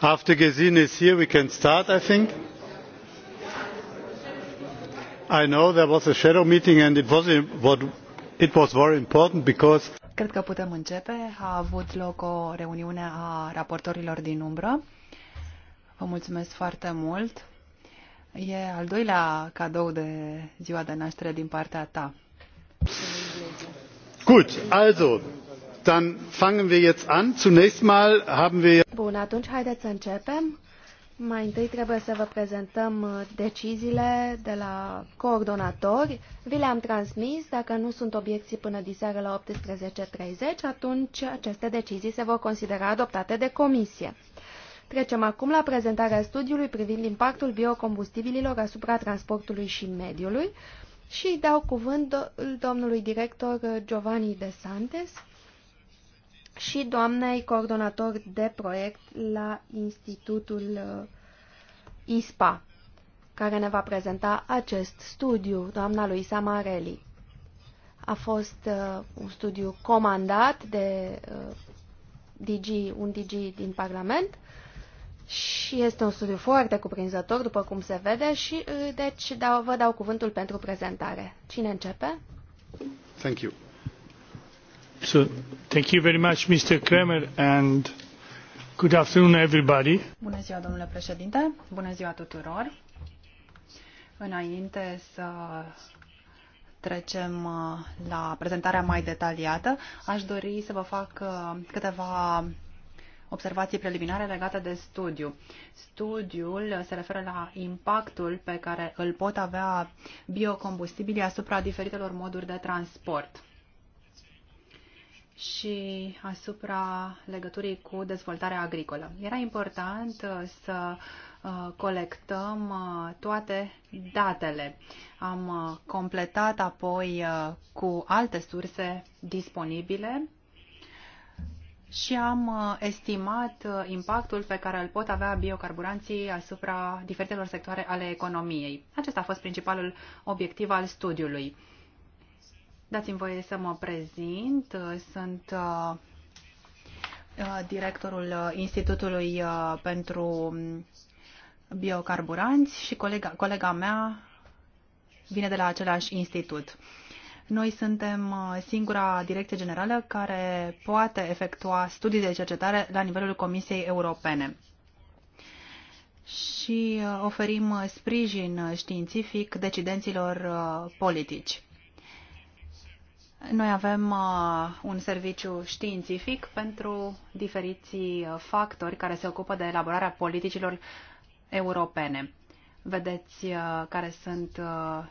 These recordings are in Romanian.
after gesine is here we can start i think. i know there was a shadow meeting and it was, what, it was very important because Cred că putem începe. A avut loc o reuniune a raportorilor din umbră. Vă mulțumesc foarte mult. E al doilea cadou de ziua de naștere din partea ta. Gut, also, Dann fangen wir jetzt an. Zunächst mal haben wir Bun, atunci haideți să începem. Mai întâi trebuie să vă prezentăm uh, deciziile de la coordonatori. Vi le-am transmis. Dacă nu sunt obiecții până diseară la 18.30, atunci aceste decizii se vor considera adoptate de comisie. Trecem acum la prezentarea studiului privind impactul biocombustibililor asupra transportului și mediului și dau cuvânt domnului director uh, Giovanni De Santes, și doamnei coordonator de proiect la Institutul uh, ISPA, care ne va prezenta acest studiu, doamna Luisa Marelli. A fost uh, un studiu comandat de uh, DG, un DG din Parlament și este un studiu foarte cuprinzător, după cum se vede, și uh, deci dau, vă dau cuvântul pentru prezentare. Cine începe? Thank you thank you very much, Mr. Kramer, and good afternoon, everybody. Bună ziua, domnule președinte. Bună ziua tuturor. Înainte să trecem uh, la prezentarea mai detaliată, aș dori să vă fac uh, câteva observații preliminare legate de studiu. Studiul se referă la impactul pe care îl pot avea biocombustibilii asupra diferitelor moduri de transport și asupra legăturii cu dezvoltarea agricolă. Era important uh, să uh, colectăm uh, toate datele. Am completat apoi cu alte surse disponibile și am estimat impactul pe care îl pot avea biocarburanții asupra diferitelor sectoare ale economiei. Acesta a fost principalul obiectiv al studiului Dați-mi voie să mă prezint. Sunt uh, uh, directorul uh, Institutului pentru Biocarburanți și colega, colega mea vine de la același institut. Noi suntem singura direcție generală care poate efectua studii de cercetare la nivelul Comisiei Europene și oferim sprijin științific decidenților politici. Noi avem uh, un serviciu științific pentru diferiți uh, factori care se ocupă de elaborarea politicilor europene. Vedeți uh, care sunt uh,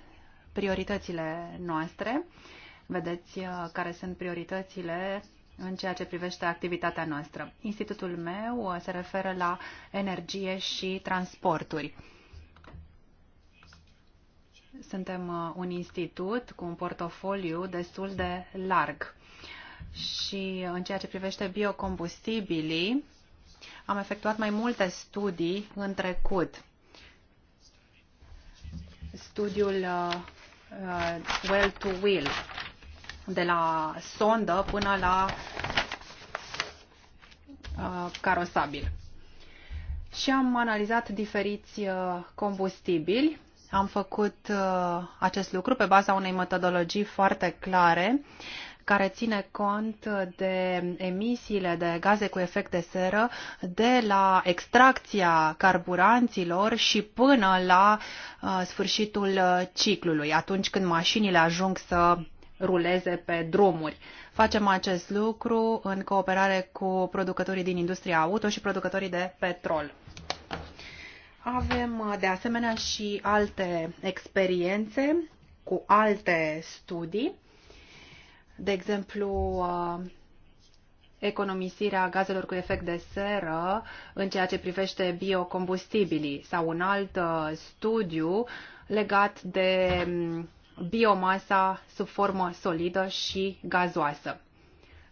prioritățile noastre, vedeți uh, care sunt prioritățile în ceea ce privește activitatea noastră. Institutul meu uh, se referă la energie și transporturi. Uh, suntem uh, un institut cu un portofoliu destul de larg și în ceea ce privește biocombustibilii, am efectuat mai multe studii în trecut. Studiul uh, uh, Well to Will, de la sondă până la uh, carosabil. Și am analizat diferiți uh, combustibili am făcut uh, acest lucru pe baza unei metodologii foarte clare care ține cont de emisiile de gaze cu efect de seră de la extracția carburanților și până la uh, sfârșitul ciclului, atunci când mașinile ajung să ruleze pe drumuri. Facem acest lucru în cooperare cu producătorii din industria auto și producătorii de petrol. Avem uh, de asemenea și alte experiențe cu alte studii, de exemplu uh, economisirea gazelor cu efect de seră în ceea ce privește biocombustibilii sau un alt uh, studiu legat de mm, biomasa sub formă solidă și gazoasă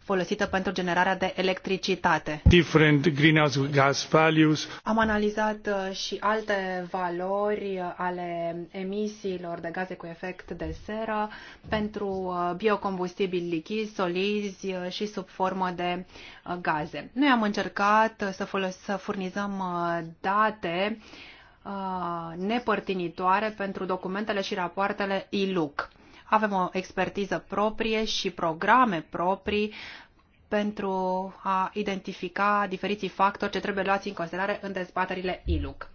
folosită pentru generarea de electricitate. Different greenhouse gas values. Am analizat uh, și alte valori uh, ale emisiilor de gaze cu efect de seră pentru uh, biocombustibili lichizi, solizi și sub formă de gaze. Noi am încercat să, folos- să furnizăm date nepărtinitoare pentru documentele și rapoartele ILUC avem o expertiză proprie și programe proprii pentru a identifica diferiții factori ce trebuie luați în considerare în dezbaterile ILUC.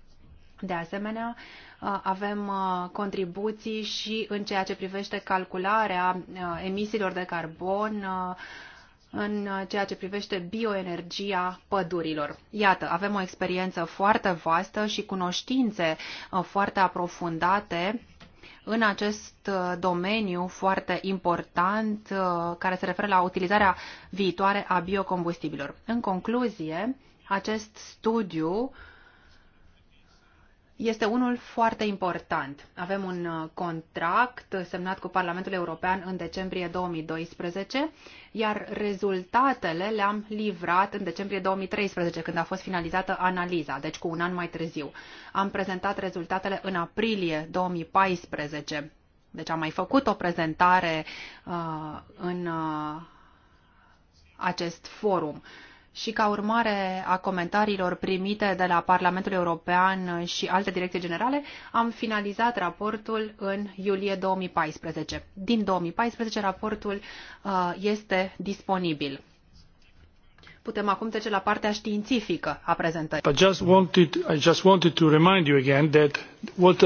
De asemenea, uh, avem uh, contribuții și în ceea ce privește calcularea uh, emisiilor de carbon în ceea ce privește bioenergia pădurilor. Iată, avem o experiență foarte vastă și cunoștințe foarte aprofundate în acest uh, domeniu foarte important uh, care se referă la utilizarea viitoare a biocombustibilor. În concluzie, acest studiu uh, este unul foarte important. Avem un uh, contract semnat cu Parlamentul European în decembrie 2012, iar rezultatele le-am livrat în decembrie 2013, când a fost finalizată analiza, deci cu un an mai târziu. Am prezentat rezultatele în aprilie 2014. Deci am mai făcut o prezentare uh, în uh, acest forum. Uh, și ca urmare a comentariilor primite de la Parlamentul European și alte direcții generale, am finalizat raportul în iulie 2014. Din 2014 raportul uh, este disponibil. Putem acum trece la partea științifică a prezentării. I just wanted, I just wanted to remind you again that what,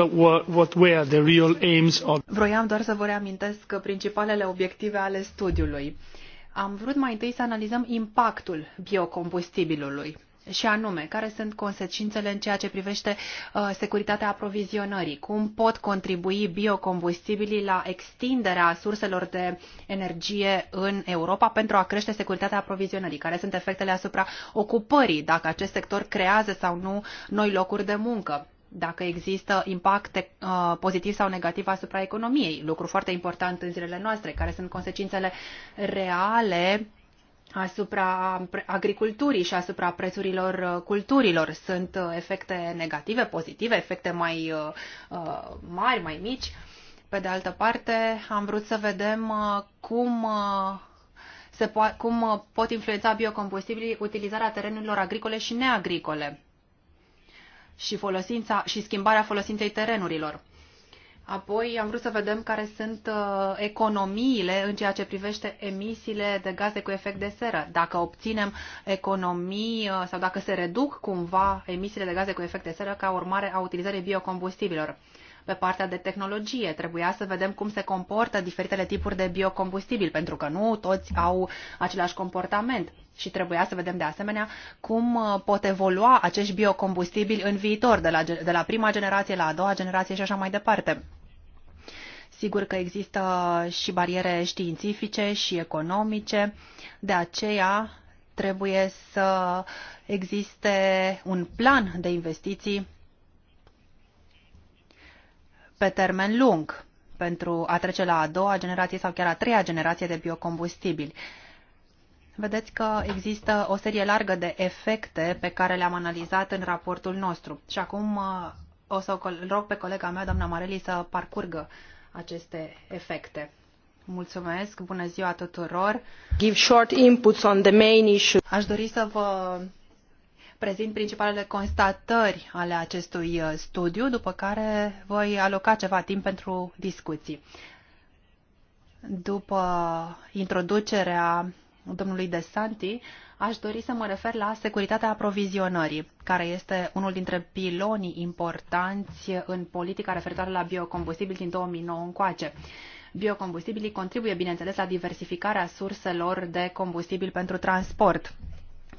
what were the real aims of... Vroiam doar să vă reamintesc principalele obiective ale studiului. Uh, am vrut mai întâi să analizăm impactul biocombustibilului și anume, care sunt consecințele în ceea ce privește uh, securitatea aprovizionării? Cum pot contribui biocombustibilii la extinderea surselor de energie în Europa pentru a crește securitatea aprovizionării? Care sunt efectele asupra ocupării, dacă acest sector creează sau nu noi locuri de muncă? dacă există impacte uh, pozitiv sau negativ asupra economiei, lucru foarte important în zilele noastre, care sunt consecințele reale asupra agriculturii și asupra prețurilor uh, culturilor. Sunt uh, efecte negative, pozitive, efecte mai uh, uh, mari, mai mici. Pe de altă parte, am vrut să vedem cum se po- cum pot influența biocombustibilii utilizarea terenurilor agricole și neagricole și, folosința, și schimbarea folosinței terenurilor. Apoi am vrut să vedem care sunt uh, economiile în ceea ce privește emisiile de gaze cu efect de seră. Dacă obținem economii uh, sau dacă se reduc cumva emisiile de gaze cu efect de seră ca urmare a utilizării biocombustibilor pe partea de tehnologie. Trebuia să vedem cum se comportă diferitele tipuri de biocombustibil, pentru că nu toți au același comportament. Și trebuia să vedem de asemenea cum uh, pot evolua acești biocombustibili în viitor, de la, de la prima generație la a doua generație și așa mai departe. Sigur că există și bariere științifice și economice, de aceea trebuie să existe un plan de investiții pe termen lung pentru a trece la a doua generație sau chiar a treia generație de biocombustibili. Vedeți că există o serie largă de efecte pe care le-am analizat în raportul nostru. Și acum uh, o să rog pe colega mea, doamna Mareli, să parcurgă aceste efecte. Mulțumesc, bună ziua tuturor. Give short inputs on the main issue. Aș dori să vă prezint principalele constatări ale acestui uh, studiu, după care voi aloca ceva timp pentru discuții. După introducerea domnului De Santi, aș dori să mă refer la securitatea aprovizionării, care este unul dintre pilonii importanți în politica referitoare la biocombustibili din 2009 încoace. Biocombustibilii contribuie, bineînțeles, la diversificarea surselor de combustibil pentru transport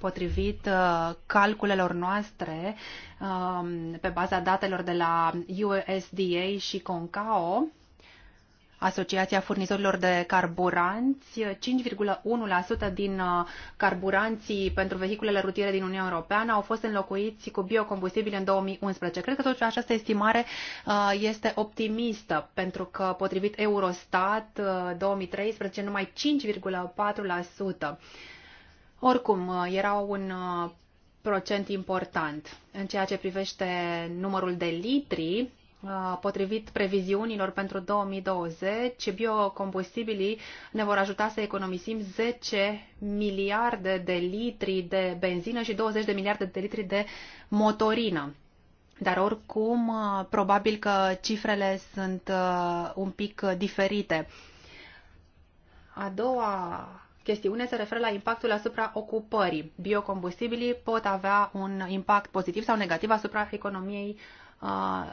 potrivit uh, calculelor noastre um, pe baza datelor de la USDA și CONCAO, Asociația Furnizorilor de Carburanți, 5,1% din uh, carburanții pentru vehiculele rutiere din Uniunea Europeană au fost înlocuiți cu biocombustibile în 2011. Cred că totuși această estimare uh, este optimistă, pentru că potrivit Eurostat 2013 numai 5,4% oricum, uh, era un uh, procent important. În ceea ce privește numărul de litri, uh, potrivit previziunilor pentru 2020, biocombustibilii ne vor ajuta să economisim 10 miliarde de litri de benzină și 20 de miliarde de litri de motorină. Dar oricum, probabil că cifrele sunt un pic diferite. A doua chestiune se referă la impactul asupra ocupării. Biocombustibilii pot avea un impact pozitiv sau negativ asupra economiei uh,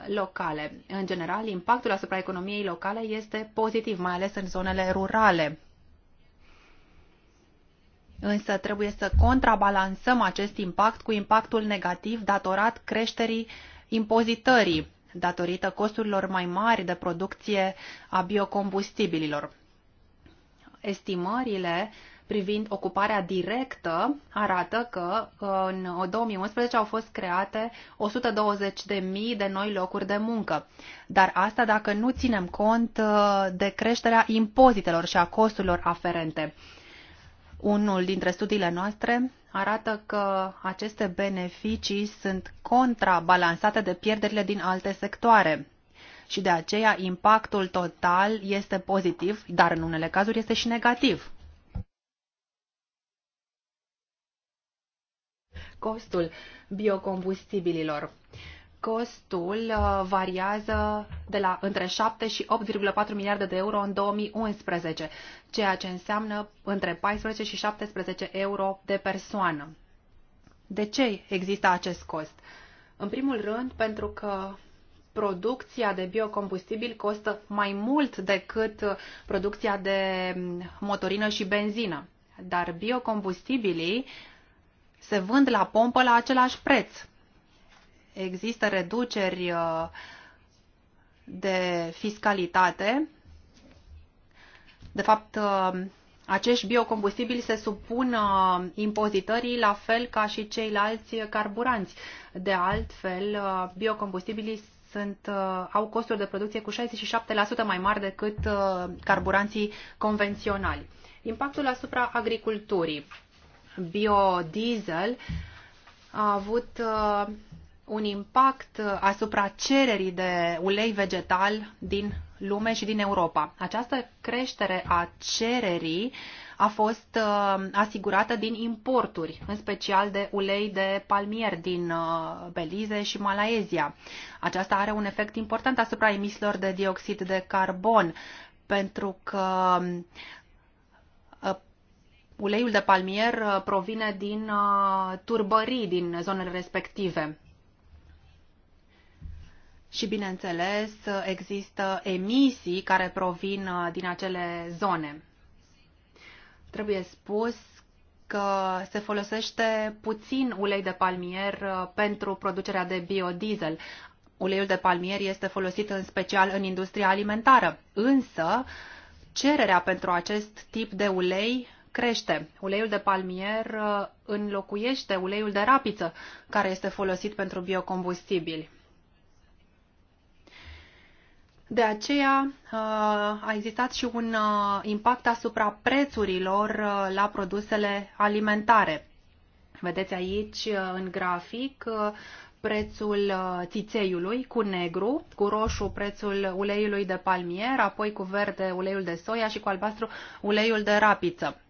locale. În general, impactul asupra economiei locale este pozitiv, mai ales în zonele rurale. Însă trebuie să contrabalansăm acest impact cu impactul negativ datorat creșterii impozitării, datorită costurilor mai mari de producție a biocombustibililor estimările privind ocuparea directă arată că în 2011 au fost create 120.000 de noi locuri de muncă. Dar asta dacă nu ținem cont uh, de creșterea impozitelor și a costurilor aferente. Unul dintre studiile noastre arată că aceste beneficii sunt contrabalansate de pierderile din alte sectoare și de aceea impactul total este pozitiv, dar în unele cazuri este și negativ. Costul biocombustibililor. Costul uh, variază de la între 7 și 8,4 miliarde de euro în 2011, ceea ce înseamnă între 14 și 17 euro de persoană. De ce există acest cost? În primul rând, pentru că producția de biocombustibil costă mai mult decât producția de motorină și benzină. Dar biocombustibilii se vând la pompă la același preț. Există reduceri uh, de fiscalitate. De fapt, uh, acești biocombustibili se supun uh, impozitării la fel ca și ceilalți carburanți. De altfel, biocombustibilii sunt, uh, au costuri de producție cu 67% mai mari decât uh, carburanții convenționali. Impactul asupra agriculturii. Biodiesel a avut uh, un impact asupra cererii de ulei vegetal din lume și din Europa. Această creștere a cererii a fost uh, asigurată din importuri, în special de ulei de palmier din uh, Belize și Malaezia. Aceasta are un efect important asupra emisiilor de dioxid de carbon, pentru că uh, uleiul de palmier provine din turbării din zonele respective. Și, bineînțeles, există emisii care provin din acele zone. Trebuie spus că se folosește puțin ulei de palmier uh, pentru producerea de biodiesel. Uleiul de palmier este folosit în special în industria alimentară, însă cererea pentru acest tip de ulei crește. Uleiul de palmier uh, înlocuiește uleiul de rapiță, care este folosit pentru biocombustibili. De aceea uh, a existat și un uh, impact asupra prețurilor uh, la produsele alimentare. Vedeți aici în grafic prețul țițeiului cu negru, cu roșu prețul uleiului de palmier, apoi cu verde uleiul de soia și cu albastru uleiul de rapiță.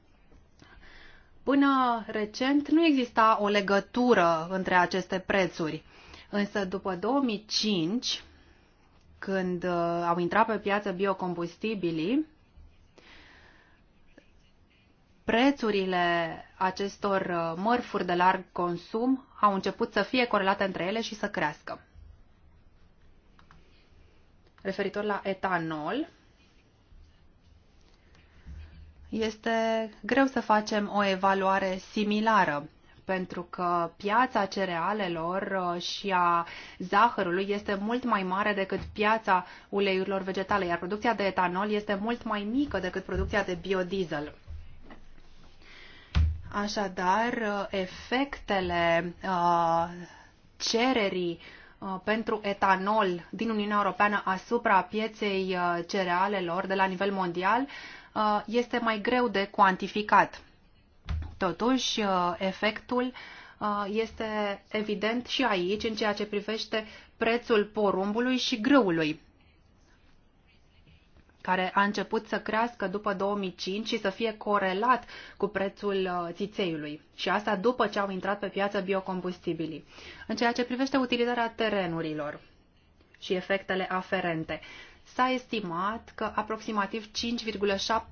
Până recent nu exista o legătură între aceste prețuri, însă după 2005 când uh, au intrat pe piață biocombustibilii, prețurile acestor uh, mărfuri de larg consum au început să fie corelate între ele și să crească. Referitor la etanol, este greu să facem o evaluare similară pentru că piața cerealelor uh, și a zahărului este mult mai mare decât piața uleiurilor vegetale, iar producția de etanol este mult mai mică decât producția de biodiesel. Așadar, uh, efectele uh, cererii pentru etanol din Uniunea Europeană asupra pieței cerealelor de la nivel mondial este mai greu de cuantificat. Totuși, uh, efectul uh, este evident și aici, în ceea ce privește prețul porumbului și grâului care a început să crească după 2005 și să fie corelat cu prețul uh, țițeiului. Și asta după ce au intrat pe piață biocombustibilii. În ceea ce privește utilizarea terenurilor și efectele aferente, s-a estimat că aproximativ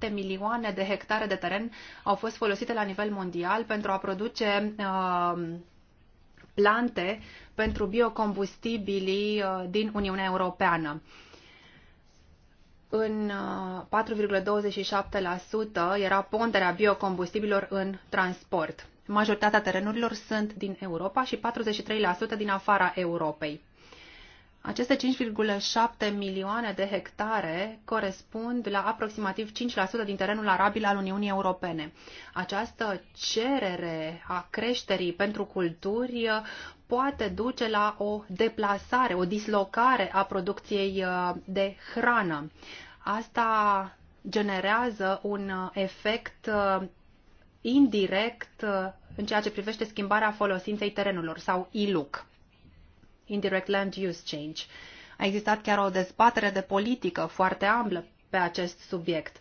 5,7 milioane de hectare de teren au fost folosite la nivel mondial pentru a produce uh, plante pentru biocombustibilii uh, din Uniunea Europeană. În 4,27% uh, era ponderea biocombustibilor în transport. Majoritatea terenurilor sunt din Europa și 43% din afara Europei. Aceste 5,7 milioane de hectare corespund la aproximativ 5% din terenul arabil al Uniunii Europene. Această cerere a creșterii pentru culturi poate duce la o deplasare, o dislocare a producției uh, de hrană. Asta generează un uh, efect uh, indirect în ceea ce privește schimbarea folosinței terenurilor sau ILUC indirect land use change. A existat chiar o dezbatere de politică foarte amplă pe acest subiect,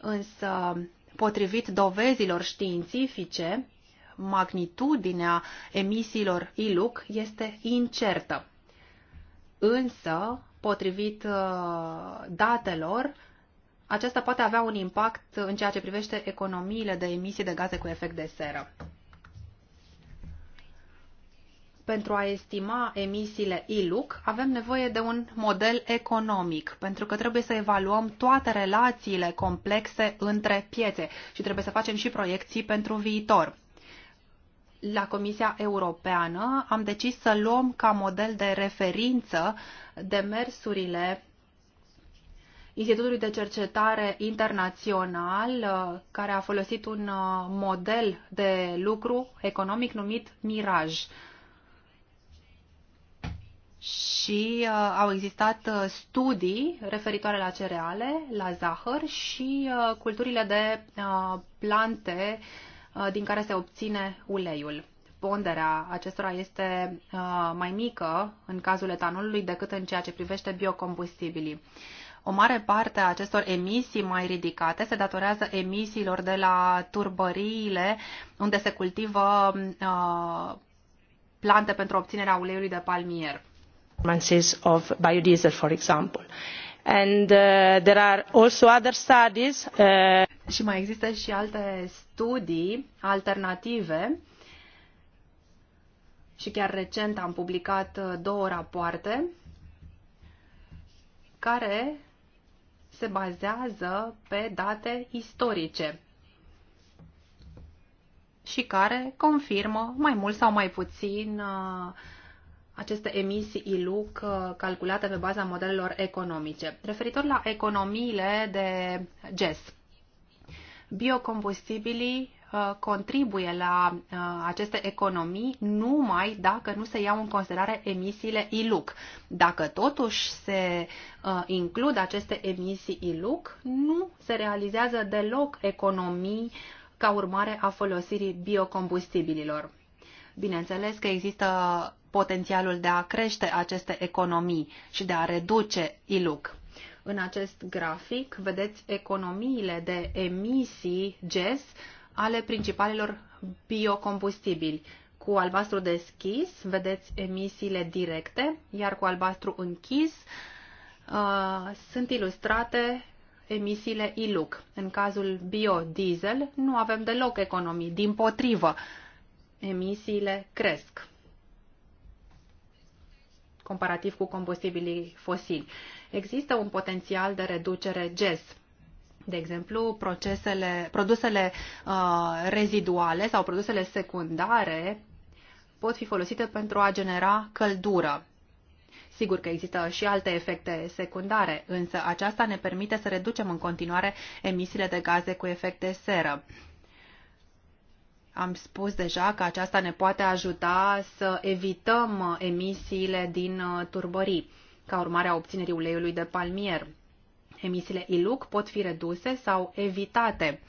însă potrivit dovezilor științifice, magnitudinea emisiilor ILUC este incertă. Însă, potrivit uh, datelor, aceasta poate avea un impact în ceea ce privește economiile de emisii de gaze cu efect de seră pentru a estima emisiile ILUC, avem nevoie de un model economic, pentru că trebuie să evaluăm toate relațiile complexe între piețe și trebuie să facem și proiecții pentru viitor. La Comisia Europeană am decis să luăm ca model de referință demersurile Institutului de Cercetare Internațional, care a folosit un model de lucru economic numit Mirage și uh, au existat uh, studii referitoare la cereale, la zahăr și uh, culturile de uh, plante uh, din care se obține uleiul. Ponderea acestora este uh, mai mică în cazul etanolului decât în ceea ce privește biocombustibilii. O mare parte a acestor emisii mai ridicate se datorează emisiilor de la turbăriile unde se cultivă uh, plante pentru obținerea uleiului de palmier performances of biodiesel for example. And uh, there are also other studies. Uh... Și mai există și alte studii alternative. Și chiar recent am publicat uh, două rapoarte care se bazează pe date istorice și care confirmă mai mult sau mai puțin uh, aceste emisii ILUC uh, calculate pe baza modelelor economice. Referitor la economiile de GES, biocombustibilii uh, contribuie la uh, aceste economii numai dacă nu se iau în considerare emisiile ILUC. Dacă totuși se includ aceste emisii ILUC, nu se realizează deloc economii ca urmare a folosirii biocombustibililor. Bineînțeles că există potențialul de a crește aceste economii și de a reduce iluc. În acest grafic vedeți economiile de emisii GES ale principalelor biocombustibili. Cu albastru deschis vedeți emisiile directe, iar cu albastru închis uh, sunt ilustrate emisiile ILUC. În cazul biodiesel nu avem deloc economii, din potrivă, emisiile cresc comparativ cu combustibilii fosili. Există un potențial de reducere GES, de exemplu, procesele, produsele uh, reziduale sau produsele secundare pot fi folosite pentru a genera căldură. Sigur că există și alte efecte secundare, însă aceasta ne permite să reducem în continuare emisiile de gaze cu efect de seră. Am spus deja că aceasta ne poate ajuta să evităm uh, emisiile din uh, turbării, ca urmare a obținerii uleiului de palmier. Emisiile ILUC pot fi reduse sau evitate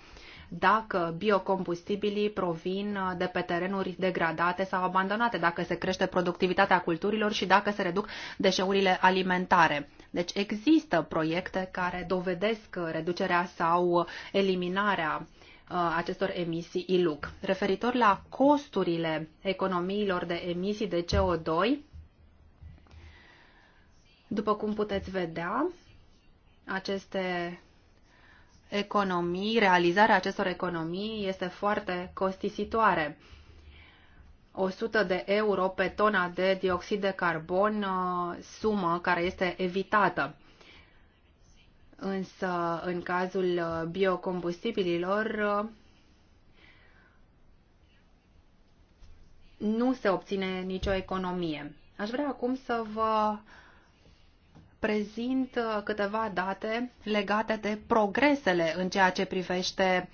dacă biocombustibilii provin uh, de pe terenuri degradate sau abandonate, dacă se crește productivitatea culturilor și dacă se reduc deșeurile alimentare. Deci există proiecte care dovedesc reducerea sau eliminarea Uh, acestor emisii ILUC. Referitor la costurile economiilor de emisii de CO2, după cum puteți vedea, aceste economii, realizarea acestor economii este foarte costisitoare. 100 de euro pe tona de dioxid de carbon, uh, sumă care este evitată. Însă, în cazul uh, biocombustibililor, uh, nu se obține nicio economie. Aș vrea acum să vă prezint uh, câteva date legate de progresele în ceea ce privește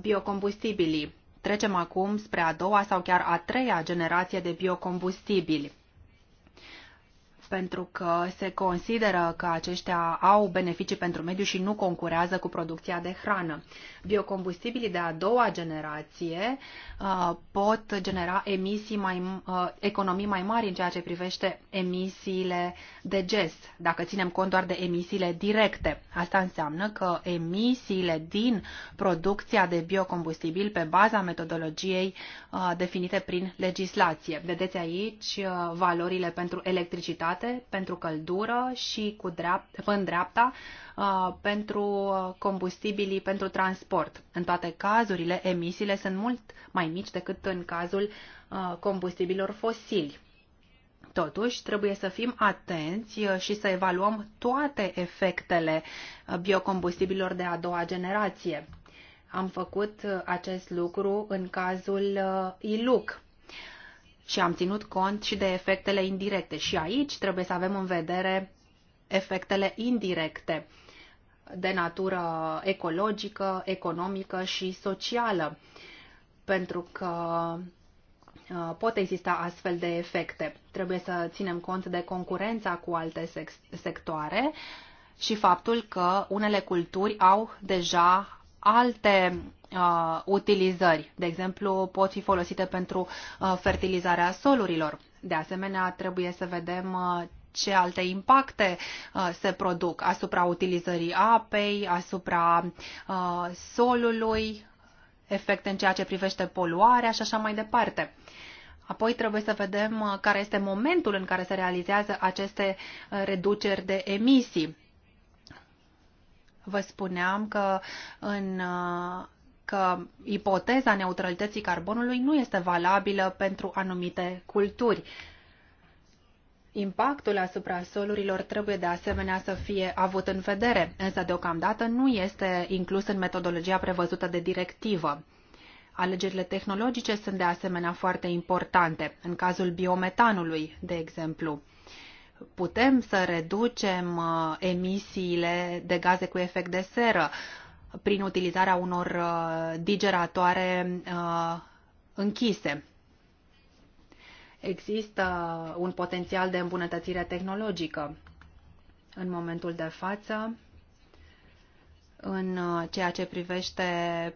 biocombustibilii. Trecem acum spre a doua sau chiar a treia generație de biocombustibili pentru că se consideră că aceștia au beneficii pentru mediu și nu concurează cu producția de hrană. Biocombustibilii de a doua generație uh, pot genera emisii mai, uh, economii mai mari în ceea ce privește emisiile de GES, dacă ținem cont doar de emisiile directe. Asta înseamnă că emisiile din producția de biocombustibil pe baza metodologiei uh, definite prin legislație. Vedeți aici valorile pentru electricitate date pentru căldură și cu dreapta, în dreapta uh, pentru combustibilii pentru transport. În toate cazurile, emisiile sunt mult mai mici decât în cazul uh, combustibilor fosili. Totuși, trebuie să fim atenți uh, și să evaluăm toate efectele biocombustibilor de a doua generație. Am făcut acest lucru în cazul ILUC și am ținut cont și de efectele indirecte. Și aici trebuie să avem în vedere efectele indirecte de natură ecologică, economică și socială, pentru că uh, pot exista astfel de efecte. Trebuie să ținem cont de concurența cu alte sectoare și faptul că unele culturi au deja alte uh, utilizări. De exemplu, pot fi folosite pentru uh, fertilizarea solurilor. De asemenea, trebuie să vedem uh, ce alte impacte uh, se produc asupra utilizării apei, asupra uh, solului, efecte în ceea ce privește poluarea și așa mai departe. Apoi trebuie să vedem uh, care este momentul în care se realizează aceste uh, reduceri de emisii Vă spuneam că în că ipoteza neutralității carbonului nu este valabilă pentru anumite culturi. Impactul asupra solurilor trebuie de asemenea să fie avut în vedere, însă deocamdată nu este inclus în metodologia prevăzută de directivă. Alegerile tehnologice sunt de asemenea foarte importante, în cazul biometanului, de exemplu putem să reducem uh, emisiile de gaze cu efect de seră prin utilizarea unor uh, digeratoare uh, închise. Există un potențial de îmbunătățire tehnologică. În momentul de față, în ceea ce privește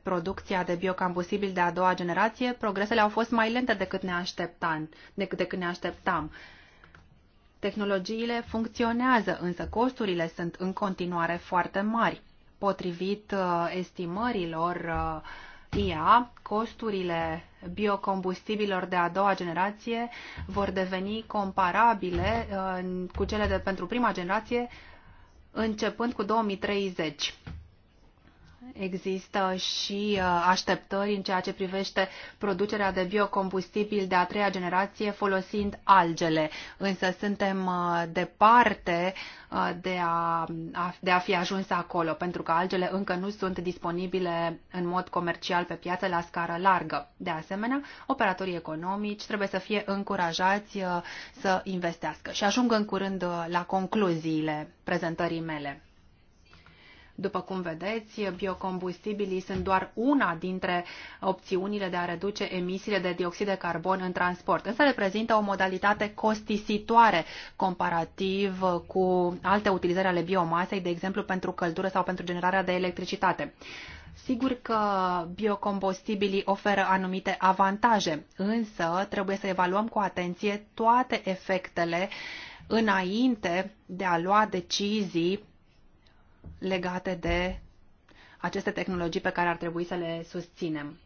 producția de biocambusibil de a doua generație, progresele au fost mai lente decât ne așteptam. Decât, decât ne așteptam. Tehnologiile funcționează, însă costurile sunt în continuare foarte mari. Potrivit uh, estimărilor uh, IA, costurile biocombustibilor de a doua generație vor deveni comparabile uh, cu cele de pentru prima generație începând cu 2030. Există și uh, așteptări în ceea ce privește producerea de biocombustibil de a treia generație folosind algele, însă suntem uh, departe uh, de a, de a fi ajuns acolo, pentru că algele încă nu sunt disponibile în mod comercial pe piață la scară largă. De asemenea, operatorii economici trebuie să fie încurajați să investească. Și ajung în curând la concluziile prezentării mele. După cum vedeți, biocombustibilii sunt doar una dintre opțiunile de a reduce emisiile de dioxid de carbon în transport, însă reprezintă o modalitate costisitoare comparativ cu alte utilizări ale biomasei, de exemplu pentru căldură sau pentru generarea de electricitate. Sigur că biocombustibilii oferă anumite avantaje, însă trebuie să evaluăm cu atenție toate efectele înainte de a lua decizii legate de aceste tehnologii pe care ar trebui să le susținem.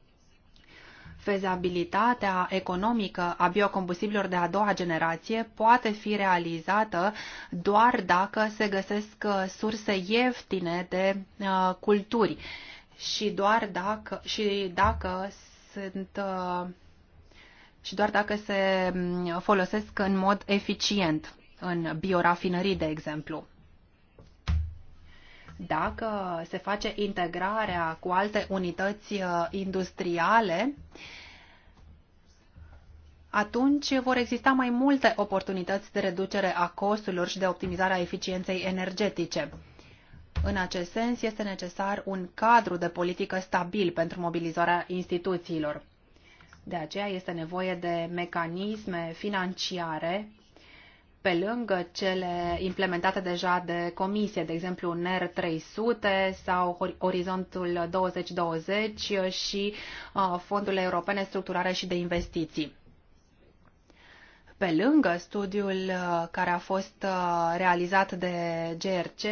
Fezabilitatea economică a biocombustibilor de a doua generație poate fi realizată doar dacă se găsesc uh, surse ieftine de uh, culturi și doar dacă, și dacă sunt uh, și doar dacă se mm, folosesc în mod eficient în biorafinării, de exemplu dacă se face integrarea cu alte unități uh, industriale, atunci vor exista mai multe oportunități de reducere a costurilor și de optimizare a eficienței energetice. În acest sens, este necesar un cadru de politică stabil pentru mobilizarea instituțiilor. De aceea este nevoie de mecanisme financiare pe lângă cele implementate deja de comisie, de exemplu NER 300 sau Orizontul 2020 și uh, fondurile europene structurare și de investiții pe lângă studiul uh, care a fost uh, realizat de GRC,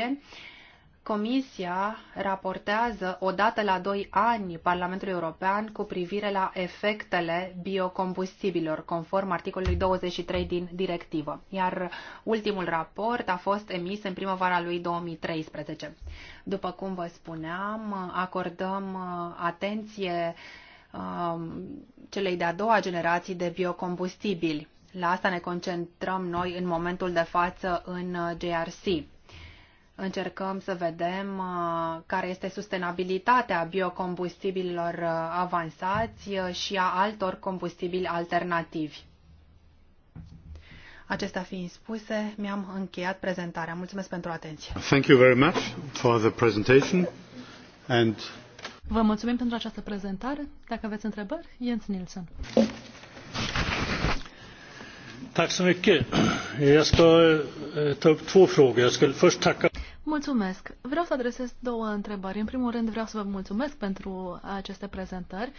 Comisia raportează o dată la doi ani Parlamentului European cu privire la efectele biocombustibilor, conform articolului 23 din directivă, iar ultimul raport a fost emis în primăvara lui 2013. După cum vă spuneam, acordăm uh, atenție um, celei de-a doua generații de biocombustibili. La asta ne concentrăm noi în momentul de față în JRC uh, Încercăm să vedem uh, care este sustenabilitatea biocombustibililor uh, avansați uh, și a altor combustibili alternativi. Acestea fiind spuse, mi-am încheiat prezentarea. Mulțumesc pentru atenție. Thank you very much for the presentation and Vă mulțumim pentru această prezentare. Dacă aveți întrebări, Jens Nilsson. Tack så mycket. Jag ska eh, ta upp två frågor. Jag ska först tacka Mulțumesc! Vreau să adresez două întrebări. În primul rând vreau să vă mulțumesc pentru aceste prezentări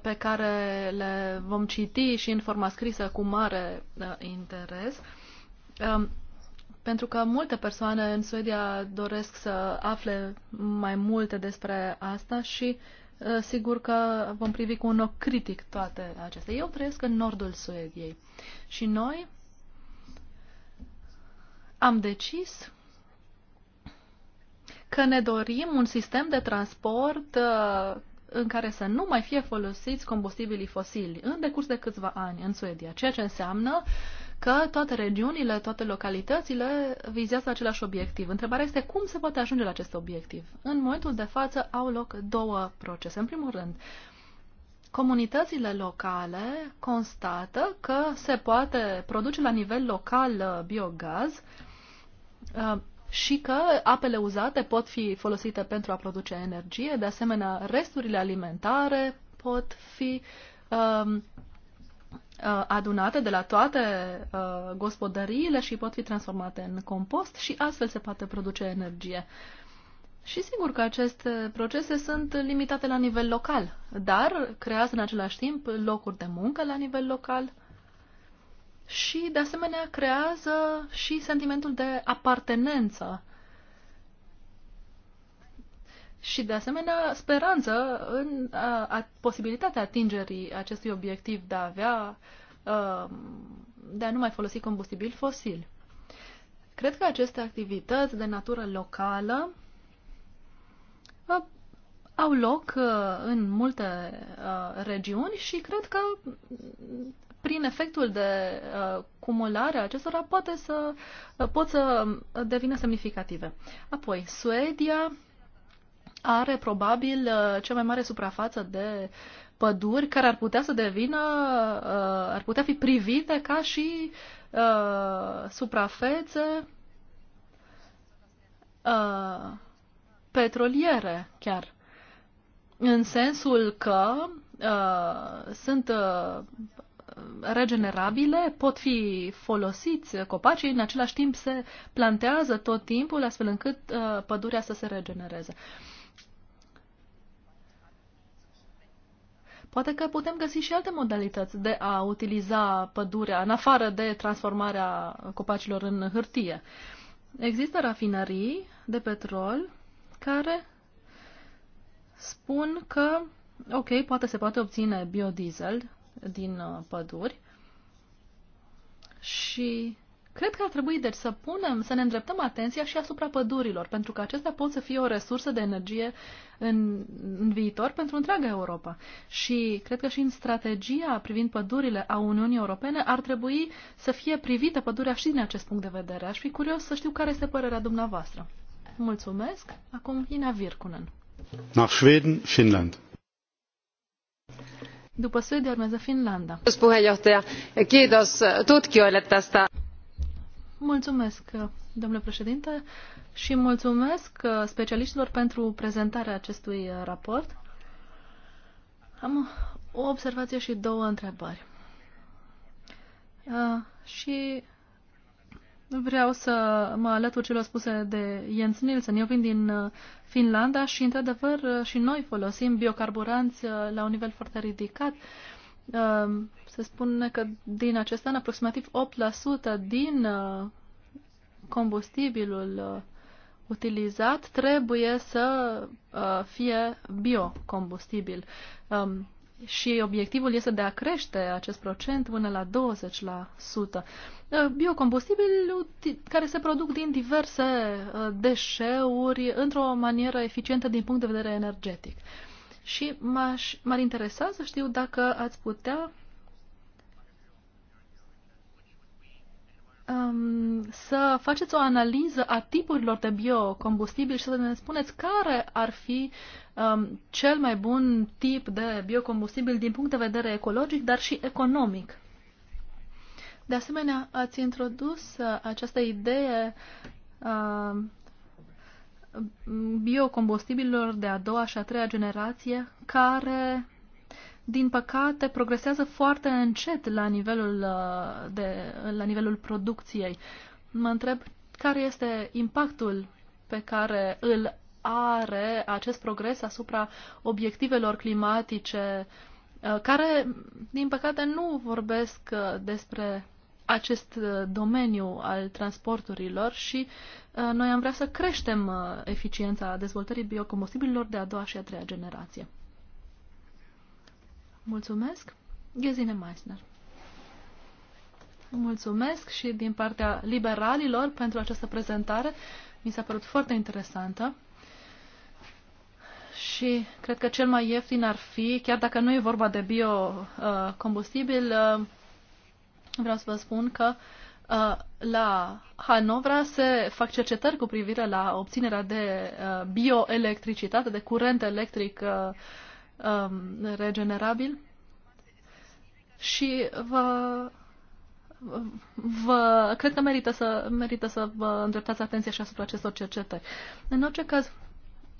pe care le vom citi și în forma scrisă cu mare uh, interes. Um, pentru că multe persoane în Suedia doresc să afle mai multe despre asta și uh, sigur că vom privi cu un ochi critic toate acestea. Eu trăiesc în nordul Suediei și noi am decis că ne dorim un sistem de transport uh, în care să nu mai fie folosiți combustibilii fosili în decurs de câțiva ani în Suedia, ceea ce înseamnă că toate regiunile, toate localitățile vizează același obiectiv. Întrebarea este cum se poate ajunge la acest obiectiv. În momentul de față au loc două procese. În primul rând, comunitățile locale constată că se poate produce la nivel local uh, biogaz uh, și că apele uzate pot fi folosite pentru a produce energie, de asemenea resturile alimentare pot fi um, uh, adunate de la toate uh, gospodăriile și pot fi transformate în compost și astfel se poate produce energie. Și sigur că aceste procese sunt limitate la nivel local, dar creează în același timp locuri de muncă la nivel local și, de asemenea, creează și sentimentul de apartenență și, de asemenea, speranță în a, a, posibilitatea atingerii acestui obiectiv de a avea, a, de a nu mai folosi combustibil fosil. Cred că aceste activități de natură locală a, au loc în multe regiuni și cred că prin efectul de uh, cumulare a acestora poate să, uh, pot să devină semnificative. Apoi, Suedia are probabil uh, cea mai mare suprafață de păduri care ar putea să devină, uh, ar putea fi privite ca și uh, suprafețe uh, petroliere chiar. În sensul că uh, sunt uh, regenerabile, pot fi folosiți copacii, în același timp se plantează tot timpul astfel încât uh, pădurea să se regenereze. Poate că putem găsi și alte modalități de a utiliza pădurea, în afară de transformarea copacilor în hârtie. Există rafinării de petrol care spun că, ok, poate se poate obține biodiesel din uh, păduri și cred că ar trebui deci să punem, să ne îndreptăm atenția și asupra pădurilor, pentru că acestea pot să fie o resursă de energie în, în viitor pentru întreaga Europa. Și cred că și în strategia privind pădurile a Uniunii Europene ar trebui să fie privită pădurea și din acest punct de vedere. Aș fi curios să știu care este părerea dumneavoastră. Mulțumesc. Acum Ina Virkunen. Nach Schweden, Finland. După Suedia urmează Finlanda. Äh, mulțumesc, äh, domnule președinte, și mulțumesc äh, specialiștilor pentru prezentarea acestui raport. Am o observație și două întrebări. Uh, și Vreau să mă alătur celor spuse de Jens Nielsen. Eu vin din uh, Finlanda și, într-adevăr, uh, și noi folosim biocarburanți uh, la un nivel foarte ridicat. Se spune că din acest an aproximativ 8% din combustibilul utilizat trebuie să fie biocombustibil. Um, și obiectivul este de a crește acest procent până la 20%. Uh, Biocombustibili care se produc din diverse uh, deșeuri într-o manieră eficientă din punct de vedere energetic. Și m-ar interesa să știu dacă ați putea um, să faceți o analiză a tipurilor de biocombustibil și să ne spuneți care ar fi um, cel mai bun tip de biocombustibil din punct de vedere ecologic, dar și economic. De asemenea, ați introdus uh, această idee uh, biocombustibililor de a doua și a treia generație care din păcate, progresează foarte încet la nivelul, uh, de, la nivelul producției. Mă întreb care este impactul pe care îl are acest progres asupra obiectivelor climatice, uh, care, din păcate, nu vorbesc uh, despre acest domeniu al transporturilor și noi am vrea să creștem eficiența dezvoltării biocombustibililor de a doua și a treia generație. Mulțumesc. Ghezine Meissner. Mulțumesc și din partea liberalilor pentru această prezentare. Mi s-a părut foarte interesantă și cred că cel mai ieftin ar fi, chiar dacă nu e vorba de biocombustibil, uh, vreau să vă spun că uh, la Hanovra se fac cercetări cu privire la obținerea de uh, bioelectricitate, de curent electric um, regenerabil și vă, vă, cred că merită să, merită să vă îndreptați atenția și asupra acestor cercetări. În orice caz,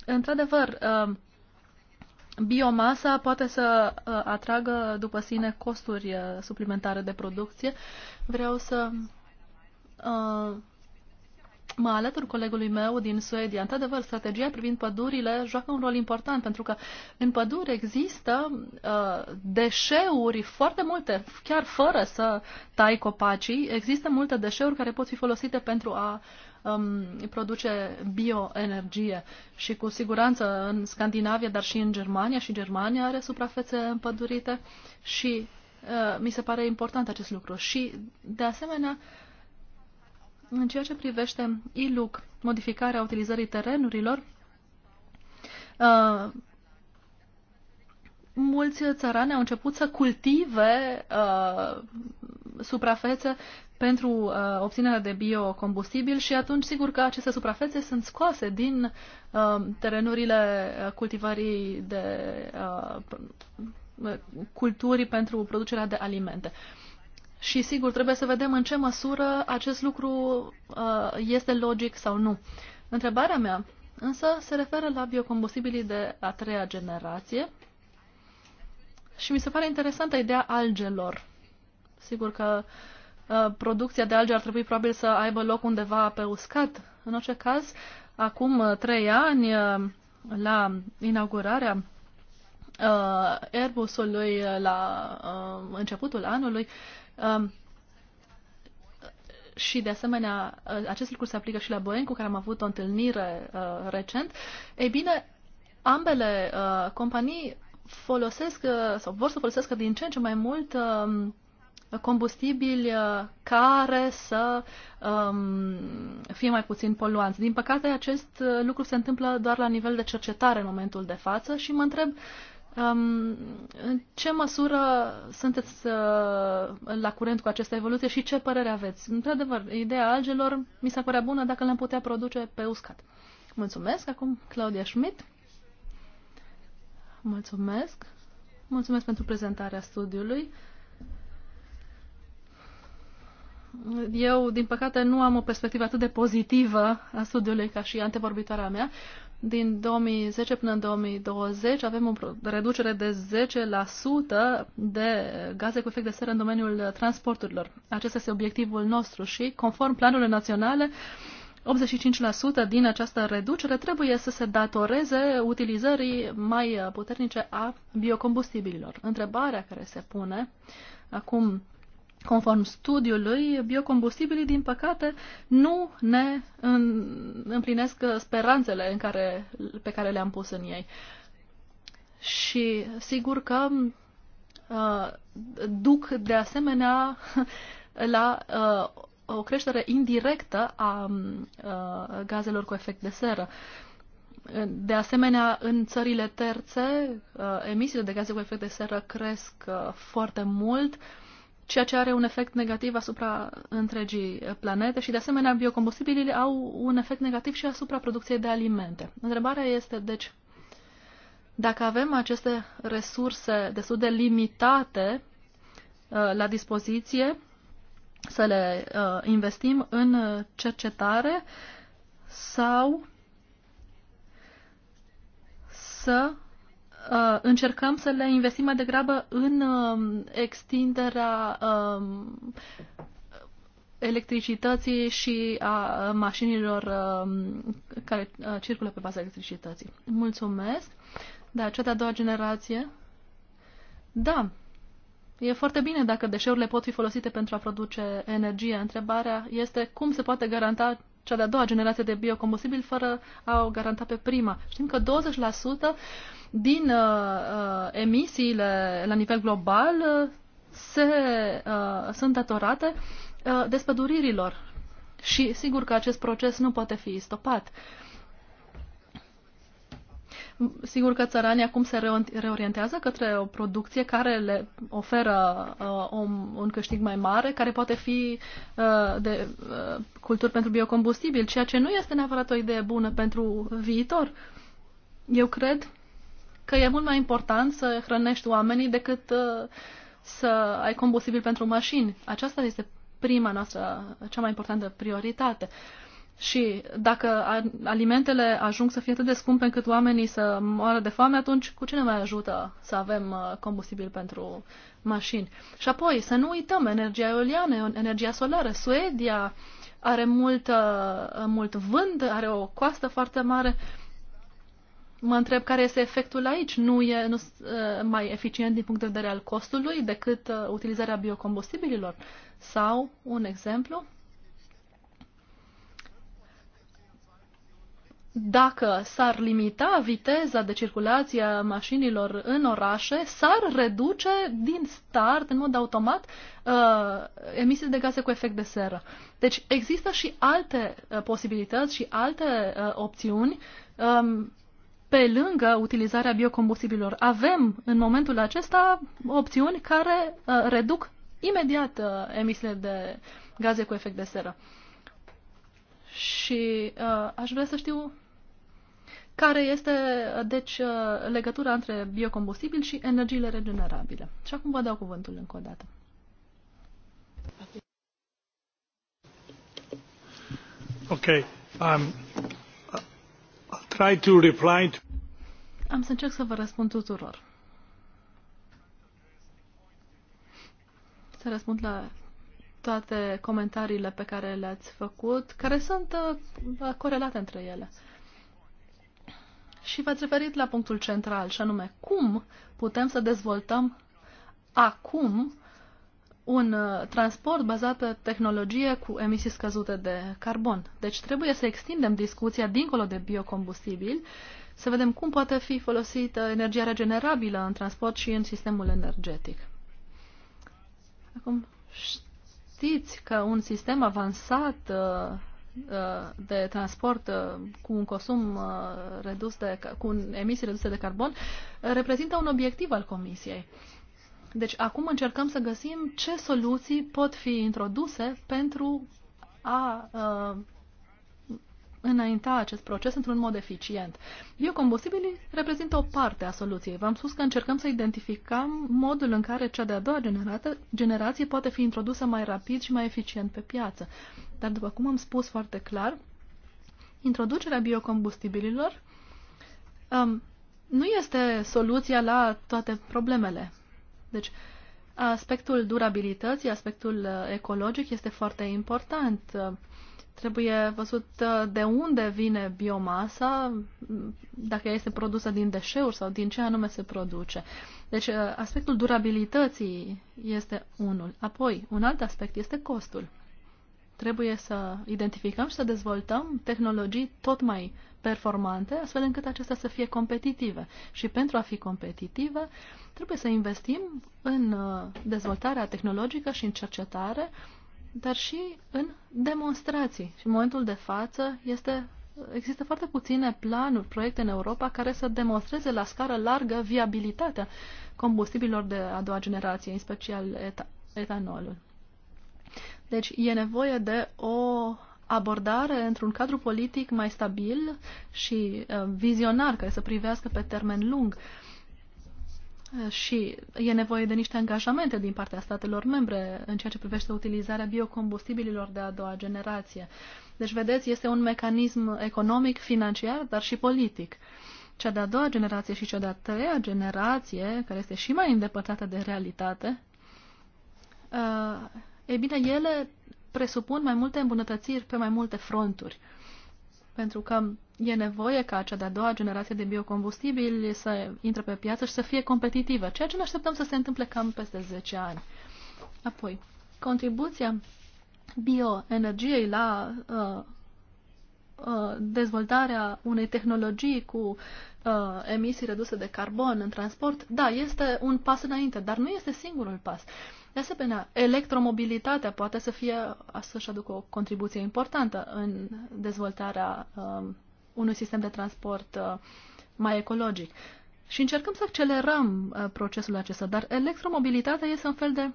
într-adevăr, um, biomasa poate să uh, atragă după sine costuri uh, suplimentare de producție. Vreau să uh, Mă alătur colegului meu din Suedia. Într-adevăr, strategia privind pădurile joacă un rol important pentru că în pădure există uh, deșeuri foarte multe, chiar fără să tai copacii, există multe deșeuri care pot fi folosite pentru a um, produce bioenergie. Și cu siguranță în Scandinavia, dar și în Germania, și Germania are suprafețe împădurite și uh, mi se pare important acest lucru. Și, de asemenea, uh, în ceea ce privește ILUC, modificarea utilizării terenurilor, uh, mulți țărani au început să cultive uh, suprafețe pentru uh, obținerea de biocombustibil și atunci sigur că aceste suprafețe sunt scoase din uh, terenurile uh, cultivării de uh, culturi pentru producerea de alimente. Uh, și sigur trebuie să vedem în ce măsură acest lucru uh, este logic sau nu. Întrebarea mea însă se referă la biocombustibilii de a treia generație și mi se pare interesantă ideea algelor. Sigur că uh, producția de alge ar trebui probabil să aibă loc undeva pe uscat. În orice caz, acum uh, trei ani, uh, la inaugurarea uh, Airbus-ului uh, la uh, începutul anului, uh, Um, și de asemenea uh, acest lucru se aplică și la Boeing, cu care am avut o întâlnire uh, recent, ei bine, ambele uh, companii folosesc uh, sau vor să folosească din ce în ce mai mult uh, combustibili uh, care să um, fie mai puțin poluanți. Din păcate, acest uh, lucru se întâmplă doar la nivel de cercetare în momentul de față și mă întreb uh, în ce măsură sunteți uh, la curent cu această evoluție și ce părere aveți? Într-adevăr, ideea algelor mi s-a părea bună dacă le-am putea produce pe uscat. Mulțumesc. Acum Claudia Schmidt. Mulțumesc. Mulțumesc pentru prezentarea studiului. Eu, din păcate, nu am o perspectivă atât de pozitivă a studiului ca și antevorbitoarea mea din 2010 până în 2020 avem o reducere de 10% de gaze cu efect de seră în domeniul transporturilor. Acesta este obiectivul nostru și, conform planurilor naționale, 85% din această reducere trebuie să se datoreze utilizării mai puternice a biocombustibililor. Întrebarea care se pune acum Conform studiului, biocombustibilii, din păcate, nu ne împlinesc uh, speranțele în care, pe care le-am pus în ei. Și sigur că uh, duc de asemenea la uh, o creștere indirectă a uh, gazelor cu efect de seră. De asemenea, în țările terțe, uh, emisiile de gaze cu efect de seră cresc uh, foarte mult. Uh, ceea ce are un efect negativ asupra întregii planete și, de asemenea, biocombustibilile au un efect negativ și asupra producției de alimente. Întrebarea este, deci, dacă avem aceste resurse destul de limitate uh, la dispoziție, să le uh, investim în cercetare sau să Uh, încercăm să le investim mai degrabă în um, extinderea um, electricității și a mașinilor um, care uh, circulă pe baza electricității. Mulțumesc! Da, cea de-a doua generație. Da, e foarte bine dacă deșeurile pot fi folosite pentru a produce energie. Întrebarea este cum se poate garanta cea de-a doua generație de biocombustibil fără a o garanta pe prima. Știm că 20% din uh, uh, emisiile la nivel global uh, se, uh, sunt datorate uh, despăduririlor. Și sigur că acest proces nu poate fi stopat. Uh, Sigur că țăranii acum se reorientează către o producție care le oferă uh, un, un câștig mai mare, care poate fi uh, de uh, culturi pentru biocombustibil, ceea ce nu este neapărat o idee bună pentru viitor. Eu cred că e mult mai important să hrănești oamenii decât uh, să ai combustibil pentru mașini. Aceasta este prima noastră, cea mai importantă prioritate. Uh, și dacă alimentele ajung să fie atât de scumpe încât oamenii să moară de foame, atunci cu cine mai ajută să avem uh, combustibil pentru mașini? Și apoi, să nu uităm, energia eoliană, energia solară, Suedia are mult, uh, mult vânt, are o coastă foarte mare. Mă întreb care este efectul aici. Nu e nu, uh, mai eficient din punct de vedere al costului decât utilizarea biocombustibililor? Sau, un exemplu, dacă s-ar limita viteza de circulație a mașinilor în orașe, s-ar reduce din start, în mod automat, uh, emisiile de gaze cu efect de seră. Deci există și alte uh, posibilități și alte uh, opțiuni um, pe lângă utilizarea biocombustibilor. Avem în momentul acesta opțiuni care reduc imediat emisiile de gaze cu efect de seră. Și uh, aș vrea să știu care este, deci, uh, legătura între biocombustibil și energiile regenerabile. Și acum vă dau cuvântul încă o dată. Ok, Um, I'll try to reply to... Am să încerc să vă răspund tuturor. Să răspund la toate comentariile pe care le-ați făcut, care sunt uh, corelate între ele. Uh, și v-ați referit la punctul central, și anume cum putem să dezvoltăm acum un uh, transport bazat pe tehnologie cu emisii scăzute de carbon. Deci trebuie să extindem discuția dincolo de biocombustibili, să vedem cum poate fi folosită energia regenerabilă în transport și în sistemul energetic. Acum, știți că un sistem avansat uh, Uh, de transport uh, cu un consum uh, redus de, cu emisii reduse de carbon reprezintă un obiectiv al Comisiei. Deci acum încercăm să găsim ce soluții pot fi introduse pentru a înainta acest proces într-un mod eficient. Biocombustibilii reprezintă o parte a soluției. V-am spus că încercăm să identificăm modul în care cea de-a doua generație poate fi introdusă mai rapid și mai eficient pe piață. Dar, după cum am spus foarte clar, introducerea biocombustibililor um, nu este soluția la toate problemele. Deci, aspectul durabilității, aspectul uh, ecologic este foarte important. Uh, trebuie văzut uh, de unde vine biomasa, mm, dacă ea este produsă din deșeuri sau din ce anume se produce. Deci, aspectul durabilității este unul. Apoi, un alt aspect este costul. Trebuie să identificăm și să dezvoltăm tehnologii tot mai performante, astfel încât acestea să fie competitive. Și pentru a fi competitive, trebuie să investim în uh, dezvoltarea tehnologică și în cercetare, dar și în demonstrații. Și în momentul de față este, există foarte puține planuri, proiecte în Europa care să demonstreze la scară largă viabilitatea combustibilor de a doua generație, în special eta, etanolul. Deci e nevoie de o abordare într-un cadru politic mai stabil și uh, vizionar, care să privească pe termen lung. Uh, și e nevoie de niște angajamente din partea statelor membre în ceea ce privește utilizarea biocombustibililor de a doua generație. Deci, vedeți, este un mecanism economic, financiar, dar și politic. Cea de-a doua generație și cea de-a treia generație, care este și mai îndepărtată de realitate, uh, e bine, ele presupun mai multe îmbunătățiri pe mai multe fronturi. Pentru că e nevoie ca cea de-a doua generație de biocombustibili să intre pe piață și să fie competitivă, ceea ce ne așteptăm să se întâmple cam peste 10 ani. Apoi, contribuția bioenergiei la uh, uh, dezvoltarea unei tehnologii cu uh, emisii reduse de carbon în transport, da, este un pas înainte, dar nu este singurul pas. Uh, de asemenea, electromobilitatea poate să fie, să-și aducă o contribuție importantă în dezvoltarea um, unui sistem de transport uh, mai ecologic. Și încercăm să accelerăm uh, procesul acesta, dar electromobilitatea este un fel de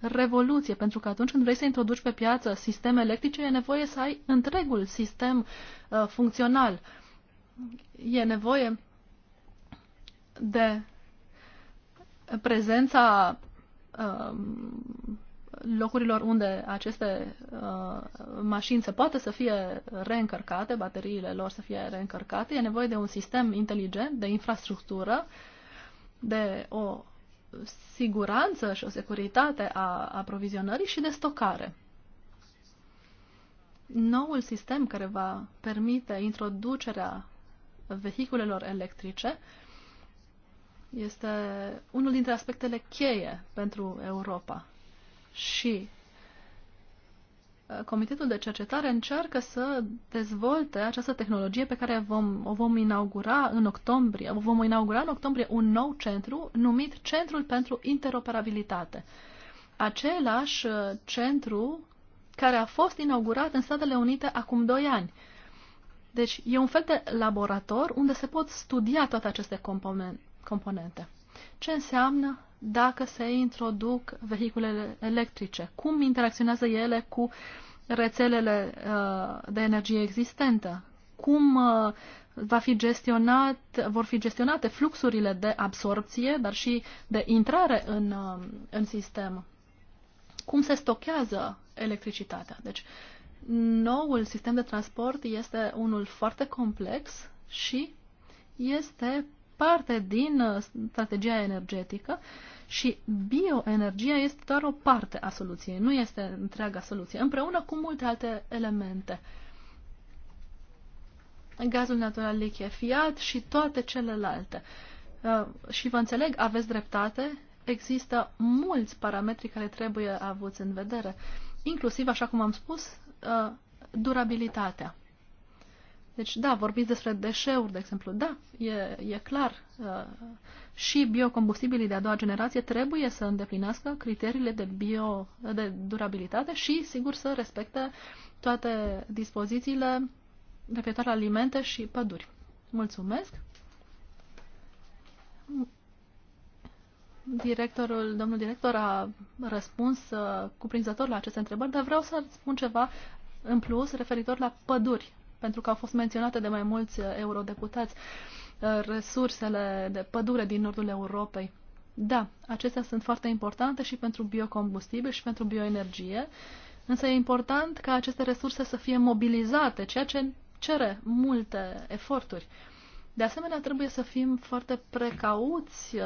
revoluție, pentru că atunci când vrei să introduci pe piață sisteme electrice, e nevoie să ai întregul sistem uh, funcțional. E nevoie de prezența Um, locurilor unde aceste uh, mașini se poate să fie reîncărcate, bateriile lor să fie reîncărcate, e nevoie de un sistem inteligent, de infrastructură, de o siguranță și o securitate a aprovizionării și de stocare. Noul sistem care va permite introducerea vehiculelor electrice uh, este unul dintre aspectele cheie pentru Europa. Și uh, Comitetul de Cercetare încearcă să dezvolte această tehnologie pe care vom, o vom inaugura în octombrie. O vom inaugura în octombrie un nou centru numit Centrul pentru Interoperabilitate. Același uh, centru care a fost inaugurat în Statele Unite acum 2 ani. Deci e un fel de laborator unde se pot studia toate aceste componente componente. Ce înseamnă dacă se introduc vehiculele electrice? Cum interacționează ele cu rețelele uh, de energie existentă? Cum uh, va fi gestionat, vor fi gestionate fluxurile de absorpție, dar și de intrare în, uh, în sistem? Cum se stochează electricitatea? Deci, noul sistem de transport este unul foarte complex și este parte din uh, strategia energetică și bioenergia este doar o parte a soluției, nu este întreaga soluție, împreună cu multe alte elemente. Gazul natural lichefiat și toate celelalte. Uh, și vă înțeleg, aveți dreptate, există mulți parametri care trebuie avuți în vedere, inclusiv, așa cum am spus, uh, durabilitatea. Deci, da, vorbiți despre deșeuri, de exemplu. Da, e, e clar. Uh, și biocombustibilii de a doua generație trebuie să îndeplinească criteriile de, bio, de durabilitate și, sigur, să respecte toate dispozițiile referitoare la alimente și păduri. Mulțumesc! Directorul, domnul director a răspuns uh, cuprinzător la aceste întrebări, dar vreau să spun ceva în plus referitor la păduri pentru că au fost menționate de mai mulți uh, eurodeputați, uh, resursele de pădure din nordul Europei. Da, acestea sunt foarte importante și pentru biocombustibil și pentru bioenergie, însă e important ca aceste resurse să fie mobilizate, ceea ce cere multe eforturi. De asemenea, trebuie să fim foarte precauți uh,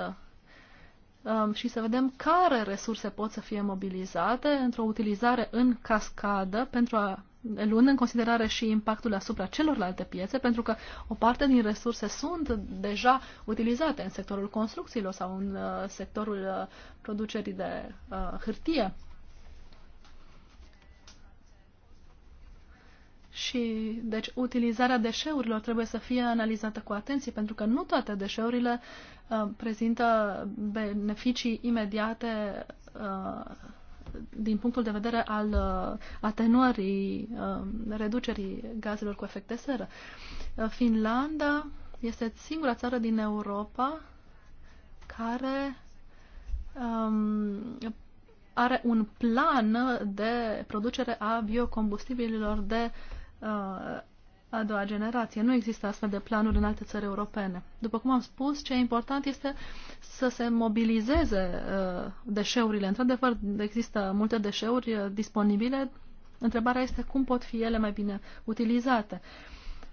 um, și să vedem care resurse pot să fie mobilizate într-o utilizare în cascadă pentru a luând în considerare și impactul asupra celorlalte piețe, pentru că o parte din resurse sunt deja utilizate în sectorul construcțiilor sau în uh, sectorul uh, producerii de uh, hârtie. Și, deci, utilizarea deșeurilor trebuie să fie analizată cu atenție, pentru că nu toate deșeurile uh, prezintă beneficii imediate uh, din punctul de vedere al uh, atenuării, um, reducerii gazelor cu efect de seră. Uh, Finlanda este singura țară din Europa care um, are un plan de producere a biocombustibililor de uh, a doua generație. Nu există astfel de planuri în alte țări europene. După cum am spus, ce e important este să se mobilizeze uh, deșeurile. Într-adevăr, există multe deșeuri uh, disponibile. Întrebarea este cum pot fi ele mai bine utilizate.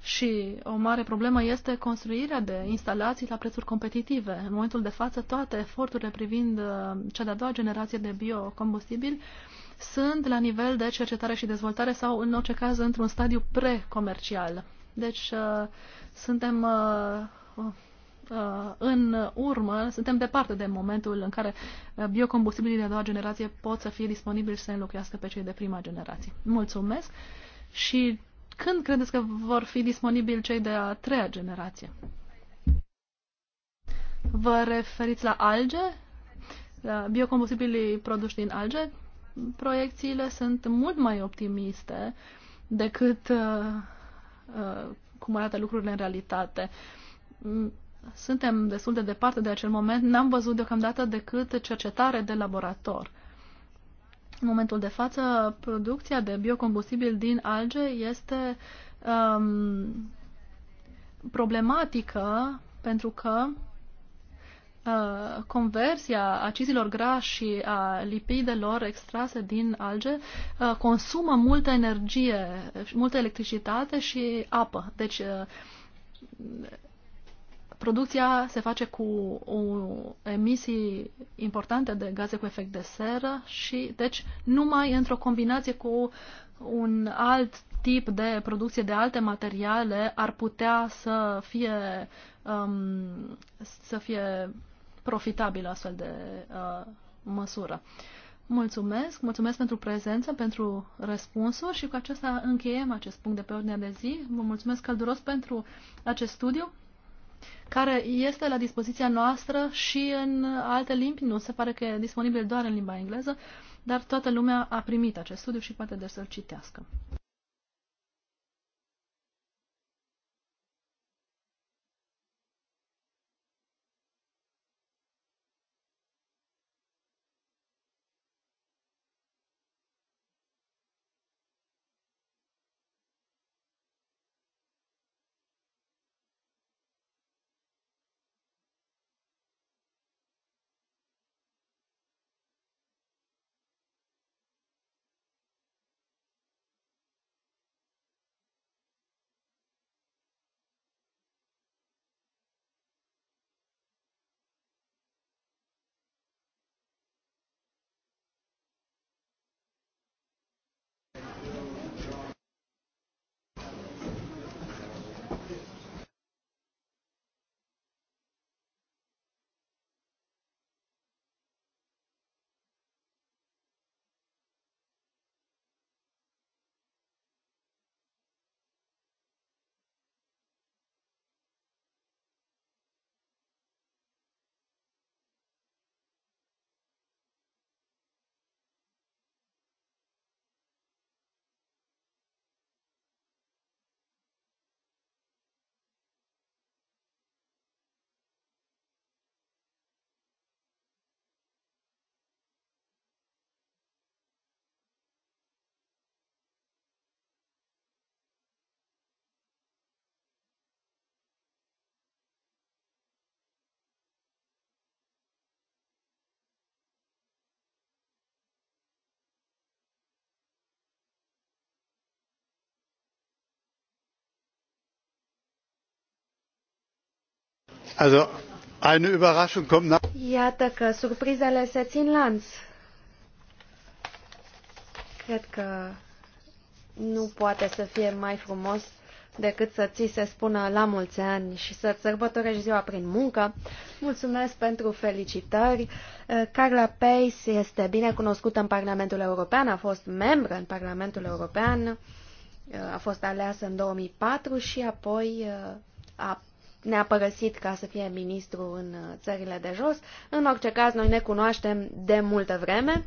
Și o mare problemă este construirea de instalații la prețuri competitive. În momentul de față, toate eforturile privind uh, cea de-a doua generație de biocombustibili uh, sunt la nivel de cercetare și dezvoltare sau, în orice caz, într-un stadiu precomercial. Deci, uh, suntem uh, uh, în urmă, suntem departe de momentul în care biocombustibilii de a doua generație pot să fie disponibili să înlocuiască pe cei de prima generație. Mulțumesc! Și când credeți că vor fi disponibili cei de a treia generație? Vă referiți la alge? biocombustibilii produși din alge? proiecțiile sunt mult mai optimiste decât uh, uh, cum arată lucrurile în realitate. Mm, suntem destul de departe de acel moment, n-am văzut deocamdată decât cercetare de laborator. În momentul de față, producția de biocombustibil din alge este um, problematică pentru că uh, Uh, conversia acizilor grași și a lipidelor extrase din alge uh, consumă multă energie, multă electricitate și apă. Deci uh, producția se face cu o emisii importante de gaze cu efect de seră și deci numai într-o combinație cu un alt tip de producție de alte materiale ar putea să fie um, să fie profitabilă astfel de uh, măsură. Mulțumesc, mulțumesc pentru prezență, pentru răspunsuri și cu acesta încheiem acest punct de pe ordinea de zi. Vă mulțumesc călduros pentru acest studiu care este la dispoziția noastră și în alte limbi, nu se pare că e disponibil doar în limba engleză, dar toată lumea a primit acest studiu și poate de să-l citească. Also, eine Überraschung kommt nach. Iată că surprizele se țin lanț. Cred că nu poate să fie mai frumos decât să ți se spună la mulți ani și să-ți sărbătorești ziua prin muncă. Mulțumesc pentru felicitări. Eh, Carla Pace este bine cunoscută în Parlamentul European, a fost membră în Parlamentul European, eh, a fost aleasă în 2004 și apoi eh, a ne-a părăsit ca să fie ministru în uh, țările de jos. În orice caz, noi ne cunoaștem de multă vreme,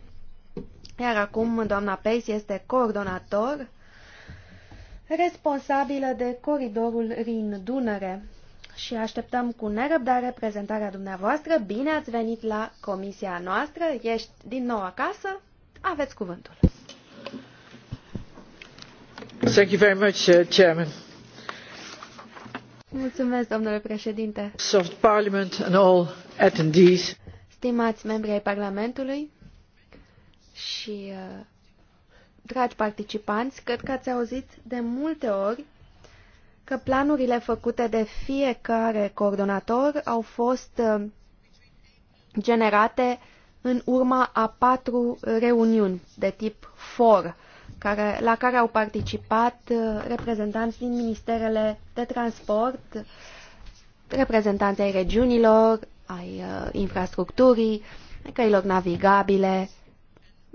iar acum doamna Pace este coordonator responsabilă de coridorul Rin-Dunăre și așteptăm cu nerăbdare prezentarea dumneavoastră. Bine ați venit la comisia noastră, ești din nou acasă, aveți cuvântul. Thank you very much, uh, Chairman. Mulțumesc, domnule președinte. Parliament and all attendees. Stimați membri ai Parlamentului și uh, dragi participanți, cred că ați auzit de multe ori că planurile făcute de fiecare coordonator au fost uh, generate în urma a patru reuniuni de tip FOR, care, la care au participat uh, reprezentanți din ministerele de transport, reprezentanți ai regiunilor, ai uh, infrastructurii, căilor navigabile,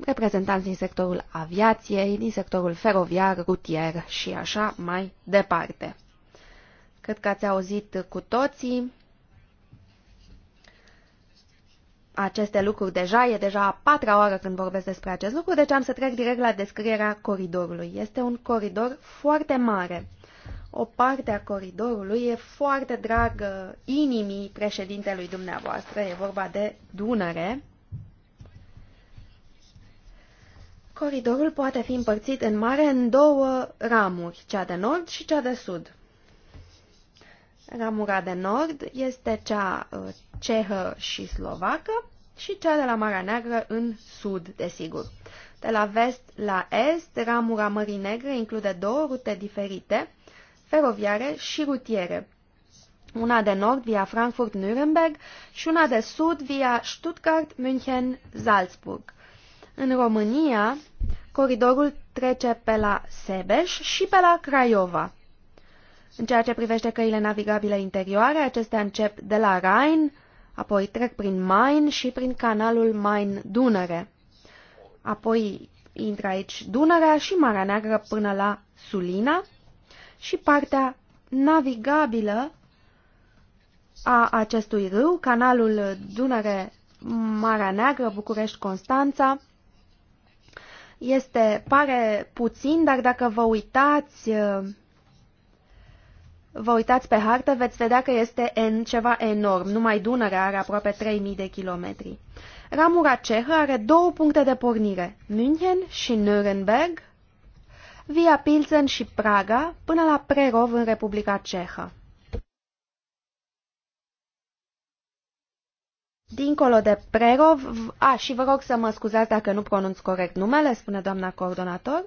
reprezentanți din sectorul aviației, din sectorul feroviar, rutier și așa mai departe. Cred că ați auzit cu toții aceste lucruri deja, e deja a patra oară când vorbesc despre acest lucru, deci am să trec direct la descrierea coridorului. Este un coridor foarte mare. O parte a coridorului e foarte dragă inimii președintelui dumneavoastră, e vorba de Dunăre. Coridorul poate fi împărțit în mare în două ramuri, cea de nord și cea de sud. Ramura de nord este cea uh, cehă și slovacă, și cea de la Marea Neagră în sud, desigur. De la vest la est, ramura Mării Negre include două rute diferite, feroviare și rutiere. Una de nord via Frankfurt-Nürnberg și una de sud via Stuttgart-München-Salzburg. În România, coridorul trece pe la Sebeș și pe la Craiova. În ceea ce privește căile navigabile interioare, acestea încep de la Rhein, apoi trec prin Main și prin canalul Main-Dunăre. Apoi intră aici Dunărea și Marea Neagră până la Sulina și partea navigabilă a acestui râu, canalul Dunăre-Marea Neagră, București-Constanța, este, pare puțin, dar dacă vă uitați vă uitați pe hartă, veți vedea că este en, ceva enorm. Numai Dunărea are aproape 3.000 de kilometri. Ramura cehă are două puncte de pornire, München și Nürnberg, via Pilsen și Praga, până la Prerov în Republica Cehă. Dincolo de Prerov, a, și vă rog să mă scuzați dacă nu pronunț corect numele, spune doamna coordonator,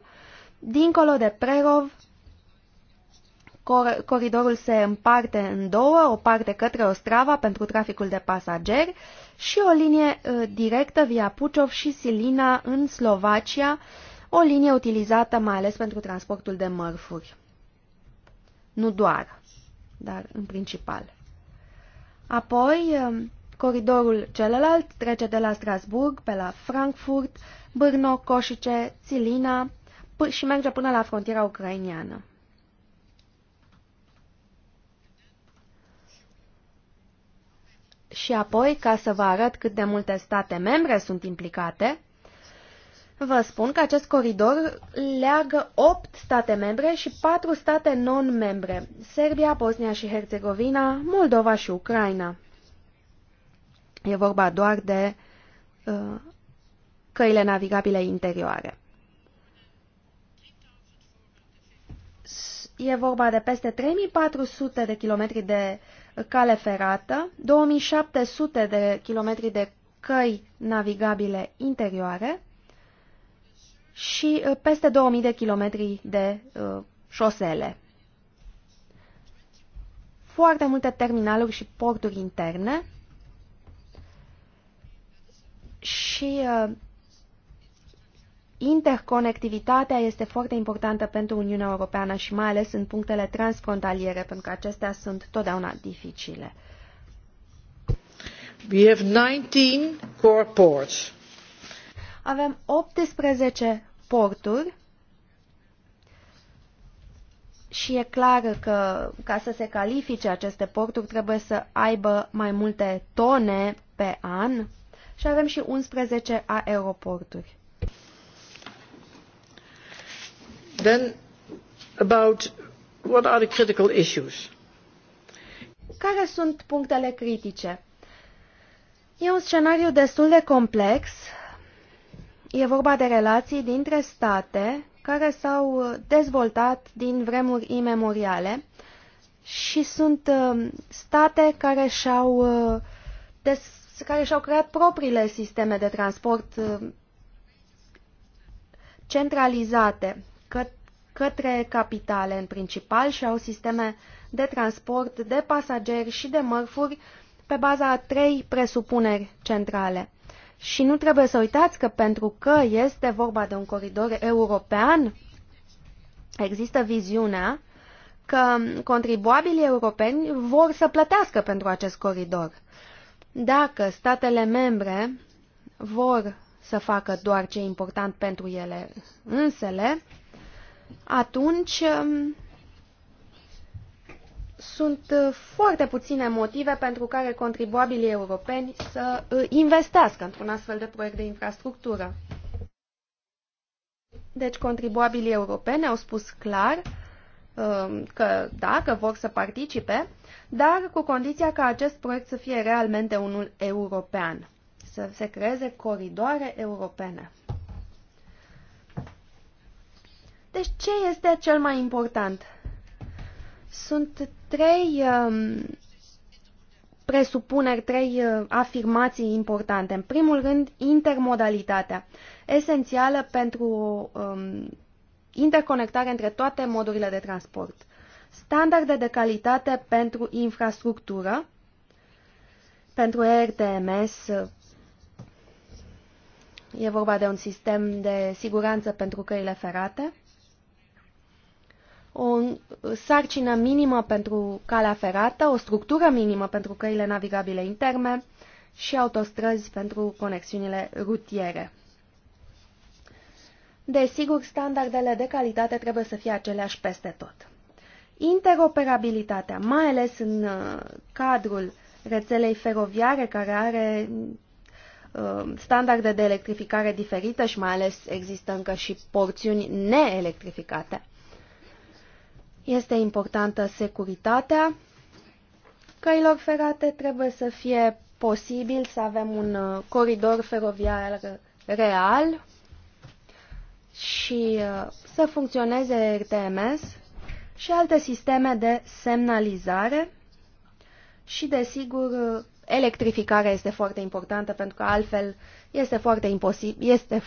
dincolo de Prerov Cor coridorul se împarte în două, o parte către Ostrava pentru traficul de pasageri și o linie ă, directă via Puciov și Silina în Slovacia, o linie utilizată mai ales pentru transportul de mărfuri. Nu doar, dar în principal. Apoi, ă, coridorul celălalt trece de la Strasburg pe la Frankfurt, Brno, Coșice, Silina și merge până la frontiera ucrainiană. Și apoi, ca să vă arăt cât de multe state membre sunt implicate, vă spun că acest coridor leagă 8 state membre și 4 state non-membre, Serbia, Bosnia și Herțegovina, Moldova și Ucraina. E vorba doar de uh, căile navigabile interioare. E vorba de peste 3400 de kilometri de cale ferată, 2700 de kilometri de căi navigabile interioare și uh, peste 2000 de kilometri de uh, șosele. Foarte multe terminaluri și porturi interne și uh, interconectivitatea este foarte importantă pentru Uniunea Europeană și mai ales în punctele transfrontaliere, pentru că acestea sunt totdeauna dificile. We have 19 core ports. Avem 18 porturi și e clar că ca să se califice aceste porturi trebuie să aibă mai multe tone pe an și avem și 11 aeroporturi. Then about what are the critical issues? Care sunt punctele critice? E un scenariu destul de complex. E vorba de relații dintre state care s-au dezvoltat din vremuri imemoriale și sunt uh, state care și-au uh, care și-au creat propriile sisteme de transport uh, centralizate către capitale în principal și au sisteme de transport de pasageri și de mărfuri pe baza a trei presupuneri centrale. Și nu trebuie să uitați că pentru că este vorba de un coridor european, există viziunea că contribuabilii europeni vor să plătească pentru acest coridor. Dacă statele membre vor să facă doar ce e important pentru ele însele, atunci um, sunt uh, foarte puține motive pentru care contribuabilii europeni să uh, investească într-un astfel de proiect de infrastructură. Deci contribuabilii europeni au spus clar um, că da, că vor să participe, dar cu condiția ca acest proiect să fie realmente unul european, să se creeze coridoare europene. Deci ce este cel mai important? Sunt trei um, presupuneri, trei uh, afirmații importante. În primul rând, intermodalitatea, esențială pentru um, interconectare între toate modurile de transport. Standarde de calitate pentru infrastructură, pentru RTMS, uh, e vorba de un sistem de siguranță pentru căile ferate o sarcină minimă pentru calea ferată, o structură minimă pentru căile navigabile interne și autostrăzi pentru conexiunile rutiere. Desigur, standardele de calitate trebuie să fie aceleași peste tot. Interoperabilitatea, mai ales în uh, cadrul rețelei feroviare care are uh, standarde de electrificare diferită și mai ales există încă și porțiuni neelectrificate. Este importantă securitatea căilor ferate. Trebuie să fie posibil să avem un uh, coridor feroviar real și uh, să funcționeze RTMS și alte sisteme de semnalizare și, desigur, uh, electrificarea este foarte importantă pentru că altfel este foarte imposibil, este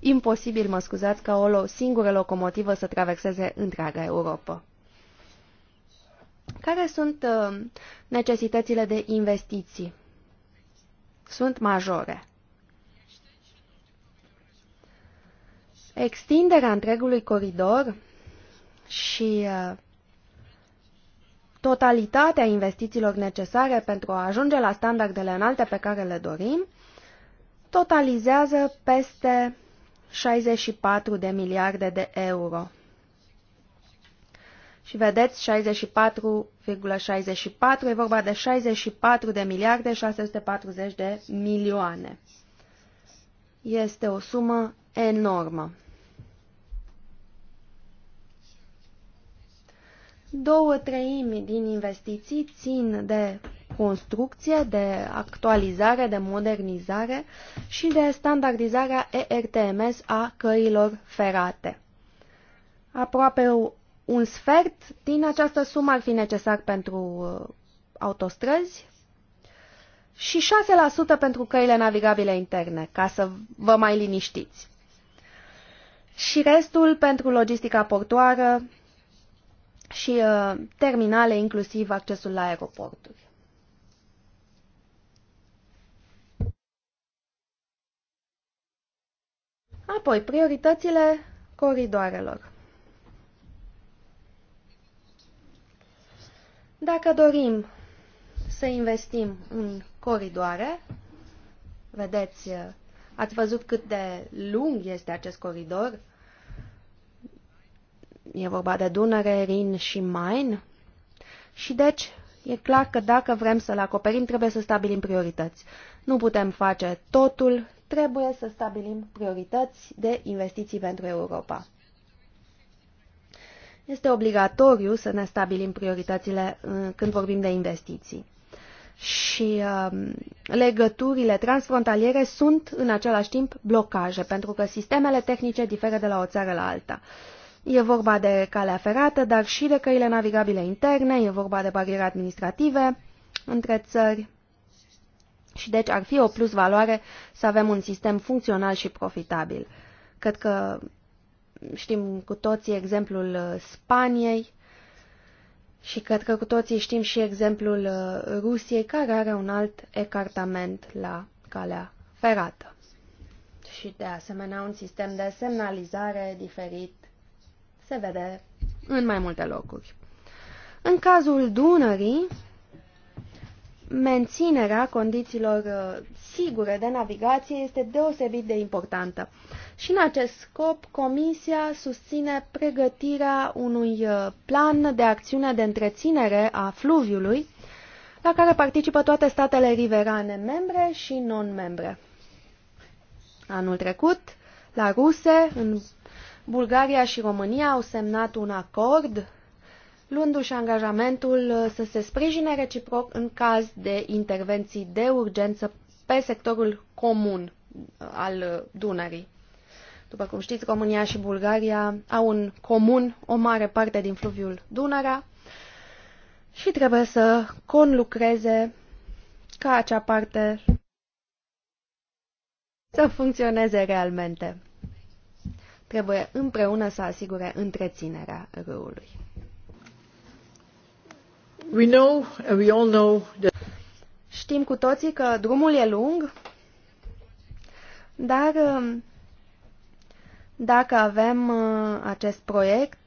imposibil, mă scuzați, ca o singură locomotivă să traverseze întreaga Europa. Care sunt uh, necesitățile de investiții? Sunt majore. Extinderea întregului coridor și uh, totalitatea investițiilor necesare pentru a ajunge la standardele înalte pe care le dorim totalizează peste 64 de miliarde de euro. Și vedeți, 64,64 ,64, e vorba de 64 de miliarde 640 de milioane. Este o sumă enormă. Două treimi din investiții țin de reconstrucție, de actualizare, de modernizare și de standardizarea ERTMS a căilor ferate. Aproape un sfert din această sumă ar fi necesar pentru uh, autostrăzi și 6% pentru căile navigabile interne, ca să vă mai liniștiți. Și restul pentru logistica portoară și uh, terminale, inclusiv accesul la aeroporturi. Apoi, prioritățile coridoarelor. Dacă dorim să investim în coridoare, vedeți, ați văzut cât de lung este acest coridor, e vorba de Dunăre, Rin și Main, și deci E clar că dacă vrem să-l acoperim, trebuie să stabilim priorități. Nu putem face totul, trebuie să stabilim priorități de investiții pentru Europa. Este obligatoriu să ne stabilim prioritățile uh, când vorbim de investiții. Și um, legăturile transfrontaliere sunt în același timp blocaje, pentru că sistemele tehnice diferă de la o țară la alta. E vorba de calea ferată, dar și de căile navigabile interne, e vorba de bariere administrative între țări și deci ar fi o plus valoare să avem un sistem funcțional și profitabil. Cred că știm cu toții exemplul uh, Spaniei și cred că cu toții știm și exemplul uh, Rusiei, care are un alt ecartament la calea ferată. Și de asemenea un sistem de semnalizare diferit se vede în mai multe locuri. În cazul Dunării, menținerea condițiilor uh, sigure de navigație este deosebit de importantă. Și în acest scop, Comisia susține pregătirea unui uh, plan de acțiune de întreținere a fluviului, la care participă toate statele riverane membre și non-membre. Anul trecut, la Ruse, în Bulgaria și România au semnat un acord luându-și angajamentul să se sprijine reciproc în caz de intervenții de urgență pe sectorul comun uh, al Dunării. După cum știți, România și Bulgaria au în comun o mare parte din fluviul Dunărea și trebuie să conlucreze ca acea parte să funcționeze realmente trebuie împreună să asigure întreținerea râului. We know, we all know that... Știm cu toții că drumul e lung, dar um, dacă avem uh, acest proiect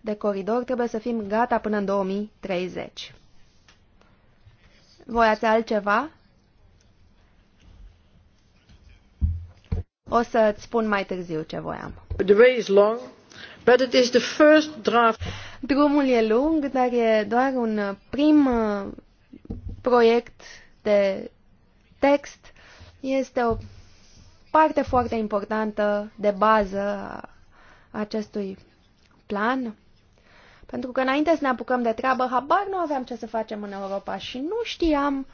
de coridor, trebuie să fim gata până în 2030. Voi ați altceva O să-ți spun mai târziu ce voiam. The way is long, but it is the first draft. Drumul e lung, dar e doar un prim uh, proiect de text. Este o parte foarte importantă de bază a acestui plan. Pentru că înainte să ne apucăm de treabă, habar nu aveam ce să facem în Europa și nu știam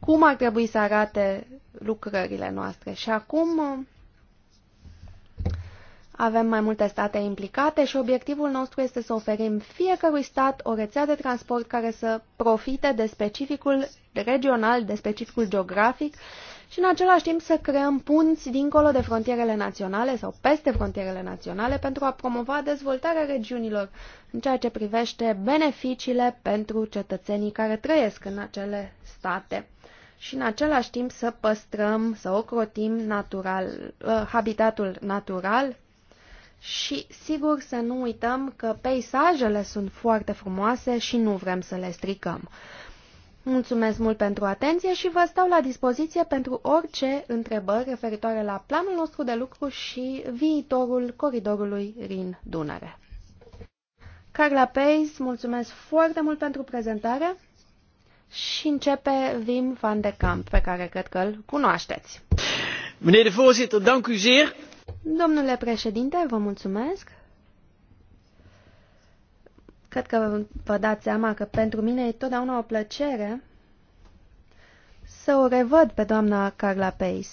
cum ar trebui să arate lucrările noastre. Și acum uh, avem mai multe state implicate și obiectivul nostru este să oferim fiecărui stat o rețea de transport care să profite de specificul regional, de specificul geografic și în același timp să creăm punți dincolo de frontierele naționale sau peste frontierele naționale pentru a promova dezvoltarea regiunilor în ceea ce privește beneficiile pentru cetățenii care trăiesc în acele state și în același timp să păstrăm, să ocrotim natural, uh, habitatul natural și sigur să nu uităm că peisajele sunt foarte frumoase și nu vrem să le stricăm. Mulțumesc mult pentru atenție și vă stau la dispoziție pentru orice întrebări referitoare la planul nostru de lucru și viitorul coridorului Rin-Dunăre. Carla Peis, mulțumesc foarte mult pentru prezentare și începe Wim van de Camp, pe care cred că îl cunoașteți. Meneer de voorzitter, dank u zeer. Domnule președinte, vă mulțumesc. Cred că vă dați seama că pentru mine e totdeauna o plăcere să o revăd pe doamna Carla Pace.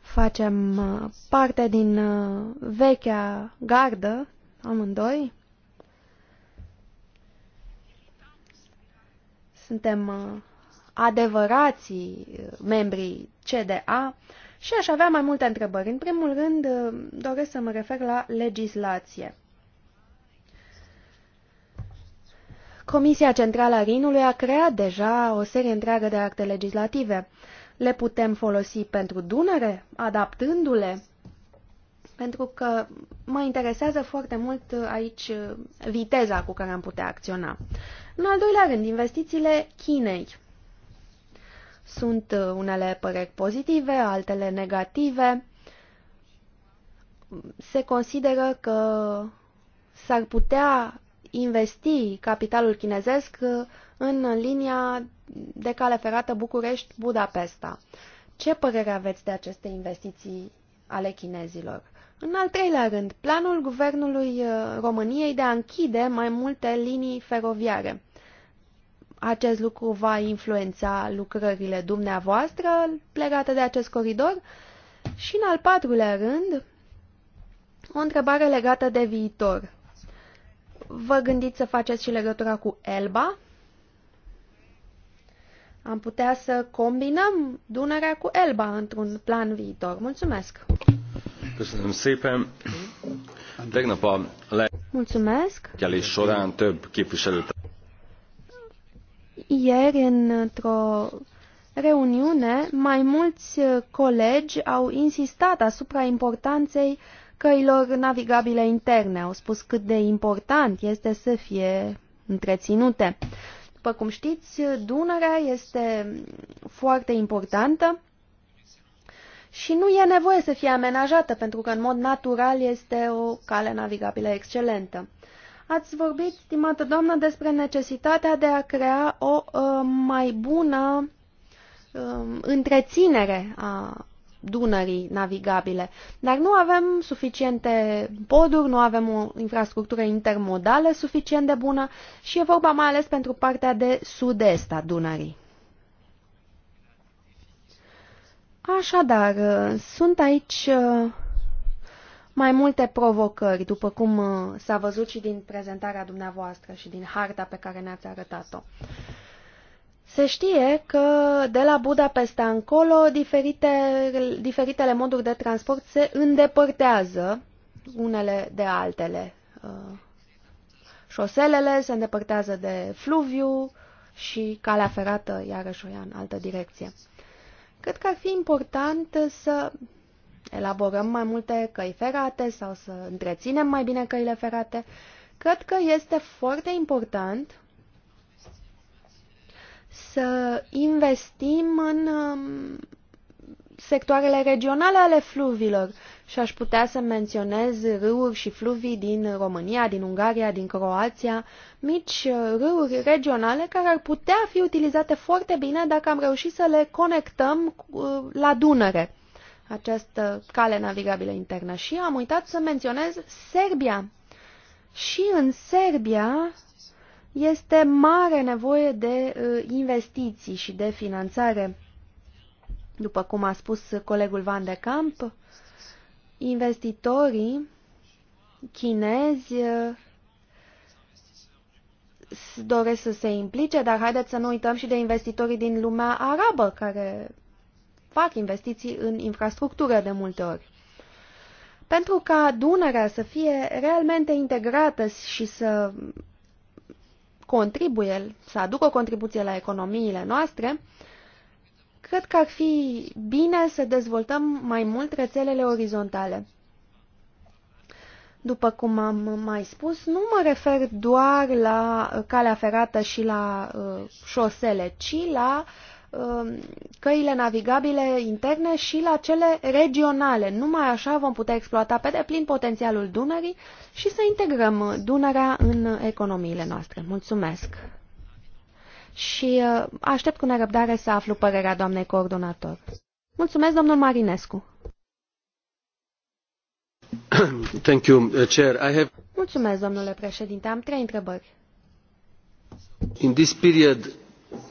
Facem uh, parte din uh, vechea gardă, amândoi. Suntem uh, adevărații membrii CDA și aș avea mai multe întrebări. În primul rând, uh, doresc să mă refer la legislație. Comisia Centrală a Rinului a creat deja o serie întreagă de acte legislative. Le putem folosi pentru Dunăre, adaptându-le? Pentru că mă interesează foarte mult uh, aici uh, viteza cu care am putea acționa. În al doilea rând, investițiile Chinei. Sunt uh, unele păreri pozitive, altele negative. Se consideră că s-ar putea investi capitalul chinezesc uh, în linia de cale ferată București-Budapesta. Ce părere aveți de aceste investiții ale chinezilor? În al treilea rând, planul guvernului uh, României de a închide mai multe linii feroviare acest lucru va influența lucrările dumneavoastră legate de acest coridor? Și în al patrulea rând, o întrebare legată de viitor. Vă gândiți să faceți și legătura cu Elba? Am putea să combinăm Dunărea cu Elba într-un plan viitor. Mulțumesc! Mulțumesc! Ieri, într-o reuniune, mai mulți uh, colegi au insistat asupra importanței căilor navigabile interne. Au spus cât de important este să fie întreținute. După cum știți, Dunărea este foarte importantă și nu e nevoie să fie amenajată, pentru că în mod natural este o cale navigabilă excelentă. Ați vorbit, stimată doamnă, despre necesitatea de a crea o uh, mai bună uh, întreținere a Dunării navigabile. Dar nu avem suficiente poduri, nu avem o infrastructură intermodală suficient de bună și e vorba mai ales pentru partea de sud-est a Dunării. Așadar, sunt aici uh, mai multe provocări, după cum uh, s-a văzut și din prezentarea dumneavoastră și din harta pe care ne-ați arătat-o. Se știe că de la Budapesta încolo diferite, diferitele moduri de transport se îndepărtează unele de altele. Uh, șoselele se îndepărtează de fluviu și calea ferată iarăși o ia în altă direcție. Cred că ar fi important să elaborăm mai multe căi ferate sau să întreținem mai bine căile ferate. Cred că este foarte important să investim în um, sectoarele regionale ale fluvilor și aș putea să menționez râuri și fluvii din România, din Ungaria, din Croația, mici uh, râuri regionale care ar putea fi utilizate foarte bine dacă am reușit să le conectăm uh, la Dunăre această cale navigabilă internă. Și am uitat să menționez Serbia. Și în Serbia este mare nevoie de uh, investiții și de finanțare. După cum a spus colegul Van de Camp, investitorii chinezi uh, doresc să se implice, dar haideți să nu uităm și de investitorii din lumea arabă care fac investiții în infrastructură de multe ori. Pentru ca Dunărea să fie realmente integrată și să contribuie, să aducă o contribuție la economiile noastre, cred că ar fi bine să dezvoltăm mai mult rețelele orizontale. După cum am mai spus, nu mă refer doar la calea ferată și la uh, șosele, ci la uh, Um, căile navigabile interne și la cele regionale. Numai așa vom putea exploata pe deplin potențialul Dunării și să integrăm Dunărea în economiile noastre. Mulțumesc! Și uh, aștept cu nerăbdare să aflu părerea doamnei coordonator. Mulțumesc, domnul Marinescu! Thank you, uh, Chair. I have... Mulțumesc, domnule președinte. Am trei întrebări. In this period,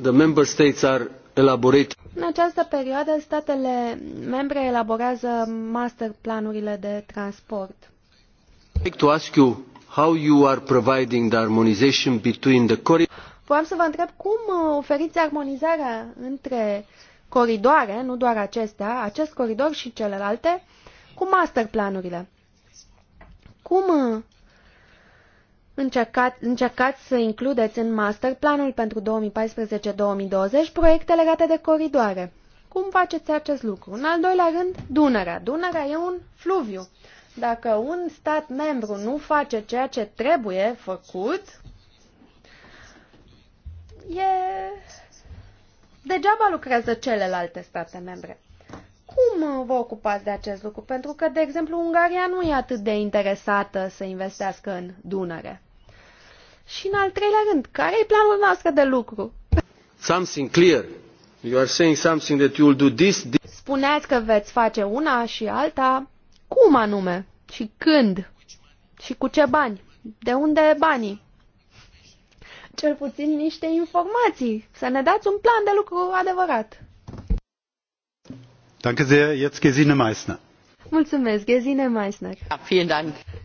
the member states are elaborate. În această perioadă, statele membre elaborează master planurile de transport. Like to ask you how you are providing the harmonization between the corridors. Vreau să vă întreb cum uh, oferiți armonizarea între coridoare, nu doar acestea, acest coridor și celelalte, cu master planurile. Cum uh, încercați să includeți în master planul pentru 2014-2020 proiecte legate de coridoare. Cum faceți acest lucru? În al doilea rând, Dunărea. Dunărea e un fluviu. Dacă un stat membru nu face ceea ce trebuie făcut, e... degeaba lucrează celelalte state membre. Cum vă ocupați de acest lucru? Pentru că, de exemplu, Ungaria nu e atât de interesată să investească în Dunăre. Și în al treilea rând, care e planul noastră de lucru? Something clear. You are saying something that you will do this, this. Spuneați că veți face una și alta. Cum anume? Și când? Și cu ce bani? De unde banii? Cel puțin niște informații. Să ne dați un plan de lucru adevărat. Danke sehr, jetzt Gesine Meissner. Mulțumesc, Gesine Meissner. Da,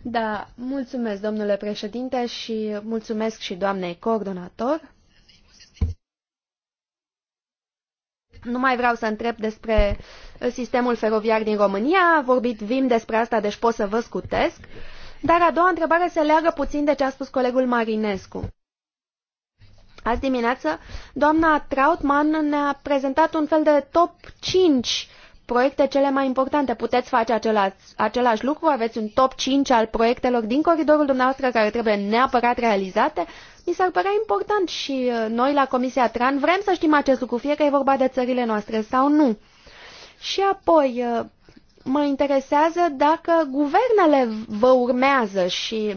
da, mulțumesc, domnule președinte, și mulțumesc și doamnei coordonator. Nu mai vreau să întreb despre sistemul feroviar din România, a vorbit Vim despre asta, deci pot să vă scutesc. Dar a doua întrebare se leagă puțin de ce a spus colegul Marinescu. Azi dimineață, doamna Trautmann ne-a prezentat un fel de top 5 proiecte cele mai importante. Puteți face același, același lucru, aveți un top 5 al proiectelor din coridorul dumneavoastră care trebuie neapărat realizate. Mi s-ar părea important și uh, noi la Comisia TRAN vrem să știm acest lucru, fie că e vorba de țările noastre sau nu. Și apoi, uh, mă interesează dacă guvernele vă urmează și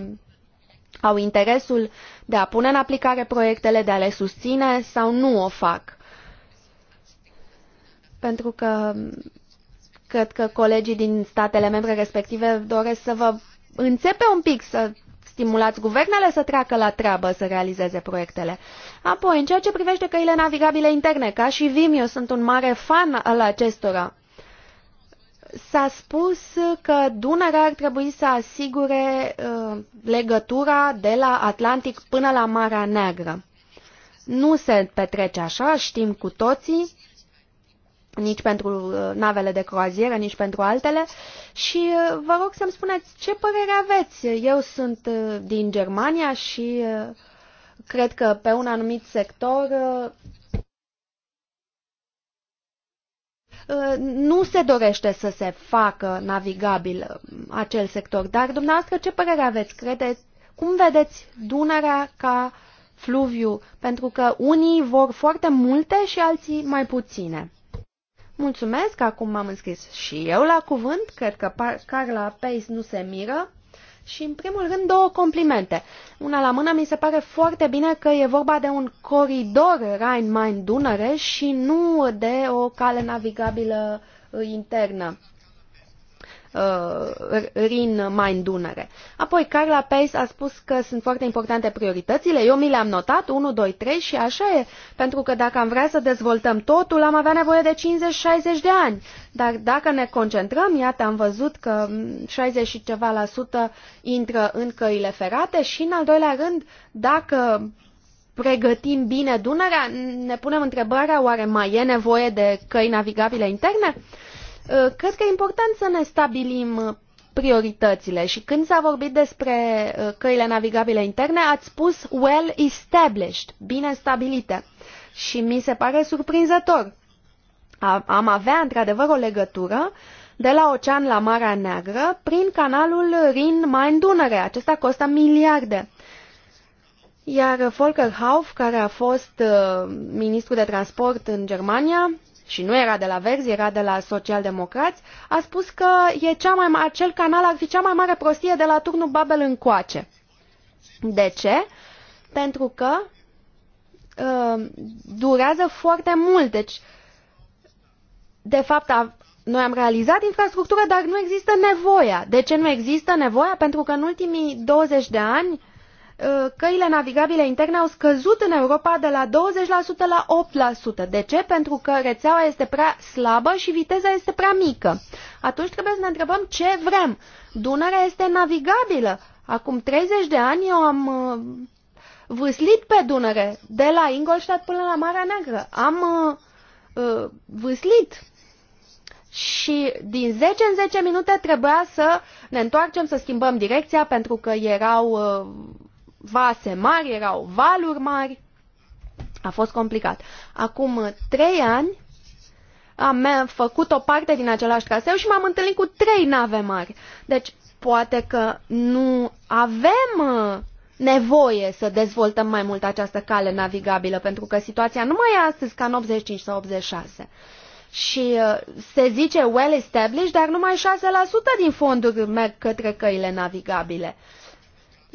au interesul de a pune în aplicare proiectele, de a le susține sau nu o fac pentru că cred că colegii din statele membre respective doresc să vă înțepe un pic să stimulați guvernele să treacă la treabă să realizeze proiectele. Apoi, în ceea ce privește căile navigabile interne, ca și Vimeo, sunt un mare fan al acestora. S-a spus că Dunărea ar trebui să asigure uh, legătura de la Atlantic până la Marea Neagră. Nu se petrece așa, știm cu toții nici pentru uh, navele de croazieră, nici pentru altele. Și uh, vă rog să-mi spuneți ce părere aveți. Eu sunt uh, din Germania și cred că pe un anumit sector nu se dorește să se facă navigabil um, acel sector. Dar dumneavoastră ce părere aveți? Credeți, cum vedeți Dunărea ca fluviu? Pentru că unii vor foarte multe și alții mai puține. Mulțumesc, acum m-am înscris și eu la cuvânt, cred că Carla Pace nu se miră. Și în primul rând două complimente. Una la mână mi se pare foarte bine că e vorba de un coridor Rhein-Main-Dunăre și nu de o cale navigabilă uh, internă uh, Rin-Main Dunăre. Apoi, Carla Peis a spus că sunt foarte importante prioritățile, eu mi le-am notat, 1, 2, 3 și așa e, pentru că dacă am vrea să dezvoltăm totul, am avea nevoie de 50-60 de ani. Dar dacă ne concentrăm, iată, am văzut că 60 și ceva la sută intră în căile ferate și, în al doilea rând, dacă pregătim bine Dunărea, ne punem întrebarea oare mai e nevoie de căi navigabile interne? Uh, cred că e important să ne stabilim uh, prioritățile și când s-a vorbit despre uh, căile navigabile interne, ați spus well established, bine stabilite. Și mi se pare surprinzător. Am avea într-adevăr o legătură de la ocean la Marea Neagră prin canalul Rin-Main-Dunăre. Acesta costă miliarde. Iar Volker Hauf, care a fost uh, ministru de transport în Germania, și nu era de la Verzi, era de la Socialdemocrați, a spus că e cea mai, acel canal ar fi cea mai mare prostie de la turnul Babel încoace. De ce? Pentru că uh, durează foarte mult. Deci, de fapt, a, noi am realizat infrastructură, dar nu există nevoia. De ce nu există nevoia? Pentru că în ultimii 20 de ani Uh, căile navigabile interne au scăzut în Europa de la 20% la 8%. De ce? Pentru că rețeaua este prea slabă și viteza este prea mică. Atunci trebuie să ne întrebăm ce vrem. Dunărea este navigabilă. Acum 30 de ani eu am uh, vâslit pe Dunăre, de la Ingolstadt până la Marea Neagră. Am uh, vâslit și din 10 în 10 minute trebuia să ne întoarcem, să schimbăm direcția pentru că erau uh, vase mari, erau valuri mari. A fost complicat. Acum trei ani am făcut o parte din același traseu și m-am întâlnit cu trei nave mari. Deci, poate că nu avem uh, nevoie să dezvoltăm mai mult această cale navigabilă, pentru că situația nu mai e astăzi ca în 85 sau 86. Și uh, se zice well established, dar numai 6% din fonduri merg către căile navigabile.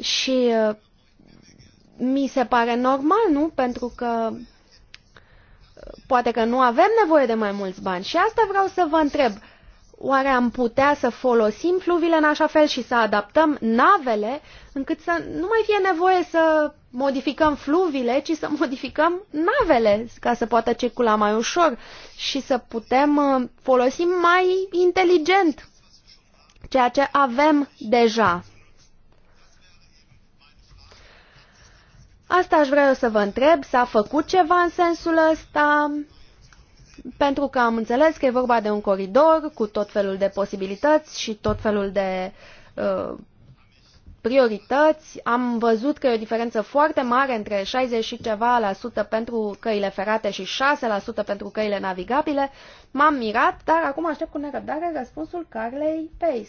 Și uh, mi se pare normal, nu? Pentru că poate că nu avem nevoie de mai mulți bani. Și asta vreau să vă întreb. Oare am putea să folosim fluvile în așa fel și să adaptăm navele încât să nu mai fie nevoie să modificăm fluvile, ci să modificăm navele ca să poată circula mai ușor și să putem uh, folosi mai inteligent ceea ce avem deja. Asta aș vrea eu să vă întreb, s-a făcut ceva în sensul ăsta? Pentru că am înțeles că e vorba de un coridor cu tot felul de posibilități și tot felul de uh, priorități. Am văzut că e o diferență foarte mare între 60 și ceva la sută pentru căile ferate și 6% pentru căile navigabile. M-am mirat, dar acum aștept cu nerăbdare răspunsul Carlei Pace.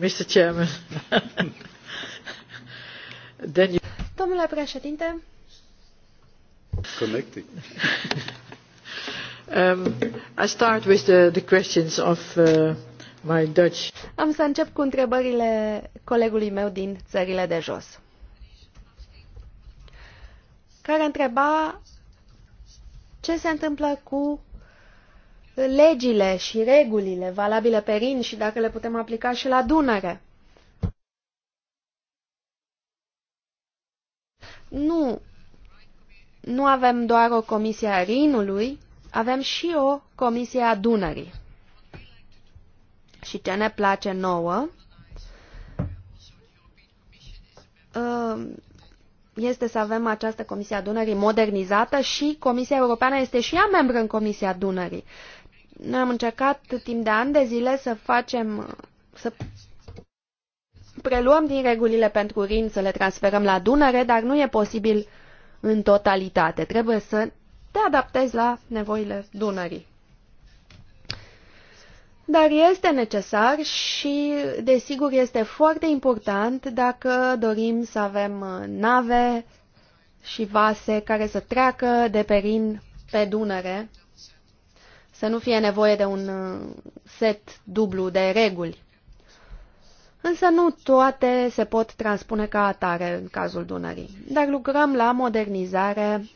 Mr. Chairman. Then you... Domnule președinte. Connecting. um, I start with the, the questions of uh, my Dutch. Am să încep cu întrebările colegului meu din țările de jos, care întreba ce se întâmplă cu legile și regulile valabile pe Rin și dacă le putem aplica și la Dunăre. Nu, nu avem doar o comisie a Rinului, avem și o comisie a Dunării. Și ce ne place nouă uh, este să avem această a Dunării modernizată și Comisia Europeană este și ea membră în Comisia Dunării. Noi am încercat timp de ani de zile să facem, să preluăm din regulile pentru Rin, să le transferăm la Dunăre, dar nu e posibil în totalitate. Trebuie să te adaptezi la nevoile Dunării. Dar este necesar și, desigur, este foarte important dacă dorim să avem uh, nave și vase care să treacă de perin pe Dunăre să nu fie nevoie de un uh, set dublu de reguli. Însă nu toate se pot transpune ca atare în cazul Dunării, dar lucrăm la modernizare,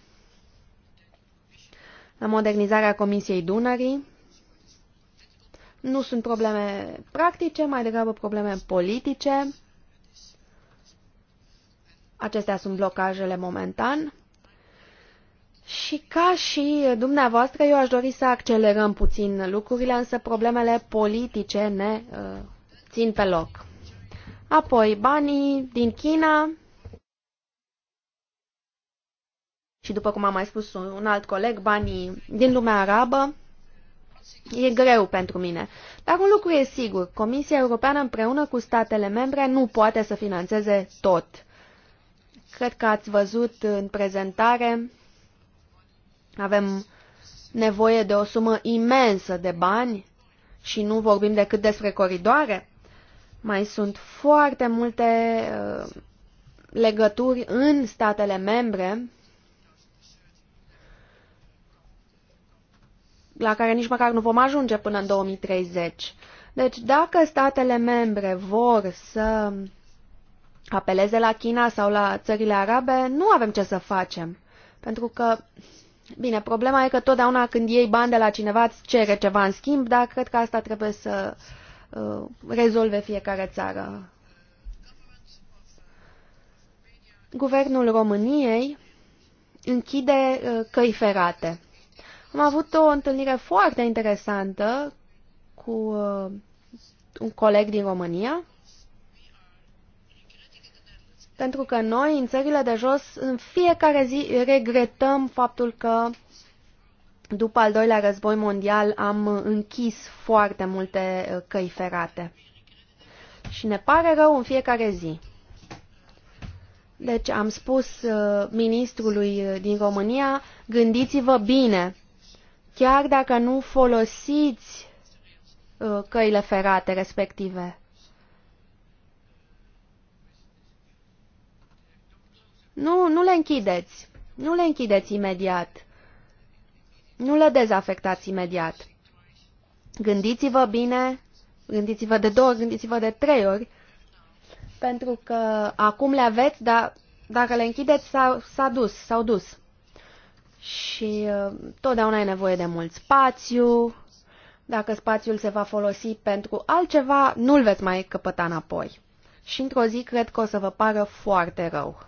la modernizarea Comisiei Dunării. Nu sunt probleme practice, mai degrabă probleme politice. Acestea sunt blocajele momentan. Și ca și dumneavoastră, eu aș dori să accelerăm puțin lucrurile, însă problemele politice ne uh, țin pe loc. Apoi, banii din China. Și după cum a mai spus un alt coleg, banii din lumea arabă. E greu pentru mine. Dar un lucru e sigur, Comisia Europeană împreună cu statele membre nu poate să financeze tot. Cred că ați văzut în prezentare avem nevoie de o sumă imensă de bani și nu vorbim decât despre coridoare. Mai sunt foarte multe uh, legături în statele membre la care nici măcar nu vom ajunge până în 2030. Deci dacă statele membre vor să apeleze la China sau la țările arabe, nu avem ce să facem. Pentru că Bine, problema e că totdeauna când iei bani de la cineva îți cere ceva în schimb, dar cred că asta trebuie să uh, rezolve fiecare țară. Guvernul României închide uh, căi ferate. Am avut o întâlnire foarte interesantă cu uh, un coleg din România pentru că noi, în țările de jos, în fiecare zi regretăm faptul că după al doilea război mondial am închis foarte multe uh, căi ferate. Și ne pare rău în fiecare zi. Deci am spus uh, ministrului uh, din România, gândiți-vă bine, chiar dacă nu folosiți căile ferate respective. Nu, nu le închideți. Nu le închideți imediat. Nu le dezafectați imediat. Gândiți-vă bine, gândiți-vă de două, gândiți-vă de trei ori, pentru că acum le aveți, dar dacă le închideți, s-a dus, s-au dus. Și uh, totdeauna e nevoie de mult spațiu. Dacă spațiul se va folosi pentru altceva, nu-l veți mai căpăta înapoi. Și într-o zi cred că o să vă pară foarte rău.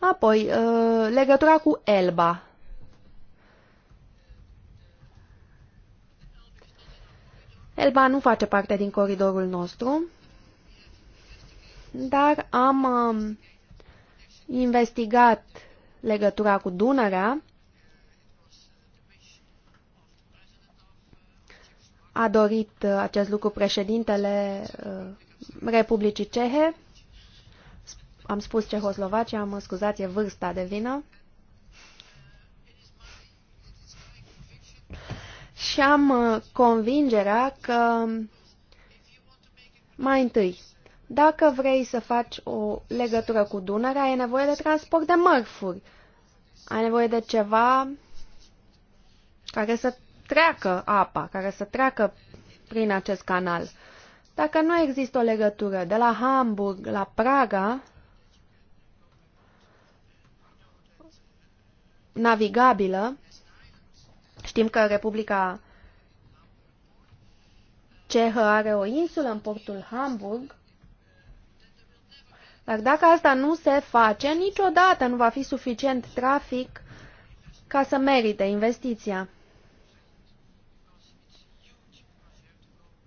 Apoi, uh, legătura cu Elba. Elba nu face parte din coridorul nostru, dar am um, investigat legătura cu Dunărea. A dorit uh, acest lucru președintele uh, Republicii Cehe am spus Cehoslovacia, mă scuzați, e vârsta de vină. Și am uh, convingerea că, mai întâi, dacă vrei să faci o legătură cu Dunărea, ai nevoie de transport de mărfuri. Ai nevoie de ceva care să treacă apa, care să treacă prin acest canal. Dacă nu există o legătură de la Hamburg la Praga, navigabilă. Știm că Republica Cehă are o insulă în portul Hamburg, dar dacă asta nu se face, niciodată nu va fi suficient trafic ca să merite investiția.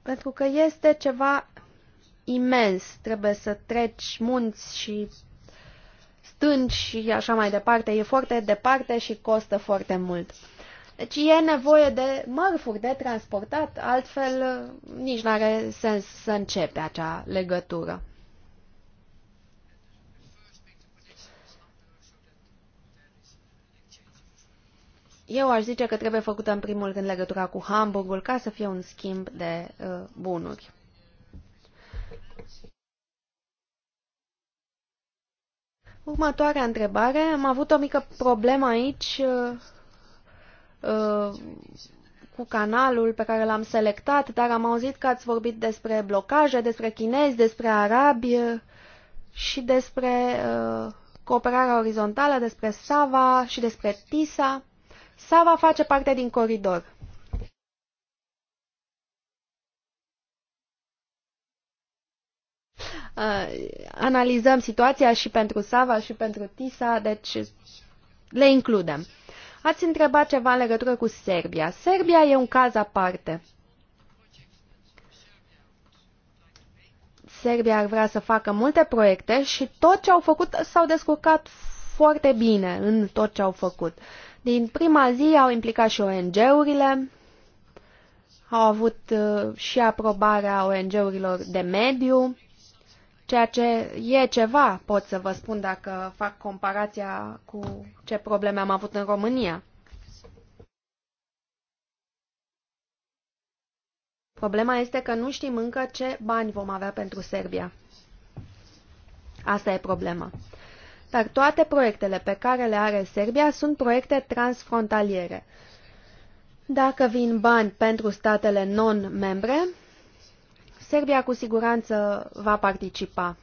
Pentru că este ceva imens. Trebuie să treci munți și stânci și așa mai departe, e foarte departe și costă foarte mult. Deci e nevoie de mărfuri de transportat, altfel uh, nici nu are sens să începe acea legătură. Eu aș zice că trebuie făcută în primul rând legătura cu Hamburgul ca să fie un schimb de uh, bunuri. Următoarea întrebare. Am avut o mică problemă aici uh, uh, cu canalul pe care l-am selectat, dar am auzit că ați vorbit despre blocaje, despre chinezi, despre arabi uh, și despre uh, cooperarea orizontală, despre Sava și despre TISA. Sava face parte din coridor. Uh, analizăm situația și pentru Sava și pentru TISA, deci le includem. Ați întrebat ceva în legătură cu Serbia. Serbia e un caz aparte. Serbia ar vrea să facă multe proiecte și tot ce au făcut s-au descurcat foarte bine în tot ce au făcut. Din prima zi au implicat și ONG-urile, au avut uh, și aprobarea ONG-urilor de mediu, ceea ce e ceva, pot să vă spun dacă fac comparația cu ce probleme am avut în România. Problema este că nu știm încă ce bani vom avea pentru Serbia. Asta e problema. Dar toate proiectele pe care le are Serbia sunt proiecte transfrontaliere. Dacă vin bani pentru statele non-membre, Serbia cu siguranță va participa.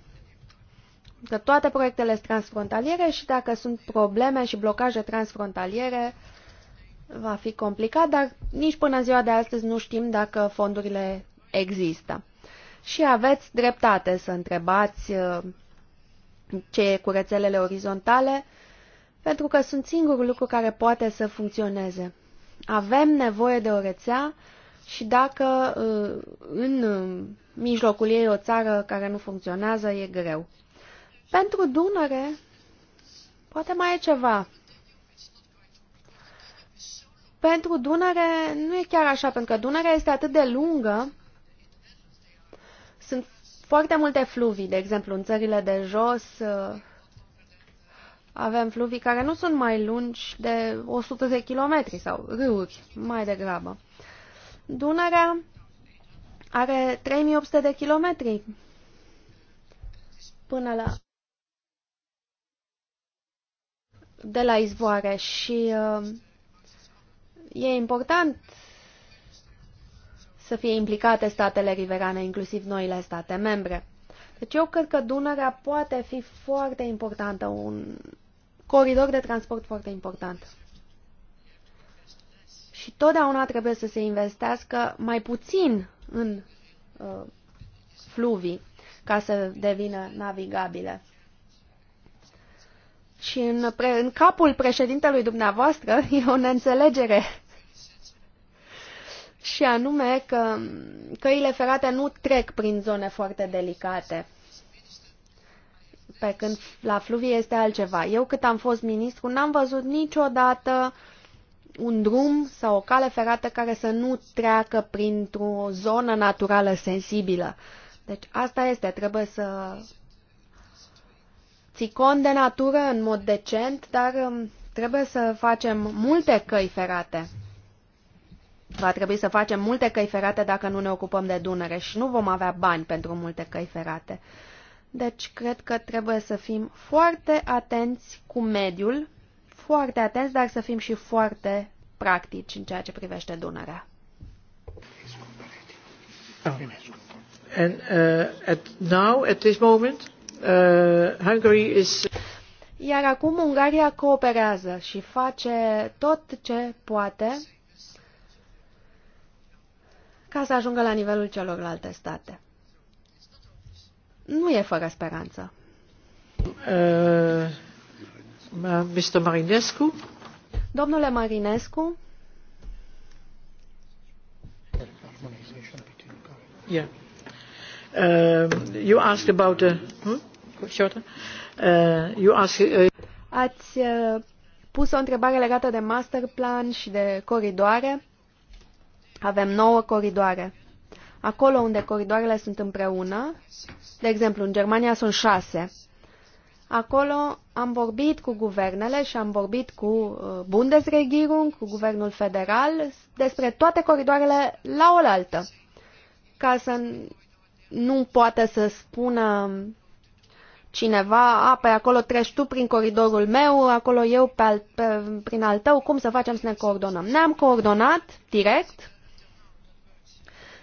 Că toate proiectele sunt transfrontaliere și dacă sunt probleme și blocaje transfrontaliere, va fi complicat, dar nici până ziua de astăzi nu știm dacă fondurile există. Și aveți dreptate să întrebați uh, ce e cu rețelele orizontale, pentru că sunt singurul lucru care poate să funcționeze. Avem nevoie de o rețea și dacă uh, în uh, mijlocul ei o țară care nu funcționează, e greu. Pentru Dunăre, poate mai e ceva. Pentru Dunăre nu e chiar așa, pentru că Dunărea este atât de lungă, sunt foarte multe fluvii, de exemplu, în țările de jos uh, avem fluvii care nu sunt mai lungi de 100 de kilometri sau râuri, mai degrabă. Dunărea are 3800 de kilometri până la de la izvoare și uh, e important să fie implicate statele riverane, inclusiv noile state membre. Deci eu cred că Dunărea poate fi foarte importantă, un coridor de transport foarte important și totdeauna trebuie să se investească mai puțin în uh, fluvii ca să devină navigabile. Și în, pre, în capul președintelui dumneavoastră e o neînțelegere. și anume că căile ferate nu trec prin zone foarte delicate. Pe când la fluvii este altceva. Eu cât am fost ministru n-am văzut niciodată uh, un drum sau o cale ferată care să nu treacă printr-o zonă naturală sensibilă. Deci asta este, trebuie să ții cont de natură în mod decent, dar um, trebuie să facem multe căi ferate. Va trebui să facem multe căi ferate dacă nu ne ocupăm de Dunăre și nu vom avea bani pentru multe căi ferate. Deci cred că trebuie să fim foarte atenți cu mediul foarte atenți, dar să fim și foarte practici în ceea ce privește Dunărea. Oh. And uh, at now, at this moment, uh, Hungary is... Iar acum Ungaria cooperează și face tot ce poate ca să ajungă la nivelul celorlalte state. Nu e fără speranță. Uh... Mr. Marinescu. Domnule Marinescu. Yeah. Um, you asked about the, uh, hmm? uh, you asked, uh... Ați uh, pus o întrebare legată de master plan și de coridoare. Avem nouă coridoare. Acolo unde coridoarele sunt împreună, de exemplu, în Germania sunt șase Acolo am vorbit cu guvernele și am vorbit cu uh, Bundesregierung, cu guvernul federal, despre toate coridoarele la oaltă, ca să nu poată să spună cineva, a, pe păi acolo treci tu prin coridorul meu, acolo eu pe al, pe, prin al tău, cum să facem să ne coordonăm? Ne-am coordonat direct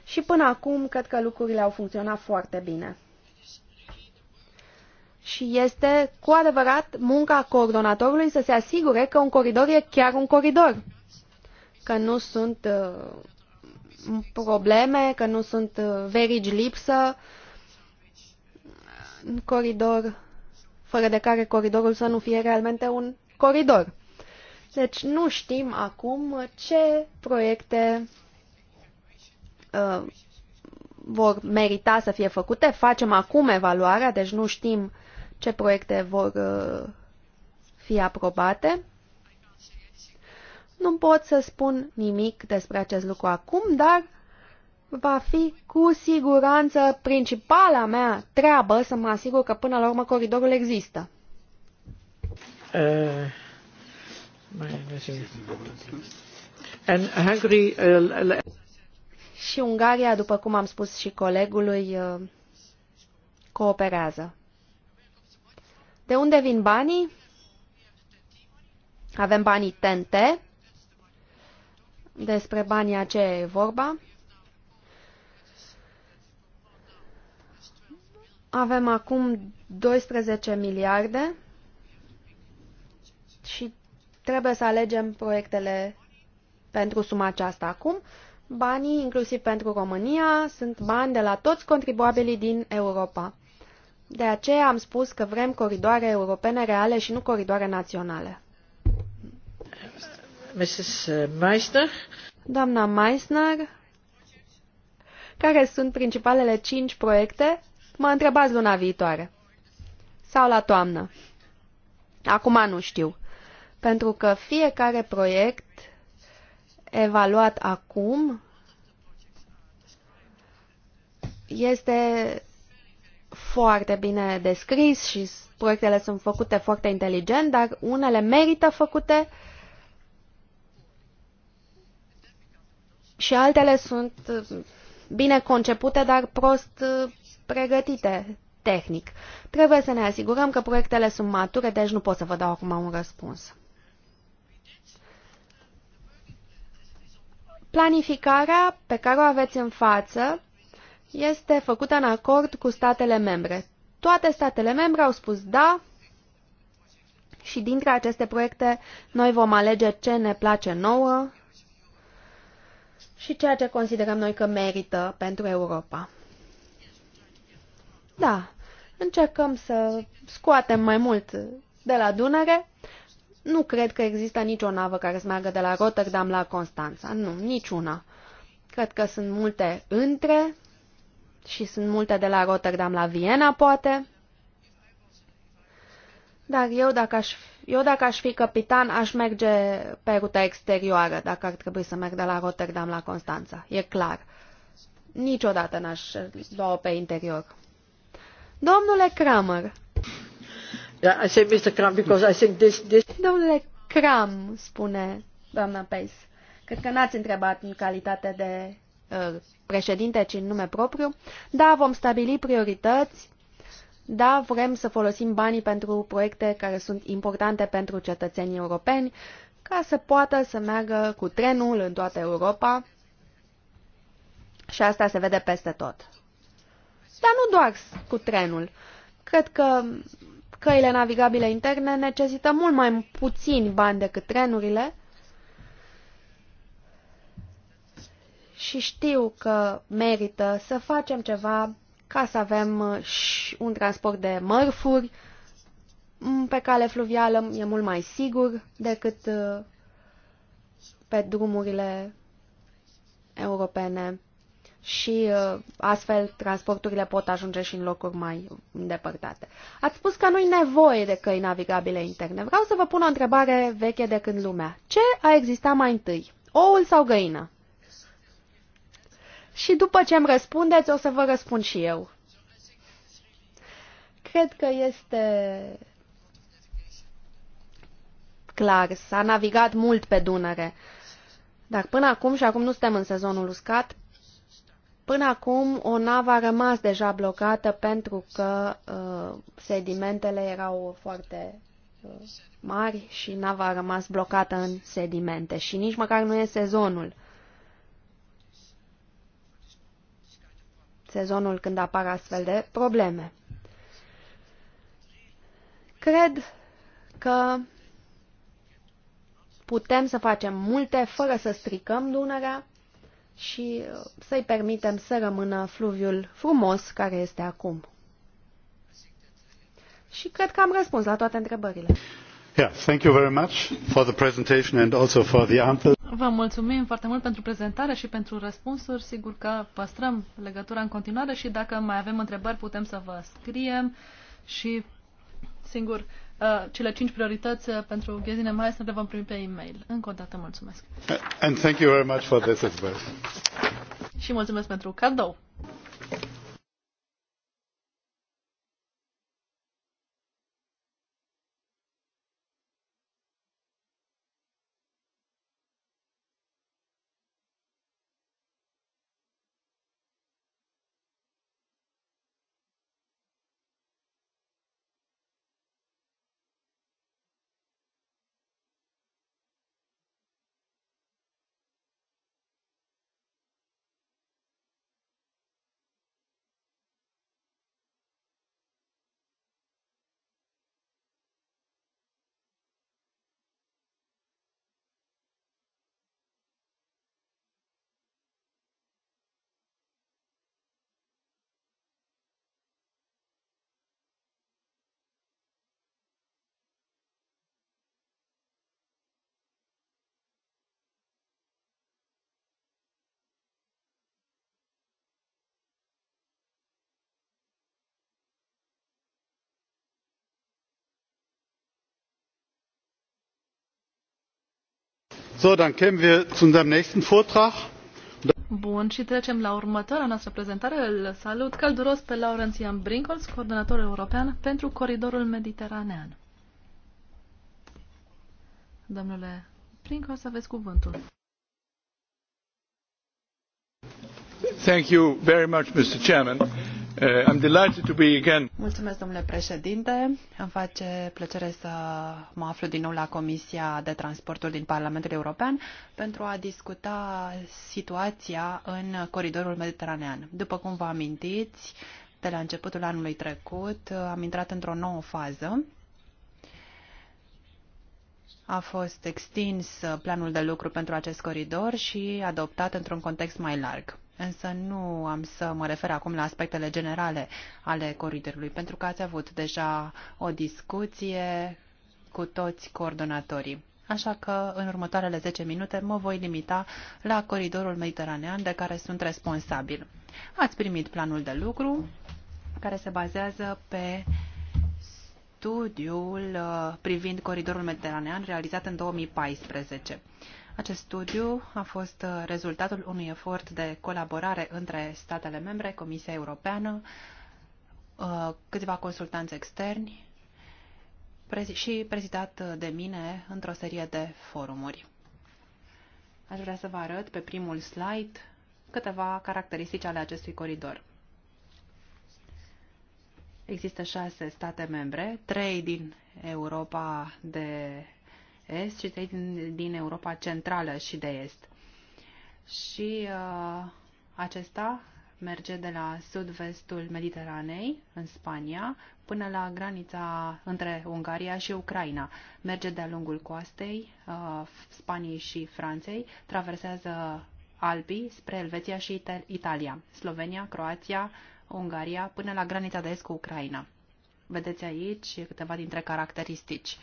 și până acum cred că lucrurile au funcționat foarte bine și este cu adevărat munca coordonatorului să se asigure că un coridor e chiar un coridor, că nu sunt uh, probleme, că nu sunt uh, verigi lipsă, un coridor fără de care coridorul să nu fie realmente un coridor. Deci nu știm acum ce proiecte uh, vor merita să fie făcute. Facem acum evaluarea, deci nu știm ce proiecte vor uh, fi aprobate. Nu pot să spun nimic despre acest lucru acum, dar va fi cu siguranță principala mea treabă să mă asigur că până la urmă coridorul există. Uh, și Ungaria, după cum am spus și colegului, uh, cooperează. De unde vin banii? Avem banii TNT. Despre banii aceia e vorba. Avem acum 12 miliarde și trebuie să alegem proiectele pentru suma aceasta acum. Banii, inclusiv pentru România, sunt bani de la toți contribuabilii din Europa. De aceea am spus că vrem coridoare europene reale și nu coridoare naționale. Mrs. Uh, Meissner. Doamna Meissner, care sunt principalele cinci proiecte? Mă întrebați luna viitoare. Sau la toamnă. Acum nu știu. Pentru că fiecare proiect evaluat acum este foarte bine descris și proiectele sunt făcute foarte inteligent, dar unele merită făcute și altele sunt uh, bine concepute, dar prost uh, pregătite tehnic. Trebuie să ne asigurăm că proiectele sunt mature, deci nu pot să vă dau acum un răspuns. Planificarea pe care o aveți în față este făcută în acord cu statele membre. Toate statele membre au spus da și dintre aceste proiecte noi vom alege ce ne place nouă și ceea ce considerăm noi că merită pentru Europa. Da, încercăm să scoatem mai mult de la Dunăre. Nu cred că există nicio navă care să meargă de la Rotterdam la Constanța. Nu, niciuna. Cred că sunt multe între și sunt multe de la Rotterdam la Viena, poate. Dar eu dacă aș, eu dacă aș fi capitan, aș merge pe ruta exterioară, dacă ar trebui să merg de la Rotterdam la Constanța. E clar. Niciodată n-aș lua pe interior. Domnule Kramer. Yeah, I say Mr. Kram because I think this, this... Domnule Kram, spune doamna Pace. Cred că n-ați întrebat în calitate de Uh, președinte, ci în nume propriu. Da, vom stabili priorități. Da, vrem să folosim banii pentru proiecte care sunt importante pentru cetățenii europeni, ca să poată să meargă cu trenul în toată Europa. Și asta se vede peste tot. Dar nu doar cu trenul. Cred că căile navigabile interne necesită mult mai puțini bani decât trenurile și știu că merită să facem ceva ca să avem uh, și un transport de mărfuri mm, pe cale fluvială, e mult mai sigur decât uh, pe drumurile europene și uh, astfel transporturile pot ajunge și în locuri mai îndepărtate. Ați spus că nu-i nevoie de căi navigabile interne. Vreau să vă pun o întrebare veche de când lumea. Ce a existat mai întâi? Oul sau găina? și după ce îmi răspundeți, o să vă răspund și eu. Cred că este clar, s-a navigat mult pe Dunăre. Dar până acum, și acum nu suntem în sezonul uscat, până acum o navă a rămas deja blocată pentru că uh, sedimentele erau foarte uh, mari și nava a rămas blocată în sedimente și nici măcar nu e sezonul. sezonul când apar astfel de probleme. Cred că putem să facem multe fără să stricăm Dunărea și uh, să-i permitem să rămână fluviul frumos care este acum. Și cred că am răspuns la toate întrebările. Yeah, thank you very much for the presentation and also for the ample Vă mulțumim foarte mult pentru prezentare și pentru răspunsuri. Sigur că păstrăm legătura în continuare și dacă mai avem întrebări putem să vă scriem și, singur, uh, cele cinci priorități uh, pentru Ghezine Maestre le vom primi pe e-mail. Încă o dată mulțumesc. And thank you very much for this as well. Și mulțumesc pentru cadou. Bun, și trecem la următoarea noastră prezentare. Îl salut călduros pe Laurence Ian Brinkholz, coordonator european pentru Coridorul Mediteranean. Domnule Brinkholz, aveți cuvântul. Thank you very much, Mr. Chairman. Eh, Mulțumesc, domnule președinte. Îmi face plăcere să mă aflu din nou la Comisia de Transporturi din Parlamentul European pentru a discuta situația în coridorul mediteranean. După cum vă amintiți, de la începutul anului trecut am intrat într-o nouă fază. A fost extins planul de lucru pentru acest coridor și adoptat într-un context mai larg. Însă nu am să mă refer acum la aspectele generale ale coridorului, pentru că ați avut deja o discuție cu toți coordonatorii. Așa că în următoarele 10 minute mă voi limita la coridorul mediteranean de care sunt responsabil. Ați primit planul de lucru care se bazează pe studiul uh, privind coridorul mediteranean realizat în 2014. Acest studiu a fost uh, rezultatul unui efort de colaborare între statele membre, Comisia Europeană, uh, câțiva consultanți externi și prezidat uh, de mine într-o serie de forumuri. Aș vrea să vă arăt pe primul slide câteva caracteristici ale acestui coridor. Există șase state membre, trei din Europa de Est și trei din, din Europa Centrală și de Est. Și uh, acesta merge de la sud-vestul Mediteranei, în Spania, până la granița între Ungaria și Ucraina. Merge de-a lungul coastei uh, Spaniei și Franței, traversează Alpii spre Elveția și Italia, Slovenia, Croația, Ungaria, până la granița de est cu Ucraina. Vedeți aici câteva dintre caracteristici. Uh,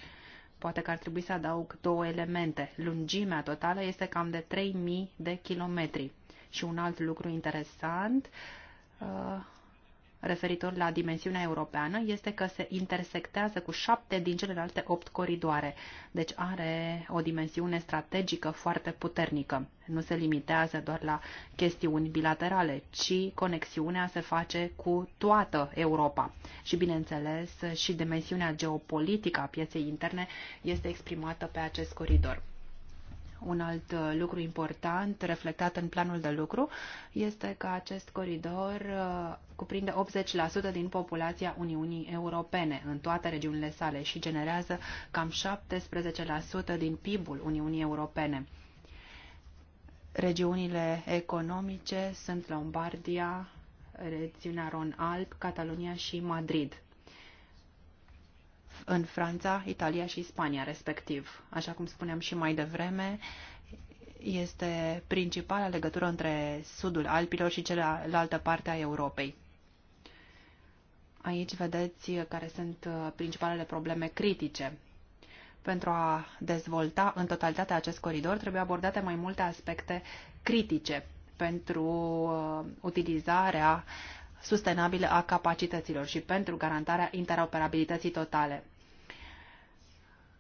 Poate că ar trebui să adaug două elemente. Lungimea totală este cam de 3000 de kilometri. Și un alt lucru interesant, uh, referitor la dimensiunea europeană este că se intersectează cu șapte din celelalte opt coridoare, deci are o dimensiune strategică foarte puternică. Nu se limitează doar la chestiuni bilaterale, ci conexiunea se face cu toată Europa. Și, bineînțeles, și dimensiunea geopolitică a pieței interne este exprimată pe acest coridor. Un alt uh, lucru important reflectat în planul de lucru este că acest coridor uh, cuprinde 80% din populația Uniunii Europene în toate regiunile sale și generează cam 17% din PIB-ul Uniunii Europene. Regiunile economice sunt Lombardia, regiunea Ron Alp, Catalonia și Madrid în Franța, Italia și Spania, respectiv. Așa cum spuneam și mai devreme, este principala legătură între sudul Alpilor și cealaltă parte a Europei. Aici vedeți care sunt uh, principalele probleme critice. Pentru a dezvolta în totalitate acest coridor, trebuie abordate mai multe aspecte critice pentru uh, utilizarea sustenabilă a capacităților și pentru garantarea interoperabilității totale.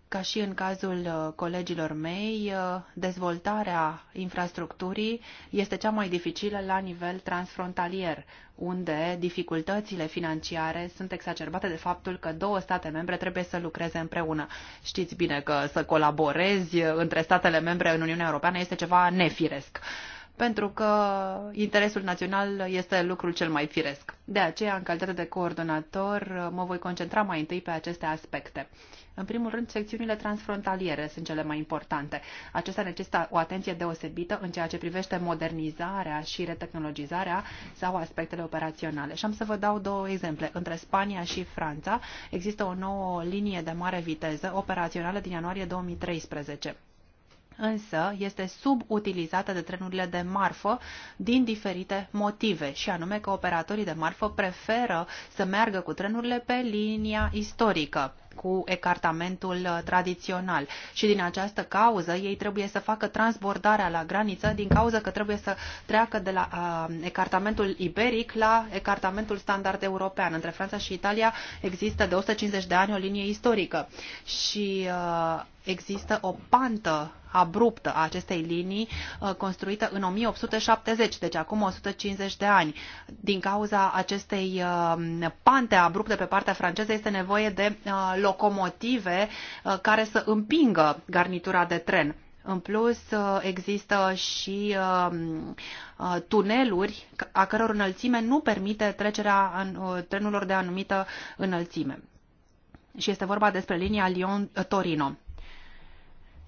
Ca și în cazul uh, colegilor mei, uh, dezvoltarea infrastructurii este cea mai dificilă la nivel transfrontalier, unde dificultățile financiare sunt exacerbate de faptul că două state membre trebuie să lucreze împreună. Știți bine că să colaborezi între statele membre în Uniunea Europeană este ceva nefiresc pentru că interesul național este lucrul cel mai firesc. De aceea, în calitate de coordonator, mă voi concentra mai întâi pe aceste aspecte. În primul rând, secțiunile transfrontaliere sunt cele mai importante. Acestea necesită o atenție deosebită în ceea ce privește modernizarea și retehnologizarea sau aspectele operaționale. Și am să vă dau două exemple. Între Spania și Franța există o nouă linie de mare viteză operațională din ianuarie 2013 însă este subutilizată de trenurile de marfă din diferite motive, și anume că operatorii de marfă preferă să meargă cu trenurile pe linia istorică cu ecartamentul uh, tradițional și din această cauză ei trebuie să facă transbordarea la graniță din cauza că trebuie să treacă de la uh, ecartamentul iberic la ecartamentul standard european. Între Franța și Italia există de 150 de ani o linie istorică și uh, există o pantă abruptă a acestei linii construită în 1870, deci acum 150 de ani. Din cauza acestei pante abrupte pe partea franceză este nevoie de loc locomotive uh, care să împingă garnitura de tren. În plus, uh, există și um, uh, tuneluri a căror înălțime nu permite trecerea trenurilor de anumită înălțime. Și este vorba despre linia Lyon-Torino.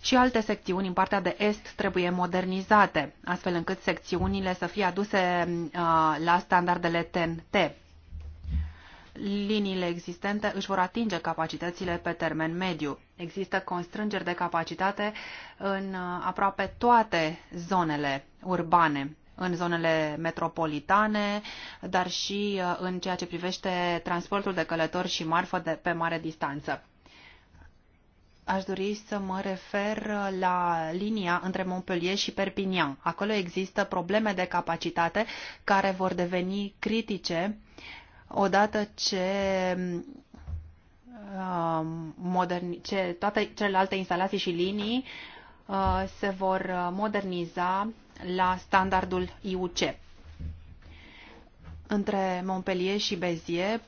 Și alte secțiuni în partea de est trebuie modernizate, astfel încât secțiunile să fie aduse la standardele TNT liniile existente își vor atinge capacitățile pe termen mediu. Există constrângeri de capacitate în uh, aproape toate zonele urbane, în zonele metropolitane, dar și uh, în ceea ce privește transportul de călători și marfă de, pe mare distanță. Aș dori să mă refer uh, la linia între Montpellier și Perpignan. Acolo există probleme de capacitate care vor deveni critice odată ce uh, moderni, ce toate celelalte instalații și linii uh, se vor uh, moderniza la standardul IUC. Între Montpellier și Bezier,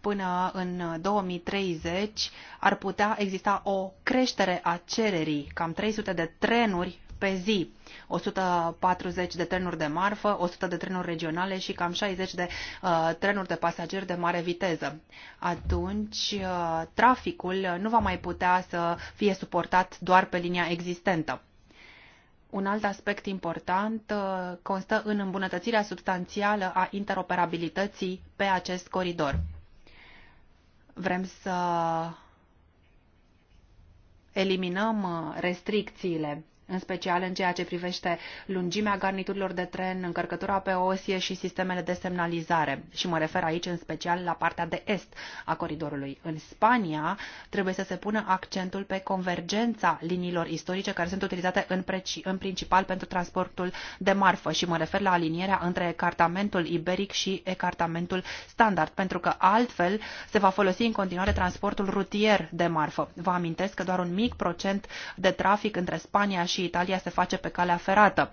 până în 2030, ar putea exista o creștere a cererii, cam 300 de trenuri pe zi. 140 de trenuri de marfă, 100 de trenuri regionale și cam 60 de uh, trenuri de pasageri de mare viteză. Atunci, uh, traficul nu va mai putea să fie suportat doar pe linia existentă. Un alt aspect important uh, constă în îmbunătățirea substanțială a interoperabilității pe acest coridor. Vrem să eliminăm uh, restricțiile în special în ceea ce privește lungimea garniturilor de tren, încărcătura pe osie și sistemele de semnalizare. Și mă refer aici în special la partea de est a coridorului. În Spania trebuie să se pună accentul pe convergența liniilor istorice care sunt utilizate în, în principal pentru transportul de marfă și mă refer la alinierea între ecartamentul iberic și ecartamentul standard, pentru că altfel se va folosi în continuare transportul rutier de marfă. Vă amintesc că doar un mic procent de trafic între Spania și și Italia se face pe calea ferată.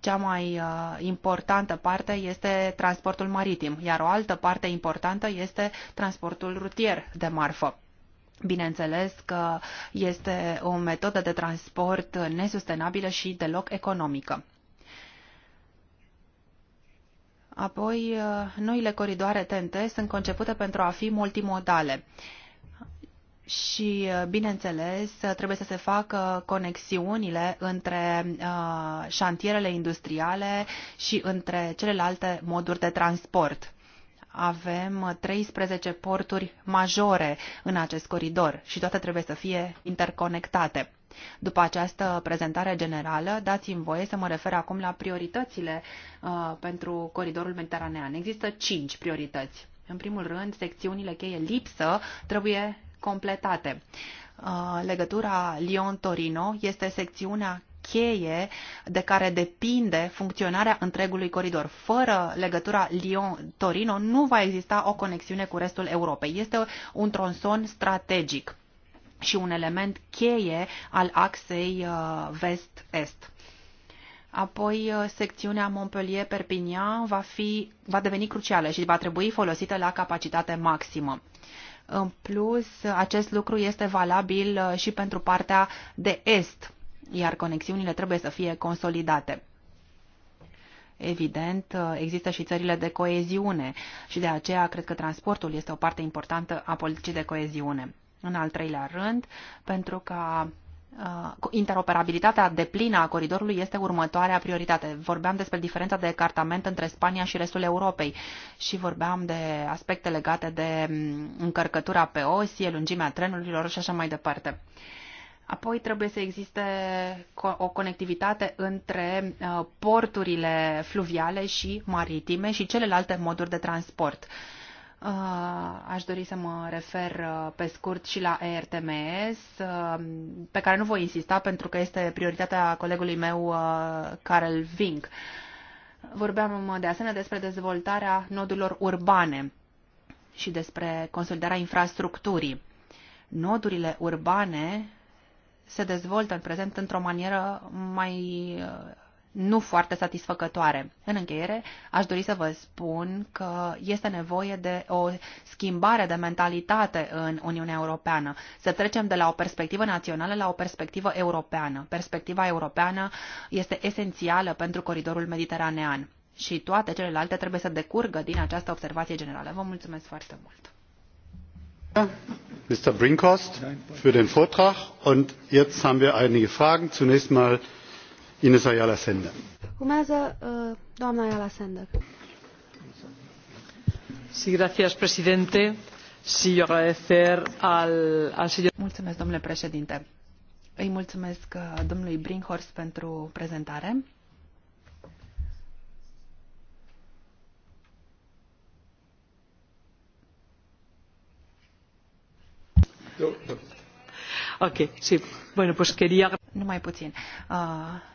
Cea mai uh, importantă parte este transportul maritim, iar o altă parte importantă este transportul rutier de marfă. Bineînțeles că este o metodă de transport nesustenabilă și deloc economică. Apoi, uh, noile coridoare TNT sunt concepute pentru a fi multimodale și, uh, bineînțeles, uh, trebuie să se facă conexiunile între uh, șantierele industriale și între celelalte moduri de transport. Avem 13 porturi majore în acest coridor și toate trebuie să fie interconectate. După această prezentare generală, dați-mi voie să mă refer acum la prioritățile uh, pentru coridorul mediteranean. Există cinci priorități. În primul rând, secțiunile cheie lipsă trebuie completate. Uh, legătura Lyon-Torino este secțiunea cheie de care depinde funcționarea întregului coridor. Fără legătura Lyon-Torino nu va exista o conexiune cu restul Europei. Este un tronson strategic și un element cheie al axei uh, vest-est. Apoi, uh, secțiunea Montpellier-Perpignan va, fi, va deveni crucială și va trebui folosită la capacitate maximă. În plus, acest lucru este valabil uh, și pentru partea de est, iar conexiunile trebuie să fie consolidate. Evident, uh, există și țările de coeziune și de aceea cred că transportul este o parte importantă a politicii de coeziune. În al treilea rând, pentru ca Uh, interoperabilitatea deplină a coridorului este următoarea prioritate. Vorbeam despre diferența de cartament între Spania și restul Europei și vorbeam de aspecte legate de mm, încărcătura pe osie, lungimea trenurilor și așa mai departe. Apoi trebuie să existe o conectivitate între uh, porturile fluviale și maritime și celelalte moduri de transport. Uh, Uh, aș dori să mă refer uh, pe scurt și la ERTMS, uh, pe care nu voi insista pentru că este prioritatea colegului meu, Karel Vink. Vorbeam de asemenea despre dezvoltarea nodurilor urbane și despre consolidarea infrastructurii. Nodurile urbane se dezvoltă în prezent într-o manieră mai nu foarte satisfăcătoare. În încheiere, aș dori să vă spun că este nevoie de o schimbare de mentalitate în Uniunea Europeană, să trecem de la o perspectivă națională la o perspectivă europeană. Perspectiva europeană este esențială pentru coridorul mediteranean și toate celelalte trebuie să decurgă din această observație generală. Vă mulțumesc foarte mult! Mr. Brinkhorst für den Vortrag und jetzt haben wir einige Fragen. Zunächst mal Uh, doamna Ayala Sender. Mulțumesc, domnule președinte. Îi mulțumesc uh, domnului Brinkhorst pentru prezentare. Numai puțin. Uh,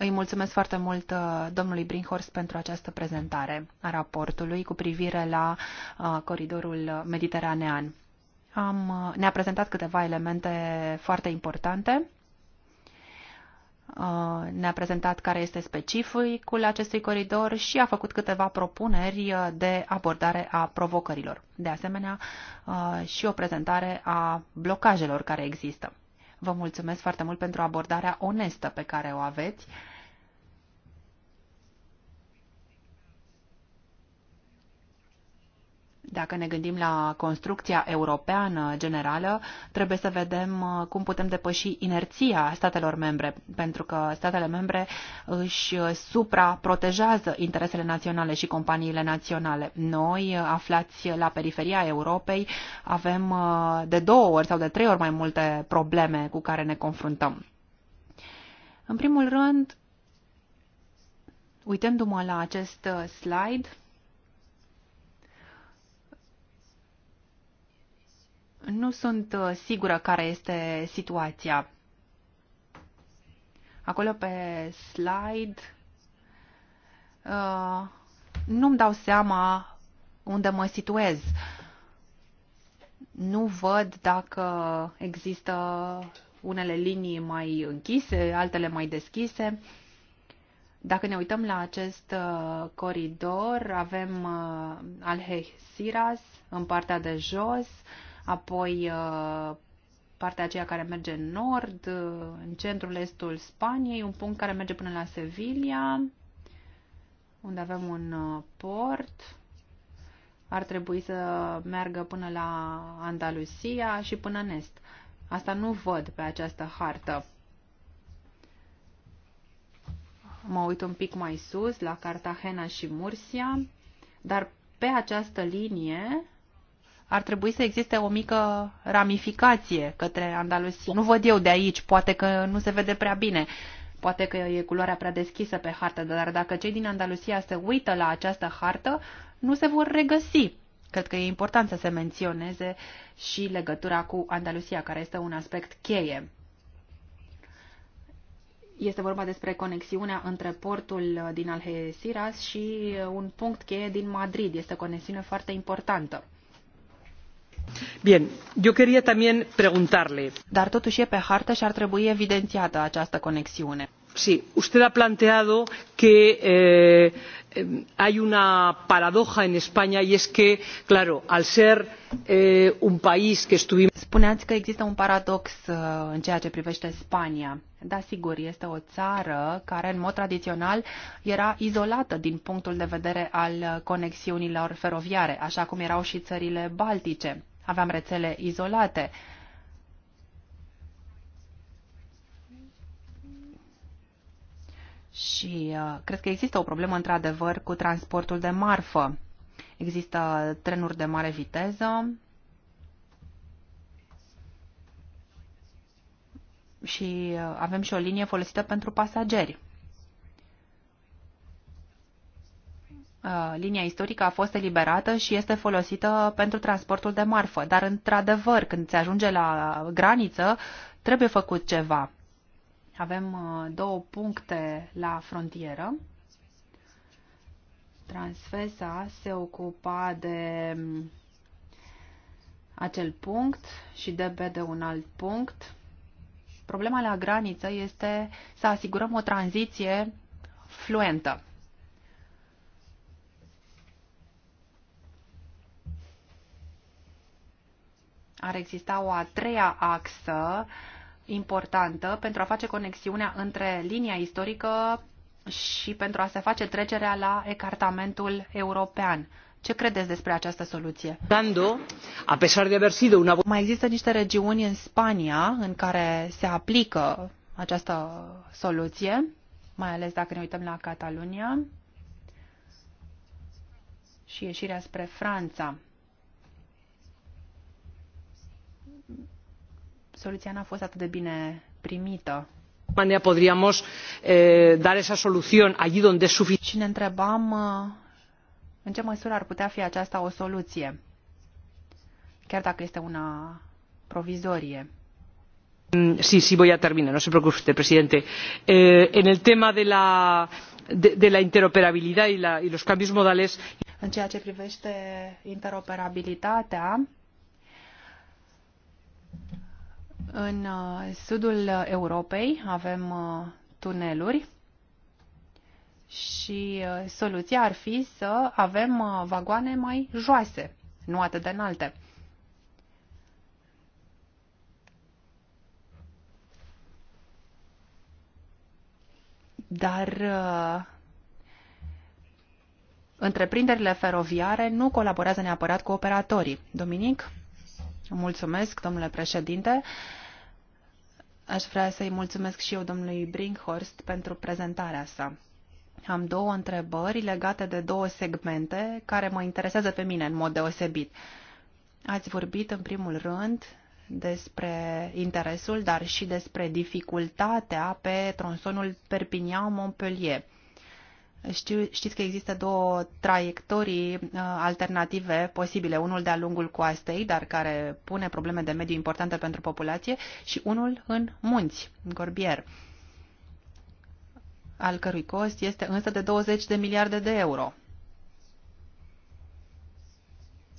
îi mulțumesc foarte mult uh, domnului Brinkhorst pentru această prezentare a raportului cu privire la uh, coridorul mediteranean. Am, uh, ne-a prezentat câteva elemente foarte importante. Ne-a prezentat care este specificul acestui coridor și a făcut câteva propuneri de abordare a provocărilor. De asemenea, și o prezentare a blocajelor care există. Vă mulțumesc foarte mult pentru abordarea onestă pe care o aveți Dacă ne gândim la construcția europeană generală, trebuie să vedem uh, cum putem depăși inerția statelor membre, pentru că statele membre își uh, supraprotejează interesele naționale și companiile naționale. Noi, uh, aflați la periferia Europei, avem de două ori sau de trei ori mai multe probleme cu care ne confruntăm. În primul rând, uitându-mă la acest slide, Nu sunt uh, sigură care este situația. Acolo pe slide uh, nu-mi dau seama unde mă situez. Nu văd dacă există unele linii mai închise, altele mai deschise. Dacă ne uităm la acest uh, coridor, avem Alhe Siras în partea de jos, apoi uh, partea aceea care merge în nord, uh, în centrul estul Spaniei, un punct care merge până la Sevilla, unde avem un uh, port. Ar trebui să meargă până la Andalusia și până în est. Asta nu văd pe această hartă. Mă uit un pic mai sus, la Cartagena și Mursia, dar pe această linie ar trebui să existe o mică ramificație către Andalusia. Nu văd eu de aici, poate că nu se vede prea bine, poate că e culoarea prea deschisă pe hartă, dar dacă cei din Andalusia se uită la această hartă, nu se vor regăsi. Cred că e important să se menționeze și legătura cu Andalusia, care este un aspect cheie. Este vorba despre conexiunea între portul din Algeciras și un punct cheie din Madrid. Este o conexiune foarte importantă. Dar totui e pe hartă și ar trebui evidențiată această conexiune. usted ha planteado que eh, hay una paradoja en españa y es que claro al ser eh, un país que estuvimos. spuneai că există un paradox eh, în ceea ce privește spania. da sigur este o țară care în mod tradițional era izolată din punctul de vedere al conexiunilor feroviare așa cum erau și țările baltice aveam rețele izolate. Și uh, cred că există o problemă, într-adevăr, cu transportul de marfă. Există trenuri de mare viteză și uh, avem și o linie folosită pentru pasageri. Uh, linia istorică a fost eliberată și este folosită pentru transportul de marfă. Dar, într-adevăr, când se ajunge la graniță, trebuie făcut ceva. Avem uh, două puncte la frontieră. Transfesa se ocupa de um, acel punct și DB de un alt punct. Problema la graniță este să asigurăm o tranziție fluentă ar exista o a treia axă importantă pentru a face conexiunea între linia istorică și pentru a se face trecerea la ecartamentul european. Ce credeți despre această soluție? de a Mai există niște regiuni în Spania în care se aplică această soluție, mai ales dacă ne uităm la Catalunia și ieșirea spre Franța. soluția n-a fost atât de bine primită manera podríamos eh, dar esa solución allí donde es suficiente. Și ne întrebam eh, în ce măsură ar putea fi aceasta o soluție, chiar dacă este una provizorie. Sí, sí, voy a terminar, no se preocupe usted, presidente. Eh, en el tema de la, de, de la interoperabilidad y, la, y los cambios modales. ceea ce privește interoperabilitatea, în uh, sudul Europei avem uh, tuneluri și uh, soluția ar fi să avem vagoane mai joase, nu atât de înalte. Dar întreprinderile feroviare nu colaborează neapărat cu operatorii. Dominic? Mulțumesc, domnule președinte. Aș vrea să-i mulțumesc și eu domnului Brinkhorst pentru prezentarea sa. Am două întrebări legate de două segmente care mă interesează pe mine în mod deosebit. Ați vorbit în primul rând despre interesul, dar și despre dificultatea pe tronsonul Perpignan-Montpellier. Știu, știți că există două traiectorii uh, alternative posibile, unul de-a lungul coastei, dar care pune probleme de mediu importante pentru populație, și unul în munți, în corbier, al cărui cost este însă de 20 de miliarde de euro.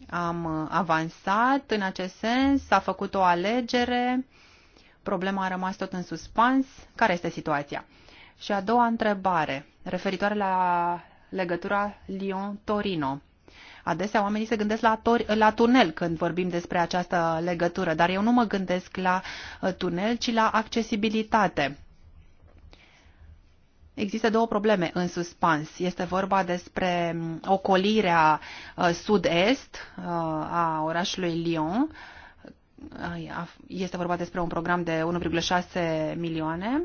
Am uh, avansat în acest sens, s-a făcut o alegere, problema a rămas tot în suspans. Care este situația? Și a doua întrebare, referitoare la legătura Lyon-Torino. Adesea oamenii se gândesc la, tor- la tunel când vorbim despre această legătură, dar eu nu mă gândesc la uh, tunel, ci la accesibilitate. Există două probleme în suspans. Este vorba despre mm, ocolirea uh, sud-est uh, a orașului Lyon. Este vorba despre un program de 1,6 milioane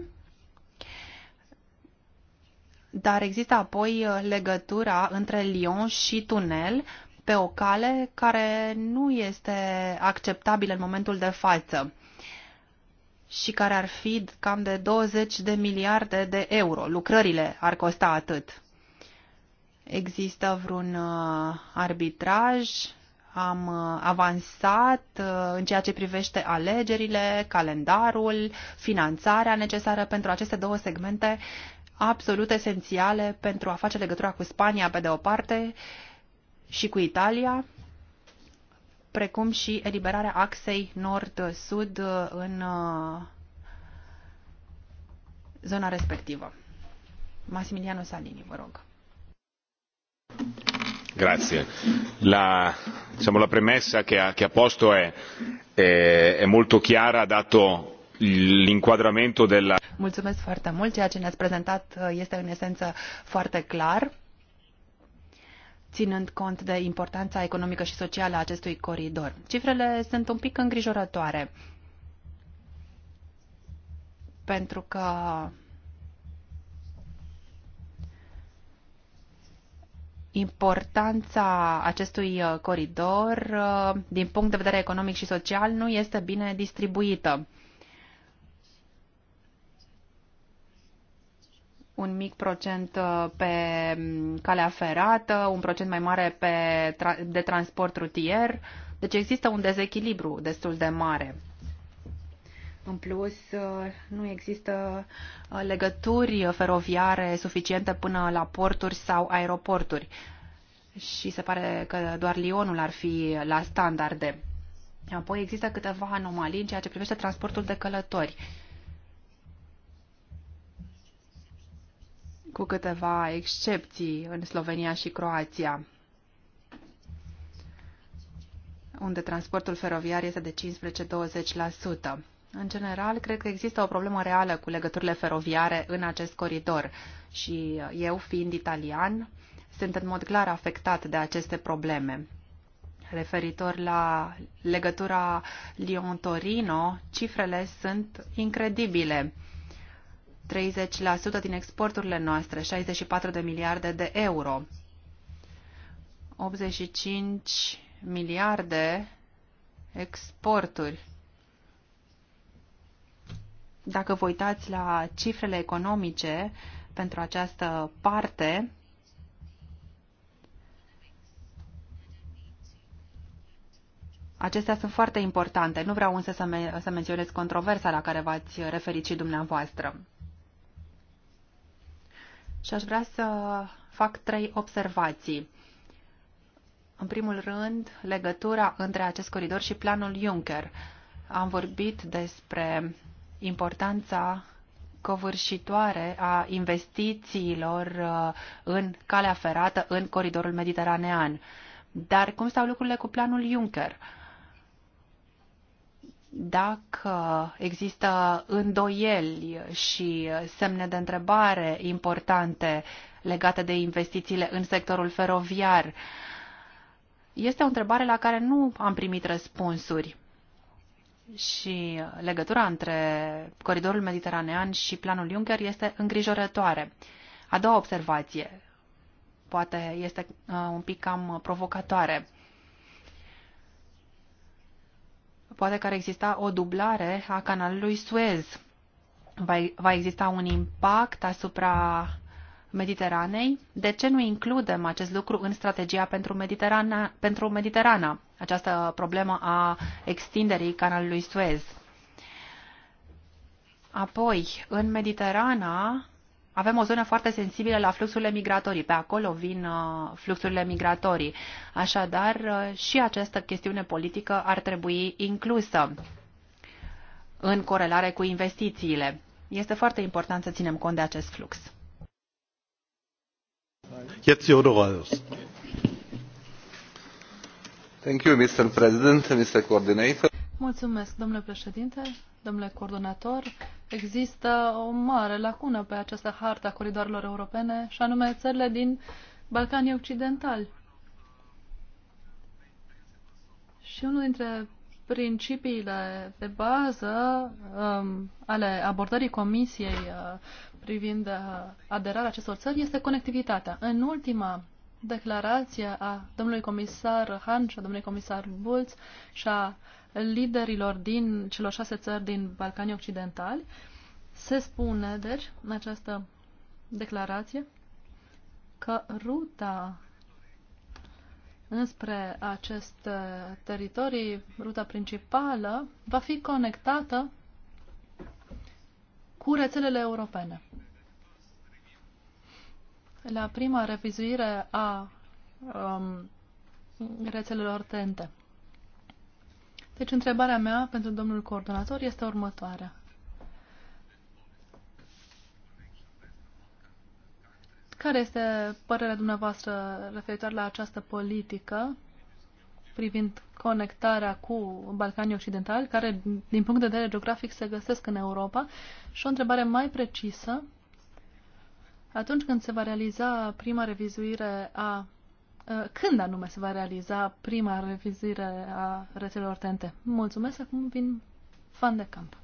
dar există apoi uh, legătura între Lyon și tunel pe o cale care nu este acceptabilă în momentul de față și care ar fi cam de 20 de miliarde de euro. Lucrările ar costa atât. Există vreun uh, arbitraj? Am uh, avansat în ceea ce privește alegerile, calendarul, finanțarea necesară pentru aceste două segmente absolut esențiale pentru a face legătura cu Spania pe de o parte și cu Italia, precum și eliberarea axei nord-sud în uh, zona respectivă. Massimiliano Salini, vă rog. Grazie. La, diciamo, la premessa che ha, che ha posto è, è, è molto chiara, ha dato l'inquadramento della... Mulțumesc foarte mult. Ceea ce ne-ați prezentat uh, este în esență foarte clar ținând cont de importanța economică și socială a acestui coridor. Cifrele sunt un pic îngrijorătoare, pentru că importanța acestui uh, coridor uh, din punct de vedere economic și social nu este bine distribuită. un mic procent uh, pe mm, calea ferată, un procent mai mare pe tra- de transport rutier. Deci există un dezechilibru destul de mare. În plus, uh, nu există uh, legături feroviare suficiente până la porturi sau aeroporturi. Și se pare că doar Lionul ar fi la standarde. Apoi există câteva anomalii în ceea ce privește transportul de călători cu câteva excepții în Slovenia și Croația, unde transportul feroviar este de 15-20%. În general, cred că există o problemă reală cu legăturile feroviare în acest coridor și eu, fiind italian, sunt în mod clar afectat de aceste probleme. Referitor la legătura Lyon-Torino, cifrele sunt incredibile. 30% din exporturile noastre, 64 de miliarde de euro. 85 miliarde exporturi. Dacă vă uitați la cifrele economice pentru această parte, Acestea sunt foarte importante. Nu vreau însă să, me- să menționez controversa la care v-ați referit și dumneavoastră și aș vrea să fac trei observații. În primul rând, legătura între acest coridor și planul Juncker. Am vorbit despre importanța covârșitoare a investițiilor uh, în calea ferată în coridorul mediteranean. Dar cum stau lucrurile cu planul Juncker? Uh, dacă există îndoieli și semne de întrebare importante legate de investițiile în sectorul feroviar, este o întrebare la care nu am primit răspunsuri. Și legătura între coridorul mediteranean și planul Juncker este îngrijorătoare. A doua observație, poate este uh, un pic cam provocatoare Poate că ar exista o dublare a canalului Suez. Va, va exista un impact asupra Mediteranei? De ce nu includem acest lucru în strategia pentru Mediterana? Pentru Mediterana această problemă a extinderii canalului Suez. Apoi, în Mediterana avem o zonă foarte sensibilă la fluxurile migratorii. Pe acolo vin uh, fluxurile migratorii. Așadar, uh, și această chestiune politică ar trebui inclusă în corelare cu investițiile. Este foarte important să ținem cont de acest flux. Thank you, Mr. President, Mr. Coordinator. Mulțumesc, domnule președinte, domnule coordonator. Există o mare lacună pe această hartă a coridoarelor europene, și anume țările din Balcanii Occidentali. Și unul dintre principiile de bază um, ale abordării Comisiei uh, privind uh, aderarea acestor țări este conectivitatea. În ultima declarație a domnului comisar Han și a domnului comisar Bulț și a liderilor din celor șase țări din Balcanii Occidentali. Se spune, deci, în această declarație că ruta înspre aceste uh, teritorii, ruta principală, va fi conectată cu rețelele europene. La prima revizuire a um, rețelelor TNT. Deci întrebarea mea pentru domnul coordonator este următoarea. Care este părerea dumneavoastră referitor la această politică privind conectarea cu Balcanii Occidentali, care din punct de vedere geografic se găsesc în Europa? Și o întrebare mai precisă, atunci când se va realiza prima revizuire a Uh, când anume se va realiza prima revizire a rețelelor TNT. Mulțumesc, acum vin fan de Camp.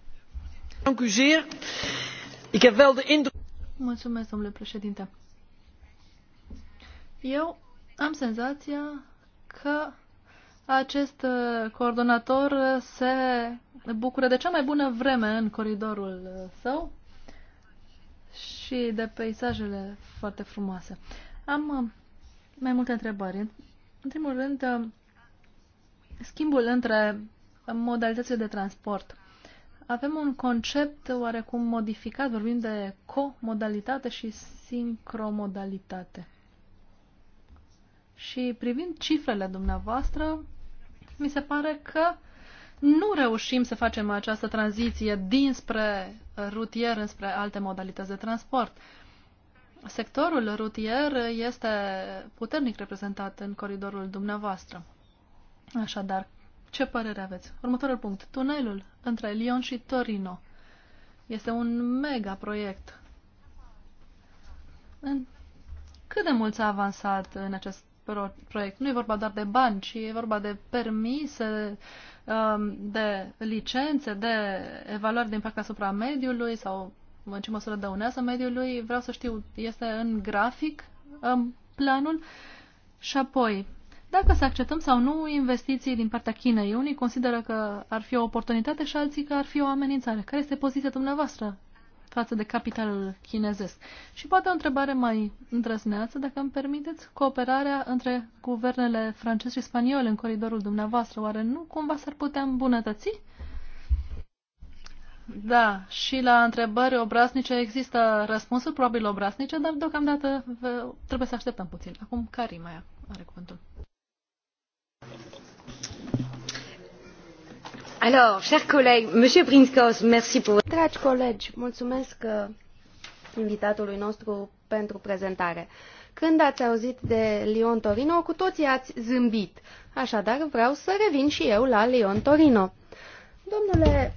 Mulțumesc, domnule președinte. Eu am senzația că acest uh, coordonator se bucură de cea mai bună vreme în coridorul uh, său și de peisajele foarte frumoase. Am mai multe întrebări. În primul rând, uh, schimbul între modalitățile de transport. Avem un concept oarecum modificat, vorbim de comodalitate și sincromodalitate. Și privind cifrele dumneavoastră, mi se pare că nu reușim să facem această tranziție dinspre rutier înspre alte modalități de transport. Uh, sectorul rutier este puternic reprezentat în coridorul dumneavoastră. Așadar, ce părere aveți? Următorul punct. Tunelul între Lyon și Torino. Este un mega proiect. În cât de mult s-a avansat în acest pro proiect? Nu e vorba doar de bani, ci e vorba de permise, um, de licențe, de evaluări de impact asupra mediului sau în ce măsură dăunează mediului. Vreau să știu, este în grafic în um, planul? Și apoi, dacă să acceptăm sau nu investiții din partea Chinei, unii consideră că ar fi o oportunitate și alții că ar fi o amenințare. Care este poziția dumneavoastră față de capitalul chinezesc? Și poate o întrebare mai îndrăzneață, dacă îmi permiteți, cooperarea între guvernele francez și spaniol în coridorul dumneavoastră, oare nu cumva s-ar putea îmbunătăți? Da, și la întrebări obraznice există răspunsuri, probabil obraznice, dar deocamdată trebuie să așteptăm puțin. Acum, care mai are cuvântul. Alors, chers collègues, Monsieur Prinskos, merci pour... Dragi colegi, mulțumesc uh, invitatului nostru pentru prezentare. Când ați auzit de Lion Torino, cu toții ați zâmbit. Așadar, vreau să revin și eu la Lion Torino. Domnule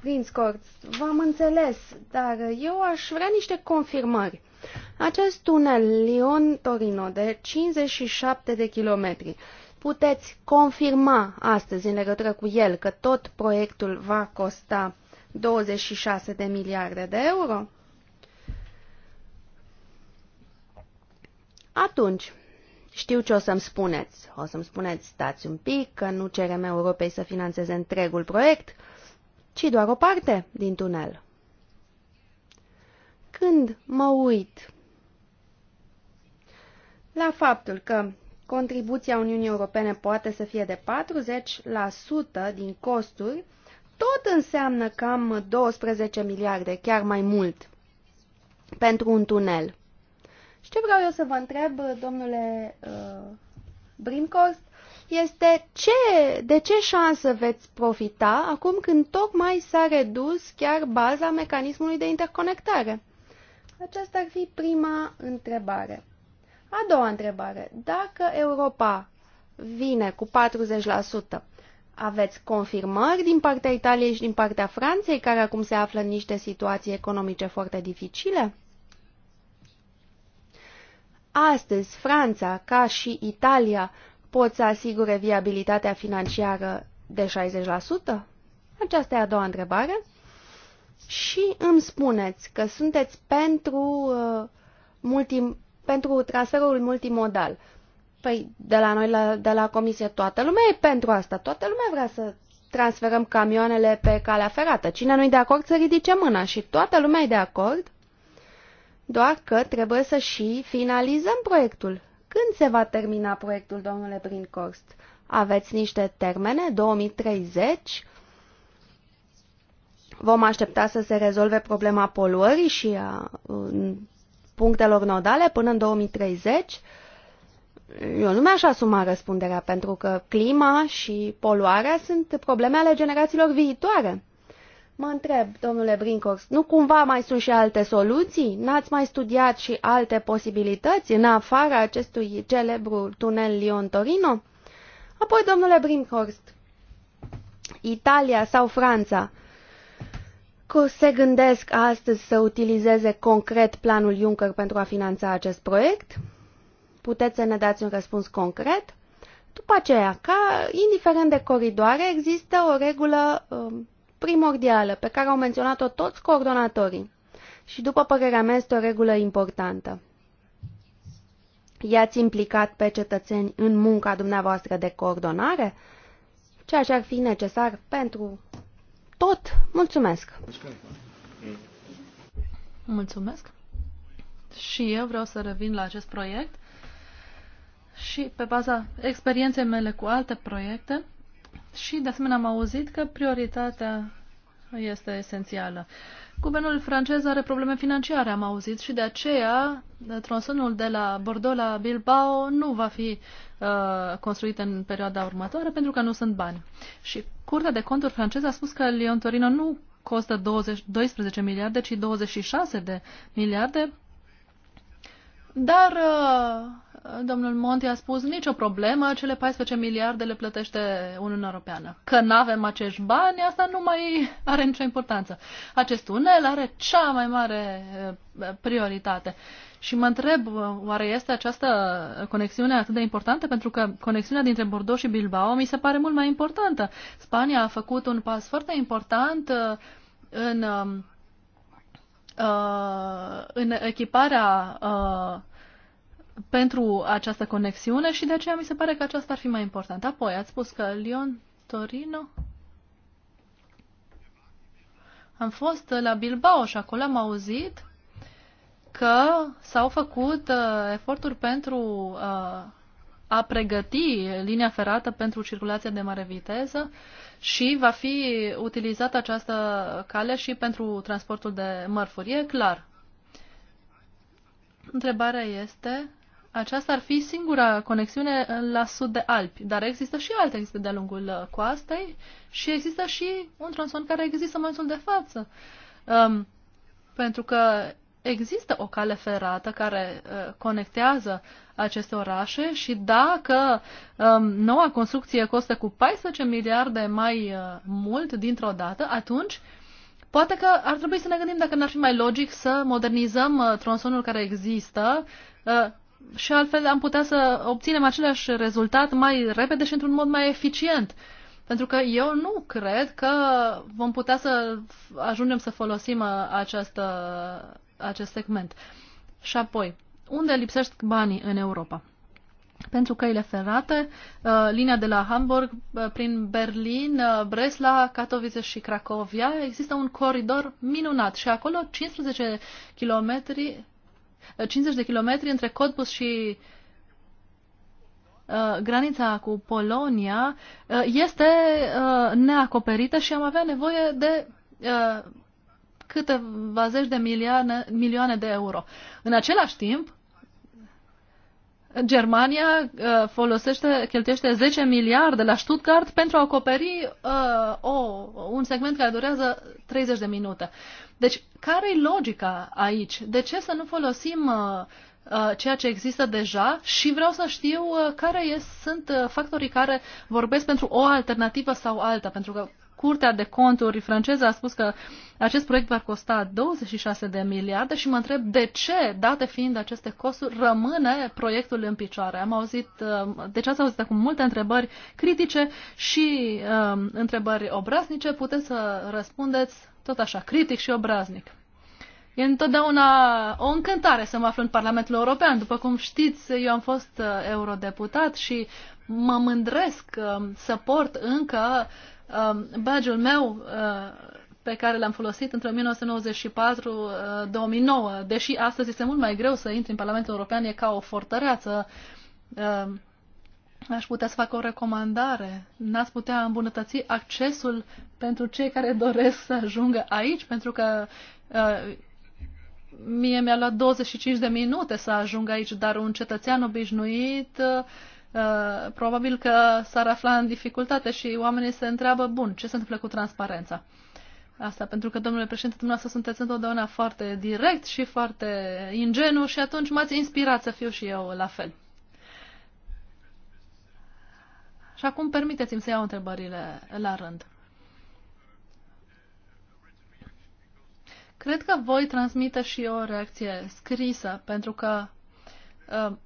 Prince Court, v-am înțeles, dar eu aș vrea niște confirmări. Acest tunel Lyon-Torino de 57 de kilometri, puteți confirma astăzi în legătură cu el că tot proiectul va costa 26 de miliarde de euro? Atunci, știu ce o să-mi spuneți. O să-mi spuneți, stați un pic, că nu cerem Europei să financeze întregul proiect, ci doar o parte din tunel. Când mă uit la faptul că contribuția Uniunii Europene poate să fie de 40% din costuri, tot înseamnă cam 12 miliarde, chiar mai mult, pentru un tunel. Și ce vreau eu să vă întreb, domnule uh, Brincost, este ce, de ce șansă veți profita acum când tocmai s-a redus chiar baza mecanismului de interconectare? Aceasta ar fi prima întrebare. A doua întrebare. Dacă Europa vine cu 40%, aveți confirmări din partea Italiei și din partea Franței, care acum se află în niște situații economice foarte dificile? Astăzi, Franța, ca și Italia, pot să asigure viabilitatea financiară de 60%? Aceasta e a doua întrebare. Și îmi spuneți că sunteți pentru, uh, multi, pentru transferul multimodal. Păi de la noi, la, de la comisie, toată lumea e pentru asta. Toată lumea vrea să transferăm camioanele pe calea ferată. Cine nu-i de acord să ridice mâna și toată lumea e de acord, doar că trebuie să și finalizăm proiectul. Când se va termina proiectul, domnule Brincorst? Aveți niște termene? 2030? Vom aștepta să se rezolve problema poluării și a punctelor nodale până în 2030? Eu nu mi-aș asuma răspunderea, pentru că clima și poluarea sunt probleme ale generațiilor viitoare. Mă întreb, domnule Brinkhorst, nu cumva mai sunt și alte soluții? N-ați mai studiat și alte posibilități în afara acestui celebru tunel Lyon-Torino? Apoi, domnule Brinkhorst, Italia sau Franța se gândesc astăzi să utilizeze concret planul Juncker pentru a finanța acest proiect? Puteți să ne dați un răspuns concret? După aceea, ca, indiferent de coridoare, există o regulă um, primordială pe care au menționat-o toți coordonatorii și, după părerea mea, este o regulă importantă. I-ați implicat pe cetățeni în munca dumneavoastră de coordonare, ceea ce ar fi necesar pentru tot. Mulțumesc! Mulțumesc! Și eu vreau să revin la acest proiect și pe baza experienței mele cu alte proiecte, și, de asemenea, am auzit că prioritatea este esențială. Guvernul francez are probleme financiare, am auzit, și de aceea tronsonul de la Bordeaux la Bilbao nu va fi uh, construit în perioada următoare pentru că nu sunt bani. Și Curtea de Conturi franceză a spus că Lyon Torino nu costă 20, 12 miliarde, ci 26 de miliarde dar uh, domnul Monti a spus nicio problemă, cele 14 miliarde le plătește Uniunea Europeană. Că nu avem acești bani, asta nu mai are nicio importanță. Acest tunel are cea mai mare uh, prioritate. Și mă întreb, uh, oare este această conexiune atât de importantă? Pentru că conexiunea dintre Bordeaux și Bilbao mi se pare mult mai importantă. Spania a făcut un pas foarte important în um, uh, în echiparea uh, pentru această conexiune și de aceea mi se pare că aceasta ar fi mai important. Apoi ați spus că Lyon-Torino... Am fost la Bilbao și acolo am auzit că s-au făcut uh, eforturi pentru uh, a pregăti linia ferată pentru circulația de mare viteză și va fi utilizată această cale și pentru transportul de mărfuri. E clar. Întrebarea este, aceasta ar fi singura conexiune la sud de Alpi, dar există și alte, există de-a lungul coastei și există și un tronson care există în momentul de față. Um, pentru că există o cale ferată care uh, conectează aceste orașe și dacă um, noua construcție costă cu 14 miliarde mai uh, mult dintr-o dată, atunci poate că ar trebui să ne gândim dacă n-ar fi mai logic să modernizăm uh, tronsonul care există și altfel am putea să obținem același rezultat mai repede și într-un mod mai eficient. Pentru că eu nu cred că vom putea să ajungem să folosim această acest segment. Și apoi, unde lipsesc banii în Europa? Pentru căile ferate, uh, linia de la Hamburg uh, prin Berlin, uh, Bresla, Katowice și Cracovia, există un coridor minunat și acolo 15 km, 50 de kilometri între Cottbus și granița cu Polonia este neacoperită și am avea nevoie de câteva zeci de milioane, milioane de euro. În același timp, Germania uh, folosește, cheltuiește 10 miliarde la Stuttgart pentru a acoperi uh, o, un segment care durează 30 de minute. Deci, care e logica aici? De ce să nu folosim uh, uh ceea ce există deja și vreau să știu uh, care sunt factorii care vorbesc pentru o alternativă sau alta, pentru că Curtea de Conturi franceză a spus că acest proiect va costa 26 de miliarde și mă întreb de ce, date fiind aceste costuri, rămâne proiectul în picioare. Am auzit, uh, deci ați auzit acum multe întrebări critice și um, întrebări obraznice. Puteți să răspundeți tot așa, critic și obraznic. E întotdeauna o încântare să mă aflu în Parlamentul European. După cum știți, eu am fost uh, eurodeputat și mă mândresc să port încă Um, Badge-ul meu uh, pe care l-am folosit între 1994-2009, uh, deși astăzi este mult mai greu să intri în Parlamentul European, e ca o fortăreață. Um, aș putea să fac o recomandare. N-ați putea îmbunătăți accesul pentru cei care doresc să ajungă aici, pentru că uh, mie mi-a luat 25 de minute să ajung aici, dar un cetățean obișnuit uh, Uh, probabil că s-ar afla în dificultate și oamenii se întreabă, bun, ce se întâmplă cu transparența? Asta pentru că, domnule președinte, dumneavoastră sunteți întotdeauna foarte direct și foarte ingenu și atunci m-ați inspirat să fiu și eu la fel. Și acum permiteți-mi să iau întrebările la rând. Cred că voi transmite și o reacție scrisă, pentru că uh,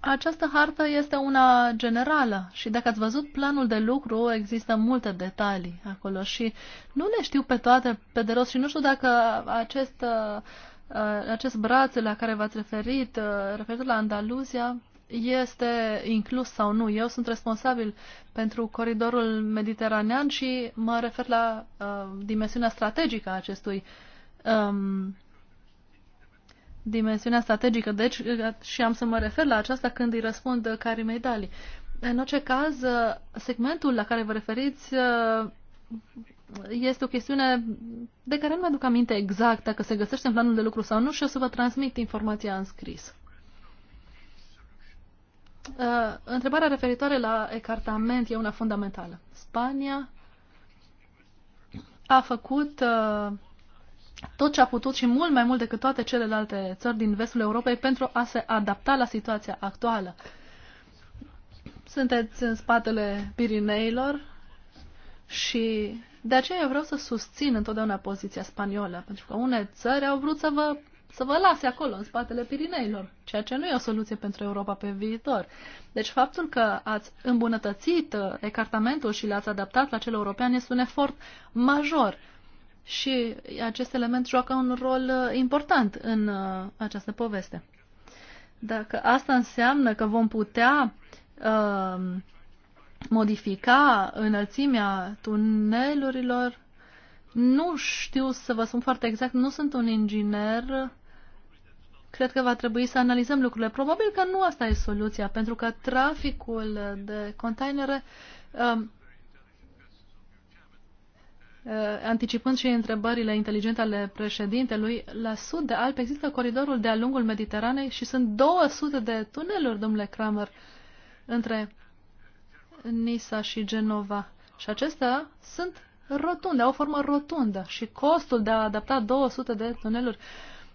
această hartă este una generală și dacă ați văzut planul de lucru, există multe detalii acolo și nu le știu pe toate pe de rost și nu știu dacă acest, uh, acest braț la care v-ați referit, uh, referitor la Andaluzia, este inclus sau nu. Eu sunt responsabil pentru coridorul mediteranean și mă refer la uh, dimensiunea strategică a acestui um, dimensiunea strategică, deci și am să mă refer la aceasta când îi răspund Karimei Dali. În orice caz, segmentul la care vă referiți uh, este o chestiune de care nu mi-aduc aminte exact dacă se găsește în planul de lucru sau nu și o să vă transmit informația în scris. Uh, întrebarea referitoare la ecartament e una fundamentală. Spania a făcut uh, tot ce a putut și mult mai mult decât toate celelalte țări din vestul Europei pentru a se adapta la situația actuală. Sunteți în spatele Pirineilor și de aceea eu vreau să susțin întotdeauna poziția spaniolă, pentru că unele țări au vrut să vă, să vă lase acolo, în spatele Pirineilor, ceea ce nu e o soluție pentru Europa pe viitor. Deci faptul că ați îmbunătățit uh, ecartamentul și l-ați adaptat la cel european este un efort major și acest element joacă un rol uh, important în uh, această poveste. Dacă asta înseamnă că vom putea uh, modifica înălțimea tunelurilor, nu știu să vă spun foarte exact, nu sunt un inginer. Cred că va trebui să analizăm lucrurile. Probabil că nu asta e soluția, pentru că traficul de containere uh, Eh, anticipând și întrebările inteligente ale președintelui, la sud de Alp există coridorul de-a lungul Mediteranei și sunt 200 de tuneluri, domnule Kramer, între Nisa și Genova. Și acestea sunt rotunde, au o formă rotundă și costul de a adapta 200 de tuneluri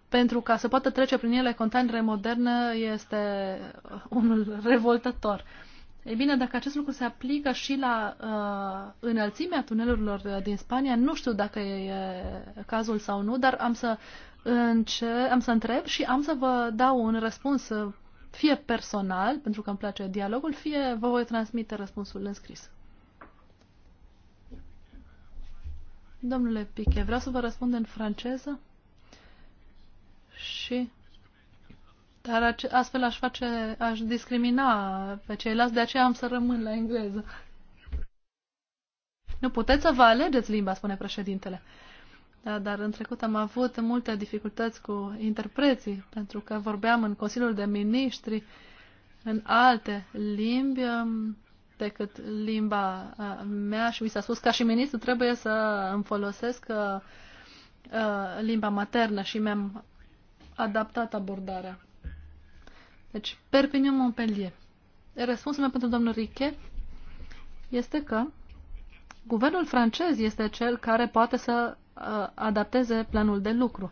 pentru ca să poată trece prin ele containere moderne este unul revoltător. Uh, ei bine, dacă acest lucru se aplică și la uh, înălțimea tunelurilor uh, din Spania, nu știu dacă e cazul sau nu, dar am să, înce- am să întreb și am să vă dau un răspuns uh, fie personal, pentru că îmi place dialogul, fie vă voi transmite răspunsul în scris. Domnule Piche, vreau să vă răspund în franceză și dar astfel aș face, aș discrimina pe ceilalți, de aceea am să rămân la engleză. Nu puteți să vă alegeți limba, spune președintele. Da, dar în trecut am avut multe dificultăți cu interpreții, pentru că vorbeam în Consiliul de Ministri în alte limbi um, decât limba uh, mea și mi s-a spus ca și ministru trebuie să îmi folosesc uh, uh, limba maternă și mi-am adaptat abordarea. Deci, Perpignan-Montpellier. Răspunsul meu pentru domnul Riche este că guvernul francez este cel care poate să uh, adapteze planul de lucru.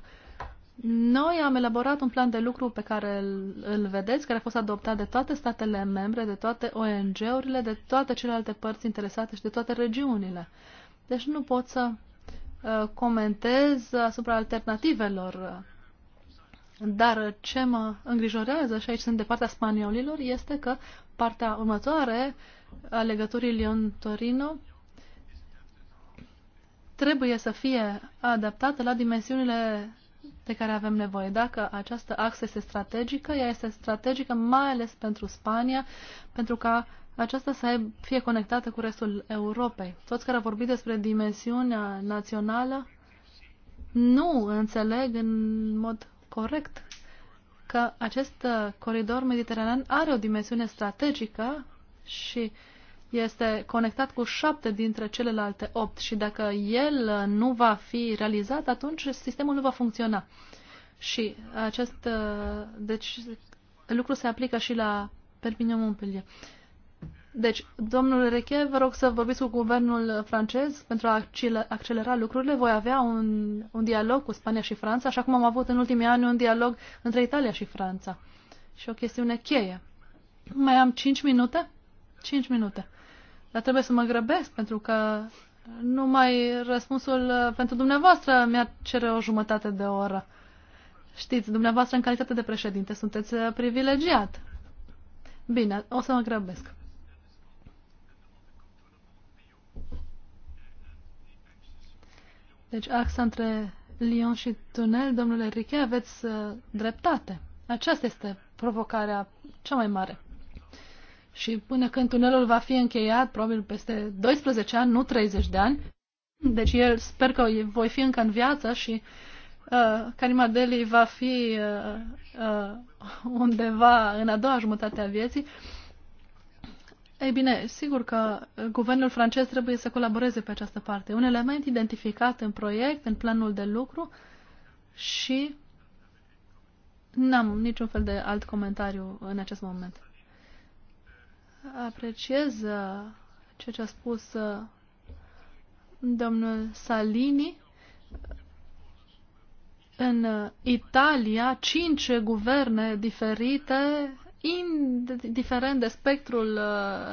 Noi am elaborat un plan de lucru pe care îl, îl vedeți, care a fost adoptat de toate statele membre, de toate ONG-urile, de toate celelalte părți interesate și de toate regiunile. Deci nu pot să uh, comentez asupra alternativelor uh, dar ce mă îngrijorează, și aici sunt de partea spaniolilor, este că partea următoare a legăturii Lyon-Torino trebuie să fie adaptată la dimensiunile de care avem nevoie. Dacă această axă este strategică, ea este strategică mai ales pentru Spania, pentru ca aceasta să fie conectată cu restul Europei. Toți care au vorbit despre dimensiunea națională nu înțeleg în mod corect că acest uh, coridor mediteranean are o dimensiune strategică și este conectat cu șapte dintre celelalte opt și dacă el uh, nu va fi realizat, atunci sistemul nu va funcționa. Și acest uh, deci, lucru se aplică și la Perpignan-Montpellier. Deci, domnule Reche, vă rog să vorbiți cu guvernul francez pentru a accelera lucrurile. Voi avea un, un dialog cu Spania și Franța, așa cum am avut în ultimii ani un dialog între Italia și Franța. Și o chestiune cheie. Mai am 5 minute? 5 minute. Dar trebuie să mă grăbesc pentru că numai răspunsul uh, pentru dumneavoastră mi-ar cere o jumătate de oră. Știți, dumneavoastră în calitate de președinte sunteți uh, privilegiat. Bine, o să mă grăbesc. Deci axa între Lyon și Tunel, domnule Riche, aveți uh, dreptate. Aceasta este provocarea cea mai mare. Și până când tunelul va fi încheiat, probabil peste 12 ani, nu 30 de ani, deci el sper că voi fi încă în viață și uh, Karima Deli va fi uh, uh, undeva în a doua jumătate a vieții, uh, ei bine, sigur că uh, guvernul francez trebuie să colaboreze pe această parte. Un element identificat în proiect, în planul de lucru și n-am niciun fel de alt comentariu în acest moment. Apreciez uh, ceea ce a spus uh, domnul Salini. În Italia, cinci guverne diferite indiferent de spectrul,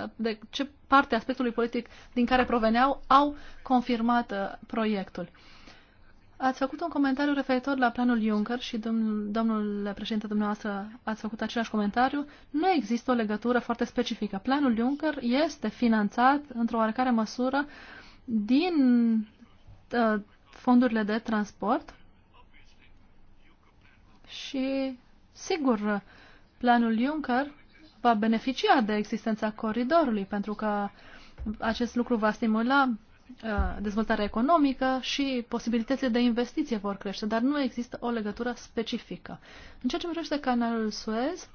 uh, de ce parte a spectrului politic din care proveneau, au confirmat uh, proiectul. Ați făcut un comentariu referitor la planul Juncker și domnul, domnule președinte dumneavoastră ați făcut același comentariu. Nu există o legătură foarte specifică. Planul Juncker este finanțat într-o oarecare măsură din uh, fondurile de transport și, sigur, Planul Juncker va beneficia de existența coridorului, pentru că acest lucru va stimula uh, dezvoltarea economică și posibilitățile de investiție vor crește, dar nu există o legătură specifică. În ceea ce privește canalul Suez,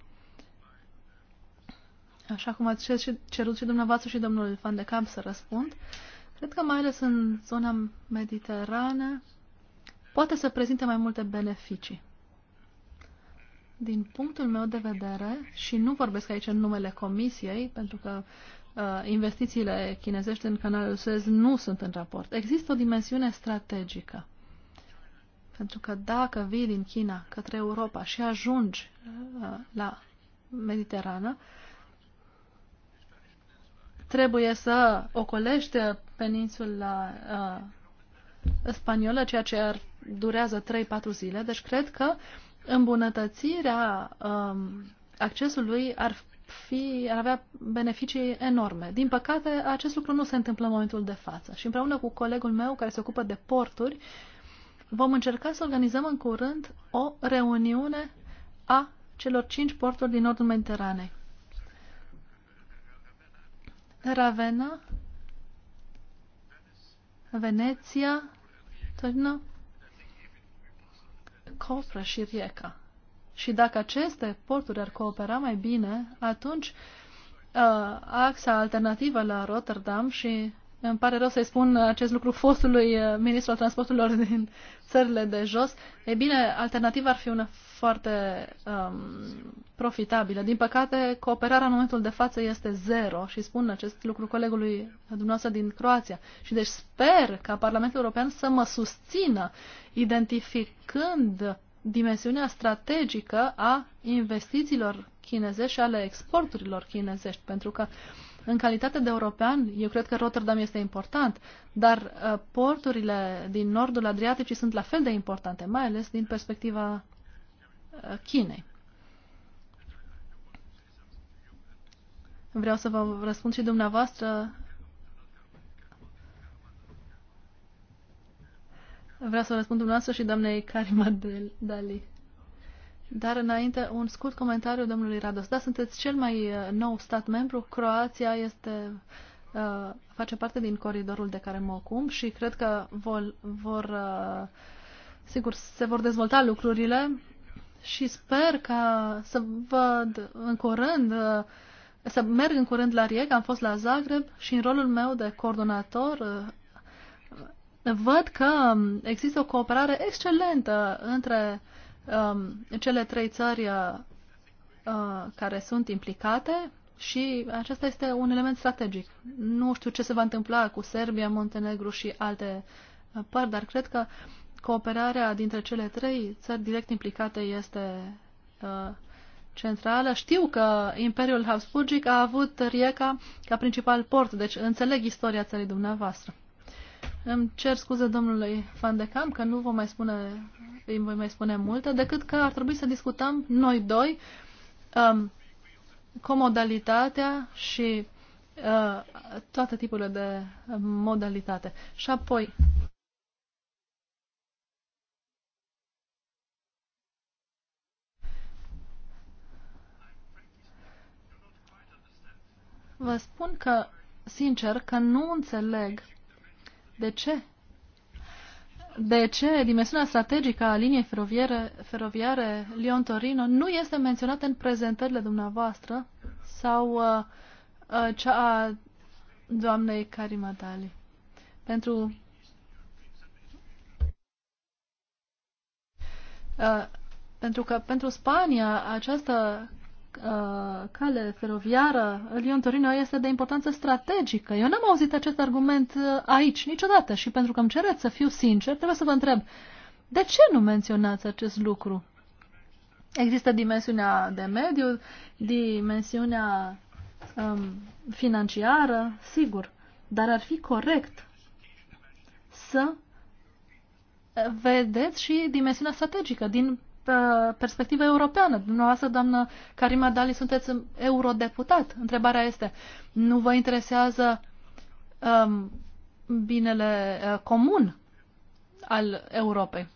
așa cum ați cerut și dumneavoastră și domnul Van de Camp să răspund, cred că mai ales în zona mediterană poate să prezinte mai multe beneficii. Din punctul meu de vedere, și nu vorbesc aici în numele Comisiei, pentru că uh, investițiile chinezești în canalul Suez nu sunt în raport. Există o dimensiune strategică. Pentru că dacă vii din China către Europa și ajungi uh, la Mediterană, trebuie să ocolești peninsula uh, spaniolă, ceea ce ar durează 3-4 zile. Deci cred că îmbunătățirea um, accesului ar fi, ar avea beneficii enorme. Din păcate, acest lucru nu se întâmplă în momentul de față. Și împreună cu colegul meu care se ocupă de porturi, vom încerca să organizăm în curând o reuniune a celor cinci porturi din nordul Mediteranei. Ravenna, Veneția, Torino, Cofră și Rieca. Și dacă aceste porturi ar coopera mai bine, atunci uh, axa alternativă la Rotterdam și îmi pare rău să-i spun acest lucru fostului uh, ministru al transporturilor din țările de jos, e bine, alternativa ar fi una foarte um, profitabilă. Din păcate, cooperarea în momentul de față este zero și spun acest lucru colegului dumneavoastră din Croația. Și deci sper ca Parlamentul European să mă susțină identificând dimensiunea strategică a investițiilor chinezești și ale exporturilor chinezești, pentru că uh, în calitate de european, eu cred că Rotterdam este important, dar uh, porturile din nordul Adriaticii sunt la fel de importante, mai ales din perspectiva uh, Chinei. Vreau să vă răspund și dumneavoastră. Vreau să răspund dumneavoastră și doamnei Karima Dali. Dar înainte, un scurt comentariu domnului Rados. Da, sunteți cel mai uh, nou stat membru. Croația este, uh, face parte din coridorul de care mă ocup și cred că vor, vor uh, sigur, se vor dezvolta lucrurile și sper ca să văd în curând uh, să merg în curând la Rieg, am fost la Zagreb și în rolul meu de coordonator uh, văd că um, există o cooperare excelentă între uh, um, cele trei țări uh, uh, care sunt implicate și acesta este un element strategic. Nu știu ce se va întâmpla cu Serbia, Montenegru și alte uh, părți, dar cred că cooperarea dintre cele trei țări direct implicate este uh, centrală. Știu că Imperiul Habsburgic a avut Rieca ca principal port, deci înțeleg istoria țării dumneavoastră. Îmi cer scuze domnului Van de Camp că nu vă mai spune, îi voi mai spune multe, decât că ar trebui să discutăm noi doi um, comodalitatea și uh, toate tipurile de modalitate. Și apoi, vă spun că, sincer, că nu înțeleg de ce? De ce dimensiunea strategică a liniei feroviere, feroviare Lyon-Torino nu este menționată în prezentările dumneavoastră sau uh, uh cea a doamnei Dali? Pentru uh, pentru că pentru Spania această Uh, cale feroviară Lyon-Torino este de importanță strategică. Eu n-am auzit acest argument uh, aici niciodată și pentru că îmi cereți să fiu sincer, trebuie să vă întreb, de ce nu menționați acest lucru? Există dimensiunea de mediu, dimensiunea um, financiară, sigur, dar ar fi corect să vedeți și dimensiunea strategică din Uh, perspectivă europeană. Dumneavoastră, doamnă Karima Dali, sunteți eurodeputat. Întrebarea este, nu vă interesează um, binele uh, comun al Europei?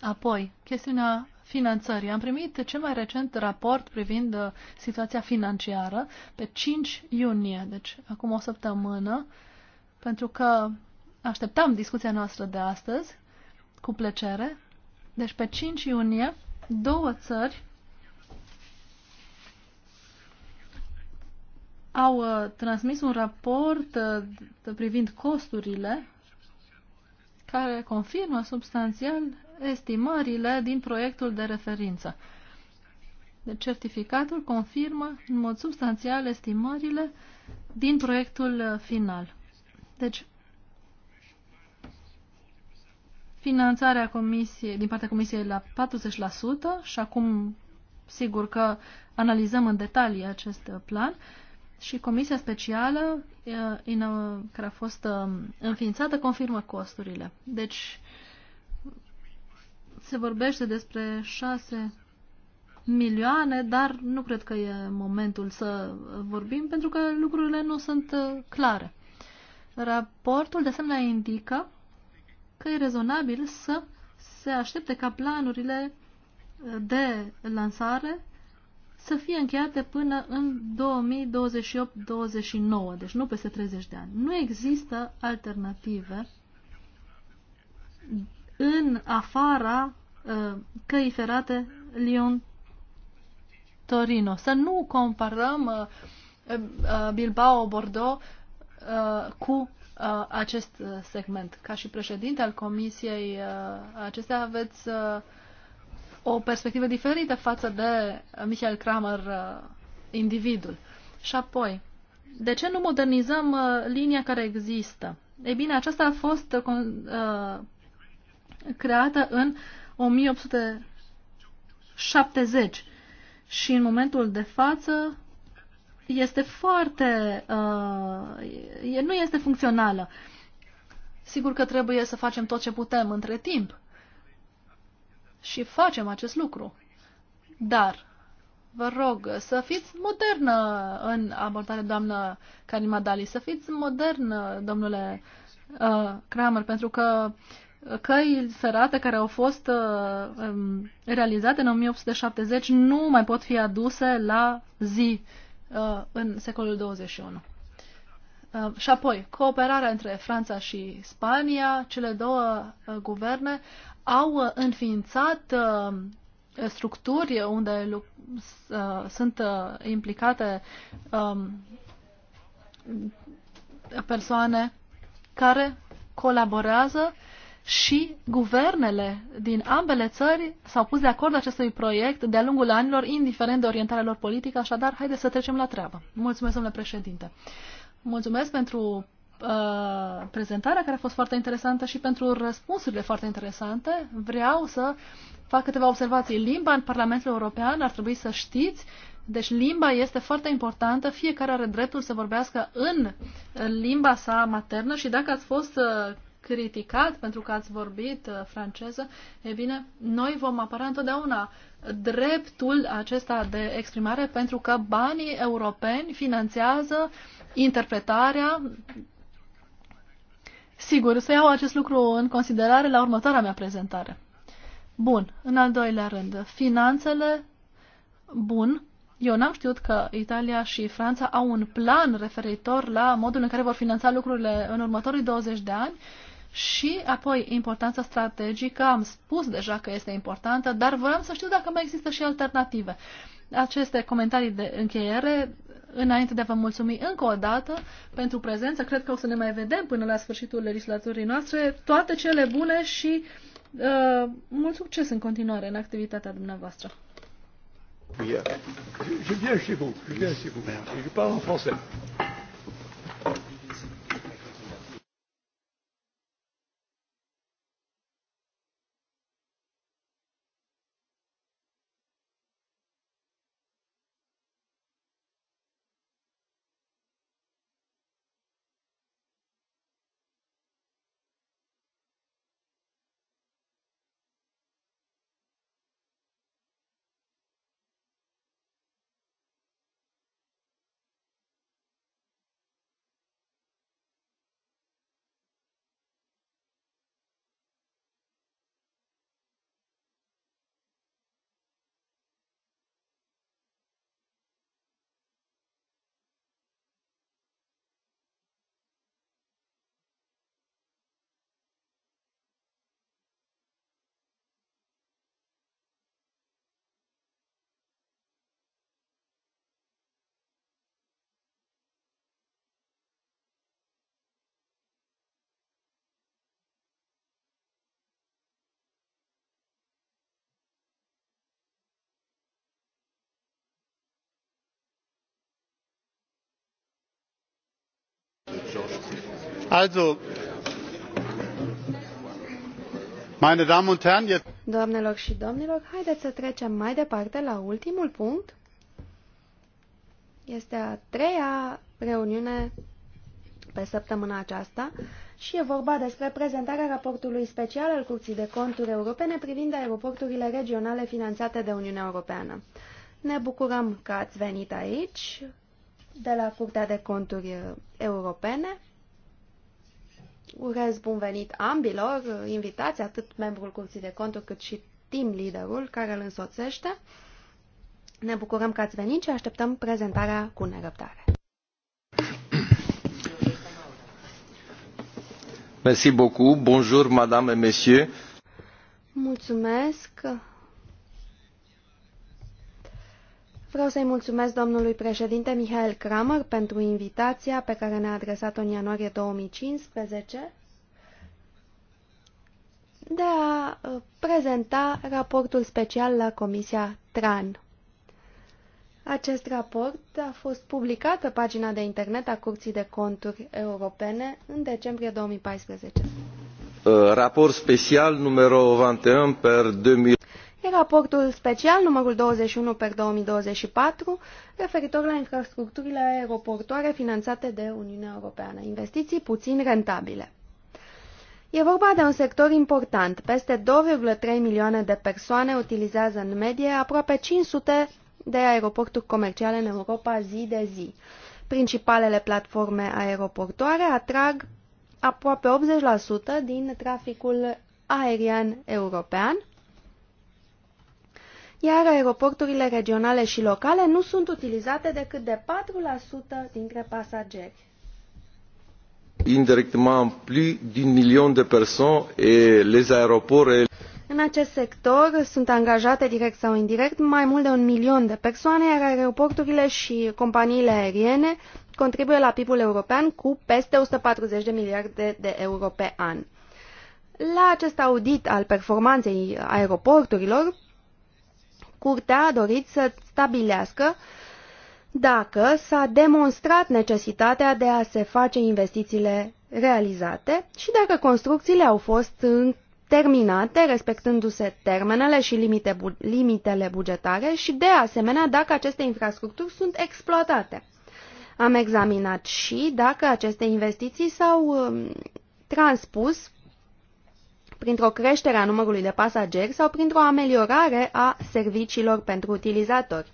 Apoi, chestiunea finanțării. Am primit cel mai recent raport privind uh, situația financiară pe 5 iunie, deci acum o săptămână, pentru că așteptam discuția noastră de astăzi cu plăcere deci pe 5 iunie, două țări au uh, transmis un raport uh, privind costurile care confirmă substanțial estimările din proiectul de referință. Deci certificatul confirmă în mod substanțial estimările din proiectul uh, final. Deci finanțarea comisiei, din partea comisiei la 40% și acum sigur că analizăm în detalii acest plan și comisia specială care a fost um, înființată confirmă costurile. Deci se vorbește despre 6 milioane, dar nu cred că e momentul să vorbim pentru că lucrurile nu sunt uh, clare. Raportul de asemenea indică că e rezonabil să se aștepte ca planurile uh, de lansare să fie încheiate până în 2028-29, deci nu peste 30 de ani. Nu există alternative în afara uh, căi ferate Lyon-Torino. Să nu comparăm uh, Bilbao-Bordeaux cu Uh, acest uh, segment. Ca și președinte al comisiei uh, acestea aveți o perspectivă diferită față de Michael Kramer, individul. Și apoi, de ce nu modernizăm linia care există? Ei bine, aceasta a fost creată în 1870 și în momentul de față este foarte, uh, nu este funcțională. Sigur că trebuie să facem tot ce putem între timp și facem acest lucru. Dar vă rog să fiți modernă în abordare, doamnă Karima Dali, să fiți modernă, domnule uh, Kramer, pentru că căi sărate care au fost uh, um, realizate în 1870 nu mai pot fi aduse la zi. Uh, Uh, în secolul 21. Uh, și apoi, cooperarea între Franța și Spania, cele două uh, guverne, au înființat structuri unde sunt implicate um, persoane care colaborează și guvernele din ambele țări s-au pus de acord acestui proiect de-a lungul anilor, indiferent de orientarea lor politică, așadar, haideți să trecem la treabă. Mulțumesc, domnule președinte. Mulțumesc pentru uh, prezentarea care a fost foarte interesantă și pentru răspunsurile foarte interesante. Vreau să fac câteva observații. Limba în Parlamentul European ar trebui să știți deci limba este foarte importantă, fiecare are dreptul să vorbească în limba sa maternă și dacă ați fost uh, criticat pentru că ați vorbit uh, franceză, e bine, noi vom apăra întotdeauna dreptul acesta de exprimare pentru că banii europeni finanțează interpretarea. Sigur, să iau acest lucru în considerare la următoarea mea prezentare. Bun, în al doilea rând, finanțele, bun, eu n-am știut că Italia și Franța au un plan referitor la modul în care vor finanța lucrurile în următorii 20 de ani și apoi importanța strategică, am spus deja că este importantă, dar vreau să știu dacă mai există și alternative. Aceste comentarii de încheiere, înainte de a vă mulțumi încă o dată pentru prezență, cred că o să ne mai vedem până la sfârșitul legislaturii noastre, toate cele bune și uh, mult succes în continuare în activitatea dumneavoastră. Je viens chez vous, je viens chez vous, je parle en français. Doamnelor și domnilor, haideți să trecem mai departe la ultimul punct. Este a treia reuniune pe săptămâna aceasta și e vorba despre prezentarea raportului special al Curții de Conturi Europene privind aeroporturile regionale finanțate de Uniunea Europeană. Ne bucurăm că ați venit aici de la Curtea de Conturi Europene Urez bun venit ambilor invitați, atât membrul Curții de Conturi cât și team leaderul care îl însoțește. Ne bucurăm că ați venit și așteptăm prezentarea cu nerăbdare. Merci beaucoup. Bonjour, madame et messieurs. Mulțumesc. Vreau să-i mulțumesc domnului președinte Mihail Kramer pentru invitația pe care ne-a adresat-o în ianuarie 2015 de a uh, prezenta raportul special la Comisia TRAN. Acest raport a fost publicat pe pagina de internet a Curții de Conturi Europene în decembrie 2014. Uh, raport special numărul 21 per 2000 raportul special numărul 21 per 2024 referitor la infrastructurile aeroportoare finanțate de Uniunea Europeană, investiții puțin rentabile. E vorba de un sector important. Peste 2,3 milioane de persoane utilizează în medie aproape 500 de aeroporturi comerciale în Europa zi de zi. Principalele platforme aeroportoare atrag aproape 80% din traficul aerian european, iar aeroporturile regionale și locale nu sunt utilizate decât de 4% dintre pasageri. Indirectement, plus d'un milion de persoane et les aéroports et... În acest sector sunt angajate direct sau indirect mai mult de un milion de persoane, iar aeroporturile și companiile aeriene contribuie la PIB-ul european cu peste 140 de miliarde de euro pe an. La acest audit al performanței aeroporturilor, Curtea a dorit să stabilească dacă s-a demonstrat necesitatea de a se face investițiile realizate și dacă construcțiile au fost terminate, respectându-se termenele și limite bu limitele bugetare și, de asemenea, dacă aceste infrastructuri sunt exploatate. Am examinat și dacă aceste investiții s-au um, transpus printr-o creștere a numărului de pasageri sau printr-o ameliorare a serviciilor pentru utilizatori.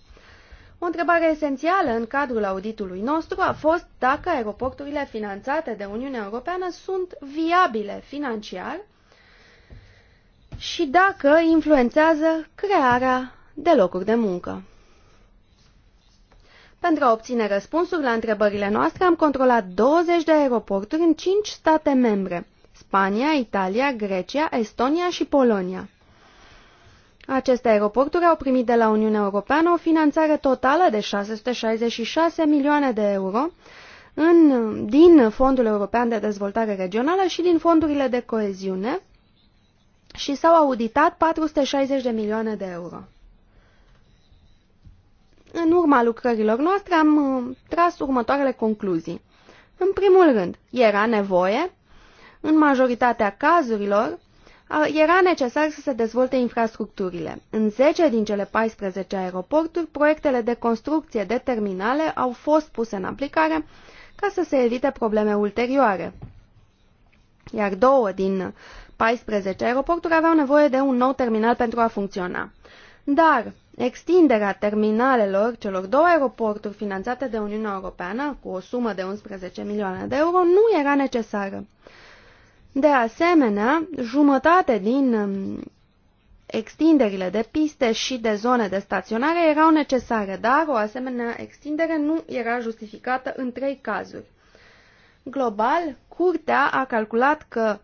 O întrebare esențială în cadrul auditului nostru a fost dacă aeroporturile finanțate de Uniunea Europeană sunt viabile financiar și dacă influențează crearea de locuri de muncă. Pentru a obține răspunsuri la întrebările noastre, am controlat 20 de aeroporturi în 5 state membre. Spania, Italia, Grecia, Estonia și Polonia. Aceste aeroporturi au primit de la Uniunea Europeană o finanțare totală de 666 milioane de euro în, din Fondul European de Dezvoltare Regională și din fondurile de coeziune și s-au auditat 460 de milioane de euro. În urma lucrărilor noastre am uh, tras următoarele concluzii. În primul rând, era nevoie în majoritatea cazurilor, era necesar să se dezvolte infrastructurile. În 10 din cele 14 aeroporturi, proiectele de construcție de terminale au fost puse în aplicare ca să se evite probleme ulterioare. Iar două din 14 aeroporturi aveau nevoie de un nou terminal pentru a funcționa. Dar extinderea terminalelor celor două aeroporturi finanțate de Uniunea Europeană cu o sumă de 11 milioane de euro nu era necesară. De asemenea, jumătate din um, extinderile de piste și de zone de staționare erau necesare, dar o asemenea extindere nu era justificată în trei cazuri. Global, curtea a calculat că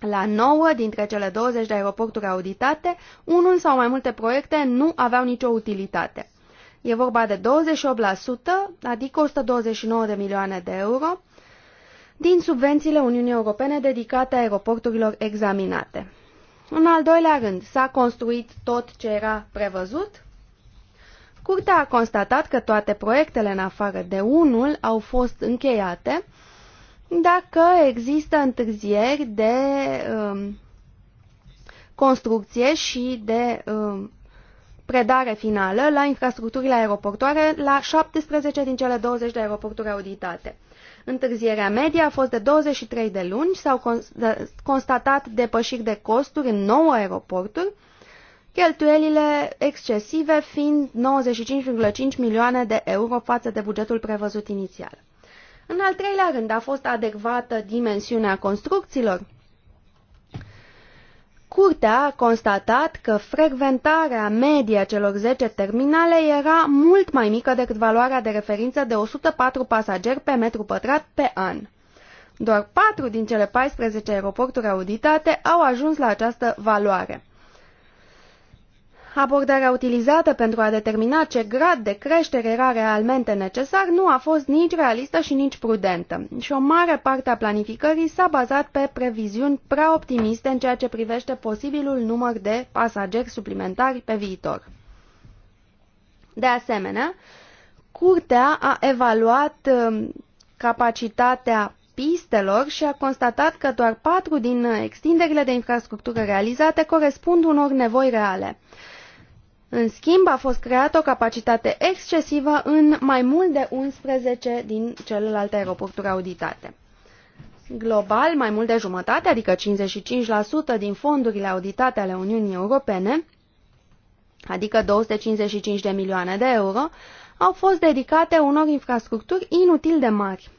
la 9 dintre cele 20 de aeroporturi auditate, unul sau mai multe proiecte nu aveau nicio utilitate. E vorba de 28%, adică 129 de milioane de euro, din subvențiile Uniunii Europene dedicate aeroporturilor examinate. În al doilea rând, s-a construit tot ce era prevăzut? Curtea a constatat că toate proiectele în afară de unul au fost încheiate dacă există întârzieri de um, construcție și de um, predare finală la infrastructurile aeroportoare la 17 din cele 20 de aeroporturi auditate. Întârzierea medie a fost de 23 de luni, s-au constatat depășiri de costuri în 9 aeroporturi, cheltuielile excesive fiind 95,5 milioane de euro față de bugetul prevăzut inițial. În al treilea rând, a fost adecvată dimensiunea construcțiilor. Curtea a constatat că frecventarea medie a celor 10 terminale era mult mai mică decât valoarea de referință de 104 pasageri pe metru pătrat pe an. Doar 4 din cele 14 aeroporturi auditate au ajuns la această valoare. Abordarea utilizată pentru a determina ce grad de creștere era realmente necesar nu a fost nici realistă și nici prudentă și o mare parte a planificării s-a bazat pe previziuni prea optimiste în ceea ce privește posibilul număr de pasageri suplimentari pe viitor. De asemenea, Curtea a evaluat um, capacitatea pistelor și a constatat că doar patru din extinderile de infrastructură realizate corespund unor nevoi reale. În schimb, a fost creată o capacitate excesivă în mai mult de 11 din celelalte aeroporturi auditate. Global, mai mult de jumătate, adică 55% din fondurile auditate ale Uniunii Europene, adică 255 de milioane de euro, au fost dedicate unor infrastructuri inutil de mari.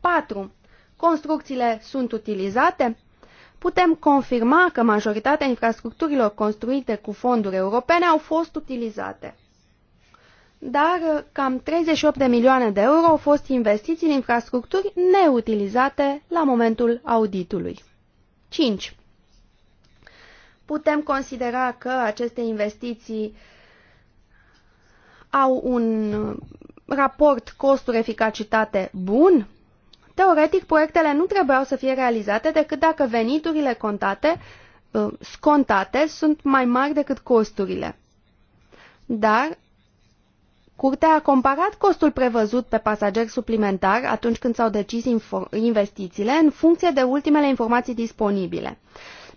4. Construcțiile sunt utilizate putem confirma că majoritatea infrastructurilor construite cu fonduri europene au fost utilizate. Dar cam 38 de milioane de euro au fost investiți în infrastructuri neutilizate la momentul auditului. 5. Putem considera că aceste investiții au un raport costuri-eficacitate bun? Teoretic, proiectele nu trebuiau să fie realizate decât dacă veniturile contate, uh, scontate sunt mai mari decât costurile. Dar Curtea a comparat costul prevăzut pe pasager suplimentar atunci când s-au decis investițiile în funcție de ultimele informații disponibile.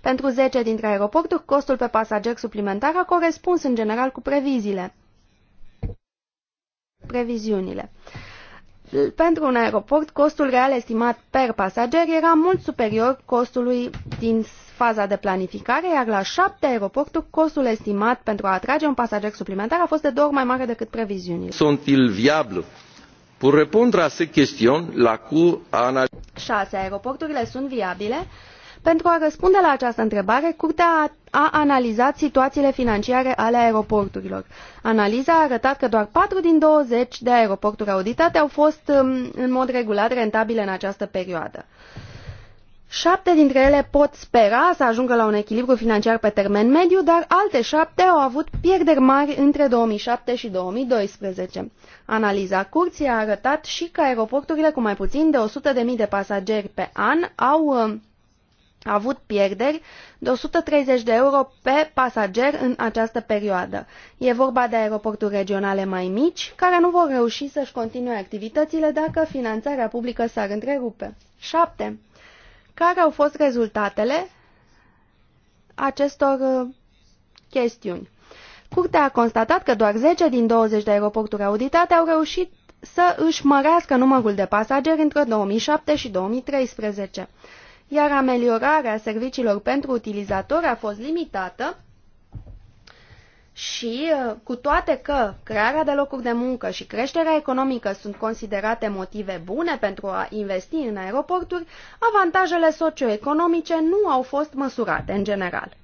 Pentru 10 dintre aeroporturi, costul pe pasager suplimentar a corespuns în general cu previziile. Previziunile. Pentru un aeroport, costul real estimat per pasager era mult superior costului din faza de planificare, iar la șapte aeroporturi, costul estimat pentru a atrage un pasager suplimentar a fost de două ori mai mare decât previziunile. Sunt-il viabil? Pour répondre à ces questions, la Cour a analizat... 6. Aeroporturile sunt viabile? Pentru a răspunde la această întrebare, Curtea a a analizat situațiile financiare ale aeroporturilor. Analiza a arătat că doar 4 din 20 de aeroporturi auditate au fost um, în mod regulat rentabile în această perioadă. Șapte dintre ele pot spera să ajungă la un echilibru financiar pe termen mediu, dar alte șapte au avut pierderi mari între 2007 și 2012. Analiza curții a arătat și că aeroporturile cu mai puțin de 100.000 de pasageri pe an au um, a avut pierderi de 130 de euro pe pasager în această perioadă. E vorba de aeroporturi regionale mai mici, care nu vor reuși să-și continue activitățile dacă finanțarea publică s-ar întrerupe. 7. Care au fost rezultatele acestor uh, chestiuni? Curtea a constatat că doar 10 din 20 de aeroporturi auditate au reușit să își mărească numărul de pasageri între 2007 și 2013 iar ameliorarea serviciilor pentru utilizator a fost limitată și uh, cu toate că crearea de locuri de muncă și creșterea economică sunt considerate motive bune pentru a investi în aeroporturi, avantajele socioeconomice nu au fost măsurate în general.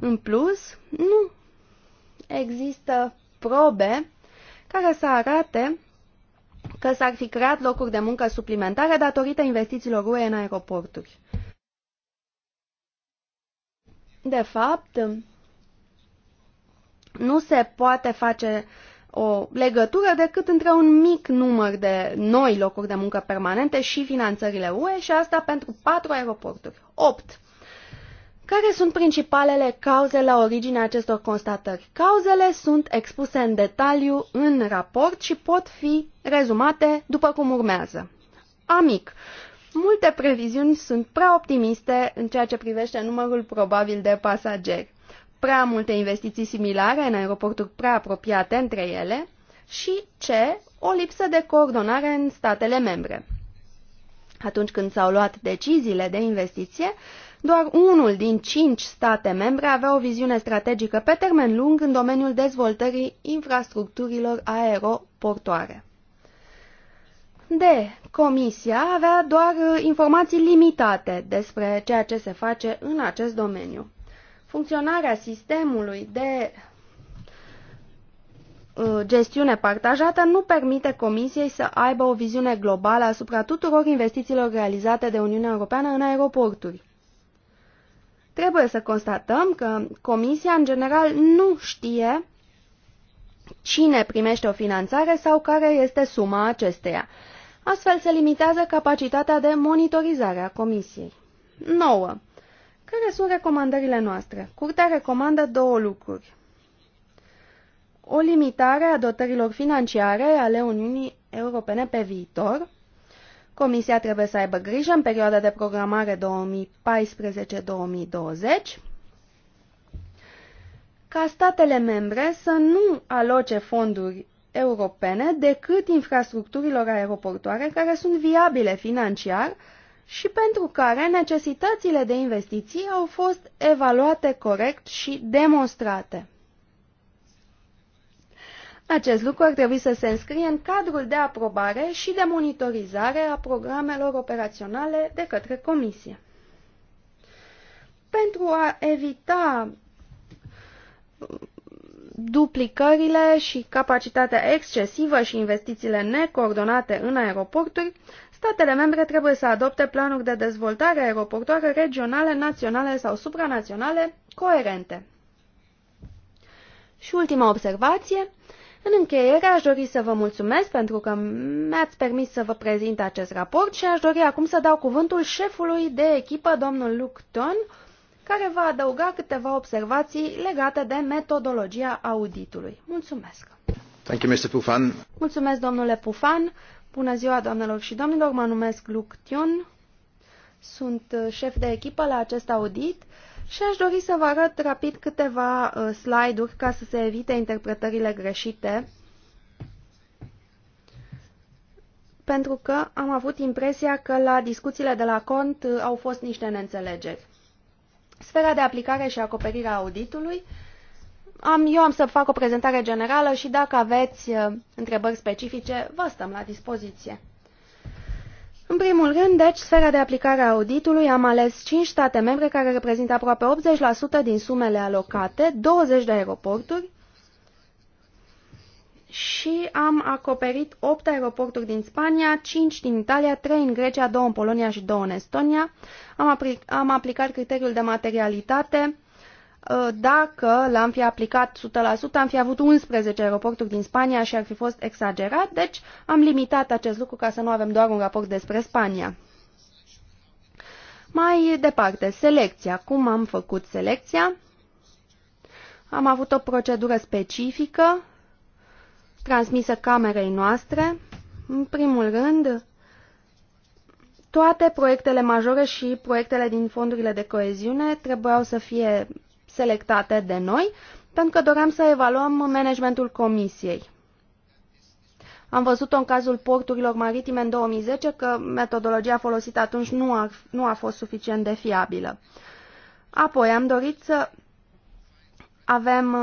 În plus, nu există probe care să arate că s-ar fi creat locuri de muncă suplimentare datorită investițiilor UE în aeroporturi. De fapt, nu se poate face o legătură decât între un mic număr de noi locuri de muncă permanente și finanțările UE și asta pentru patru aeroporturi. 8. Care sunt principalele cauze la originea acestor constatări? Cauzele sunt expuse în detaliu în raport și pot fi rezumate după cum urmează. Amic. Multe previziuni sunt prea optimiste în ceea ce privește numărul probabil de pasageri, prea multe investiții similare în aeroporturi prea apropiate între ele și C. O lipsă de coordonare în statele membre. Atunci când s-au luat deciziile de investiție, doar unul din cinci state membre avea o viziune strategică pe termen lung în domeniul dezvoltării infrastructurilor aeroportoare. D. Comisia avea doar uh, informații limitate despre ceea ce se face în acest domeniu. Funcționarea sistemului de uh, gestiune partajată nu permite Comisiei să aibă o viziune globală asupra tuturor investițiilor realizate de Uniunea Europeană în aeroporturi. Trebuie să constatăm că Comisia, în general, nu știe cine primește o finanțare sau care este suma acesteia. Astfel se limitează capacitatea de monitorizare a Comisiei. 9. Care sunt recomandările noastre? Curtea recomandă două lucruri. O limitare a dotărilor financiare ale Uniunii Europene pe viitor – Comisia trebuie să aibă grijă în perioada de programare 2014-2020 ca statele membre să nu aloce fonduri europene decât infrastructurilor aeroportoare care sunt viabile financiar și pentru care necesitățile de investiții au fost evaluate corect și demonstrate. Acest lucru ar trebui să se înscrie în cadrul de aprobare și de monitorizare a programelor operaționale de către Comisie. Pentru a evita duplicările și capacitatea excesivă și investițiile necoordonate în aeroporturi, statele membre trebuie să adopte planuri de dezvoltare aeroportoare regionale, naționale sau supranaționale coerente. Și ultima observație, în încheiere, aș dori să vă mulțumesc pentru că mi-ați permis să vă prezint acest raport și aș dori acum să dau cuvântul șefului de echipă, domnul Luc Ton, care va adăuga câteva observații legate de metodologia auditului. Mulțumesc! Thank you, Mr. Pufan. Mulțumesc, domnule Pufan! Bună ziua, doamnelor și domnilor! Mă numesc Luc Tion, sunt șef de echipă la acest audit și aș dori să vă arăt rapid câteva uh, slide-uri ca să se evite interpretările greșite, pentru că am avut impresia că la discuțiile de la cont uh, au fost niște neînțelegeri. Sfera de aplicare și acoperirea auditului. Am, eu am să fac o prezentare generală și dacă aveți uh, întrebări specifice, vă stăm la dispoziție. În primul rând, deci, sfera de aplicare a auditului am ales 5 state membre care reprezintă aproape 80% din sumele alocate, 20 de aeroporturi și am acoperit 8 aeroporturi din Spania, 5 din Italia, 3 în Grecia, 2 în Polonia și 2 în Estonia. Am, apl am aplicat criteriul de materialitate Uh, dacă l-am fi aplicat 100%, am fi avut 11 aeroporturi din Spania și ar fi fost exagerat, deci am limitat acest lucru ca să nu avem doar un raport despre Spania. Mai departe, selecția. Cum am făcut selecția? Am avut o procedură specifică transmisă camerei noastre. În primul rând, toate proiectele majore și proiectele din fondurile de coeziune trebuiau să fie selectate de noi, pentru că doream să evaluăm managementul comisiei. Am văzut-o în cazul porturilor maritime în 2010 că metodologia folosită atunci nu a, nu a fost suficient de fiabilă. Apoi am dorit să avem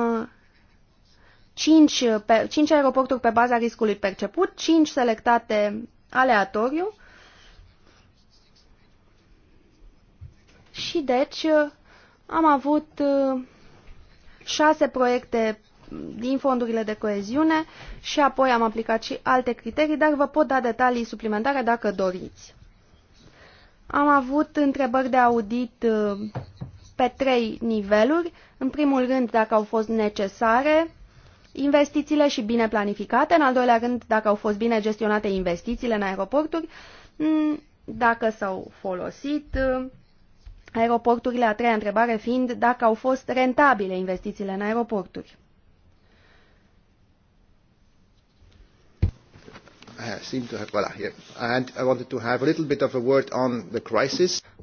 5, uh, pe, 5 aeroporturi pe baza riscului perceput, 5 selectate aleatoriu și deci uh, am avut uh, șase proiecte din fondurile de coeziune și apoi am aplicat și alte criterii, dar vă pot da detalii suplimentare dacă doriți. Am avut întrebări de audit uh, pe trei niveluri. În primul rând, dacă au fost necesare investițiile și bine planificate. În al doilea rând, dacă au fost bine gestionate investițiile în aeroporturi, mm, dacă s-au folosit uh, aeroporturile, a treia întrebare fiind dacă au fost rentabile investițiile în aeroporturi.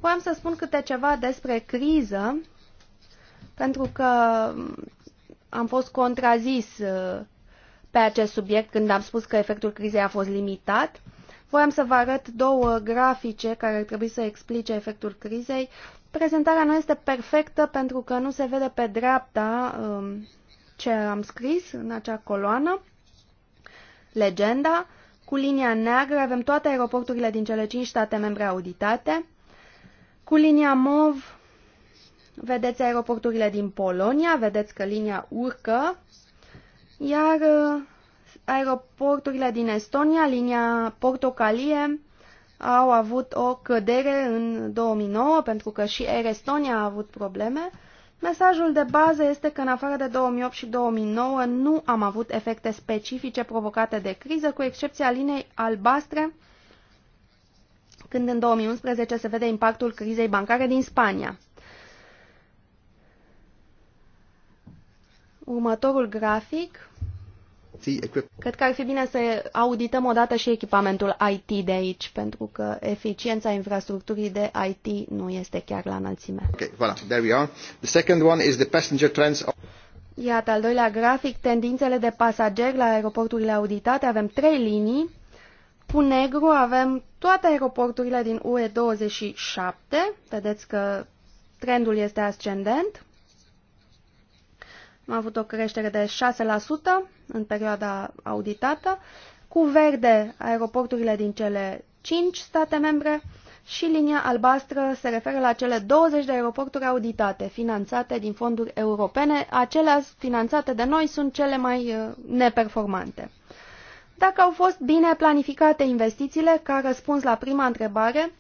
Vreau să spun câte ceva despre criză, pentru că mm, am fost contrazis uh, pe acest subiect când am spus că efectul crizei a fost limitat. Voiam să vă arăt două grafice care ar trebui să explice efectul crizei. Prezentarea nu este perfectă pentru că nu se vede pe dreapta um, ce am scris în acea coloană, legenda. Cu linia neagră avem toate aeroporturile din cele 5 state membre auditate. Cu linia MOV vedeți aeroporturile din Polonia, vedeți că linia urcă, iar uh, aeroporturile din Estonia, linia portocalie, au avut o cădere în 2009, pentru că și Air Estonia a avut probleme. Mesajul de bază este că în afară de 2008 și 2009 nu am avut efecte specifice provocate de criză, cu excepția linei albastre, când în 2011 se vede impactul crizei bancare din Spania. Următorul grafic IT Cred că ar fi bine să audităm odată și echipamentul IT de aici, pentru că eficiența infrastructurii de IT nu este chiar la înălțime. Okay, voilà, there we are. The second one is the passenger trends of... Iată, al doilea grafic, tendințele de pasageri la aeroporturile auditate. Avem trei linii. Cu negru avem toate aeroporturile din UE27. Vedeți că trendul este ascendent. Am avut o creștere de 6% în perioada auditată, cu verde aeroporturile din cele 5 state membre și linia albastră se referă la cele 20 de aeroporturi auditate, finanțate din fonduri europene. Acelea finanțate de noi sunt cele mai uh, neperformante. Dacă au fost bine planificate investițiile, ca răspuns la prima întrebare,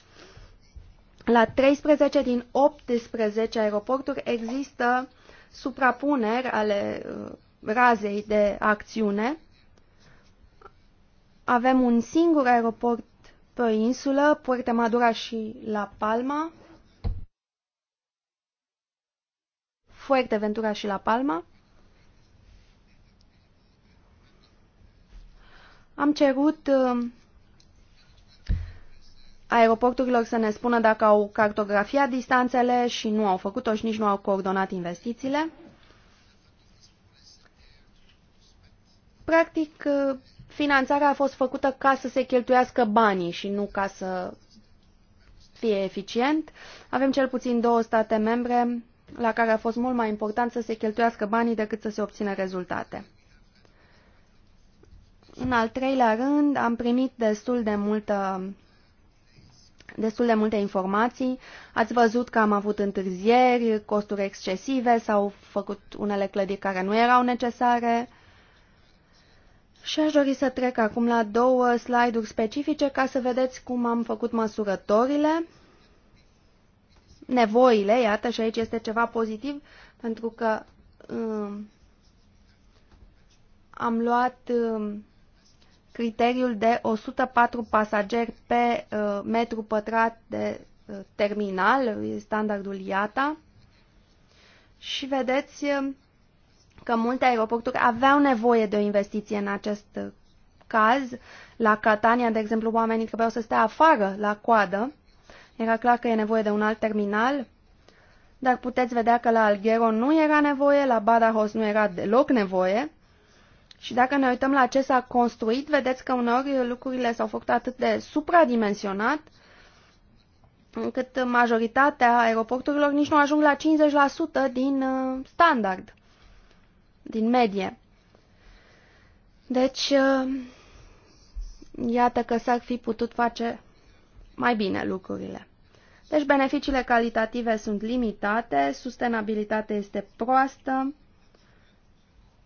la 13 din 18 aeroporturi există uh, suprapuneri ale uh, razei de acțiune. Avem un singur aeroport pe insulă, Puerto Madura și La Palma, Fuerteventura și La Palma. Am cerut uh, aeroporturilor să ne spună dacă au cartografiat distanțele și nu au făcut-o și nici nu au coordonat investițiile. Practic, finanțarea a fost făcută ca să se cheltuiască banii și nu ca să fie eficient. Avem cel puțin două state membre la care a fost mult mai important să se cheltuiască banii decât să se obțină rezultate. În al treilea rând, am primit destul de multă destul de multe informații. Ați văzut că am avut întârzieri, costuri excesive, s-au făcut unele clădiri care nu erau necesare. Și aș dori să trec acum la două slide-uri specifice ca să vedeți cum am făcut măsurătorile. Nevoile, iată, și aici este ceva pozitiv, pentru că um, am luat um, criteriul de 104 pasageri pe uh, metru pătrat de uh, terminal, standardul IATA. Și vedeți uh, că multe aeroporturi aveau nevoie de o investiție în acest uh, caz. La Catania, de exemplu, oamenii trebuiau să stea afară la coadă. Era clar că e nevoie de un alt terminal, dar puteți vedea că la Alghero nu era nevoie, la Badajoz nu era deloc nevoie și dacă ne uităm la ce s-a construit, vedeți că uneori lucrurile s-au făcut atât de supradimensionat, încât majoritatea aeroporturilor nici nu ajung la 50% din uh, standard, din medie. Deci, uh, iată că s-ar fi putut face mai bine lucrurile. Deci beneficiile calitative sunt limitate, sustenabilitatea este proastă,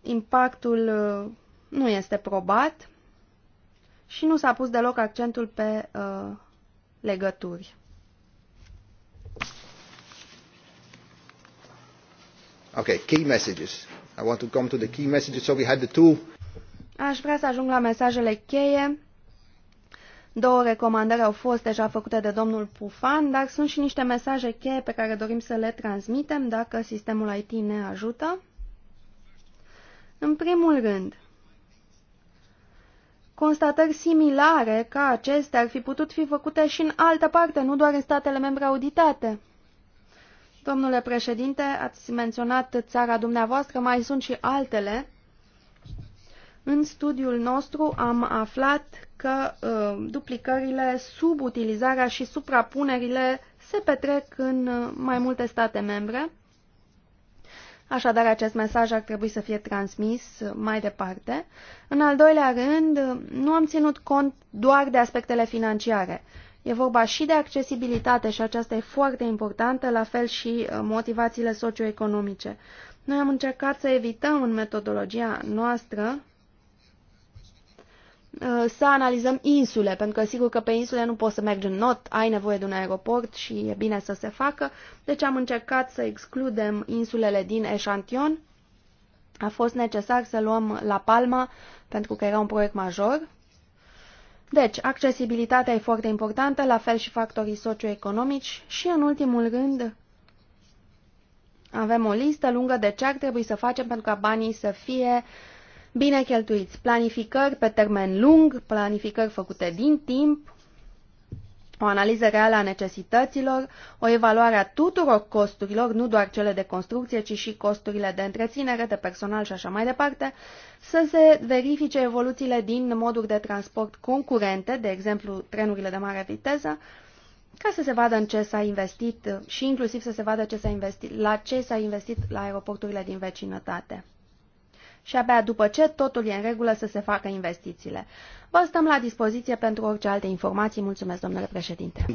impactul uh, nu este probat și nu s-a pus deloc accentul pe uh, legături. Okay, key messages. I want to come to the key messages. So we had the two. Aș vrea să ajung la mesajele cheie. Două recomandări au fost deja făcute de domnul Pufan, dar sunt și niște mesaje cheie pe care dorim să le transmitem dacă sistemul IT ne ajută. În primul rând, constatări similare ca acestea ar fi putut fi făcute și în altă parte, nu doar în statele membre auditate. Domnule președinte, ați menționat țara dumneavoastră, mai sunt și altele. În studiul nostru am aflat că uh, duplicările, subutilizarea și suprapunerile se petrec în uh, mai multe state membre Așadar, acest mesaj ar trebui să fie transmis mai departe. În al doilea rând, nu am ținut cont doar de aspectele financiare. E vorba și de accesibilitate și aceasta e foarte importantă, la fel și uh, motivațiile socioeconomice. Noi am încercat să evităm în metodologia noastră Uh, să analizăm insule, pentru că sigur că pe insule nu poți să mergi în not, ai nevoie de un aeroport și e bine să se facă. Deci am încercat să excludem insulele din eșantion. A fost necesar să luăm La Palma, pentru că era un proiect major. Deci, accesibilitatea e foarte importantă, la fel și factorii socioeconomici și, în ultimul rând, avem o listă lungă de ce ar trebui să facem pentru ca banii să fie uh, bine cheltuiți, planificări pe termen lung, planificări făcute din timp, o analiză reală a necesităților, o evaluare a tuturor costurilor, nu doar cele de construcție, ci și costurile de întreținere, de personal și așa mai departe, să se verifice evoluțiile din moduri de transport concurente, de exemplu trenurile de mare viteză, ca să se vadă în ce s-a investit și inclusiv să se vadă ce s-a investit, la ce s-a investit la aeroporturile din vecinătate și abia după ce totul e în regulă să se facă investițiile. Vă stăm la dispoziție pentru orice alte informații. Mulțumesc, domnule președinte.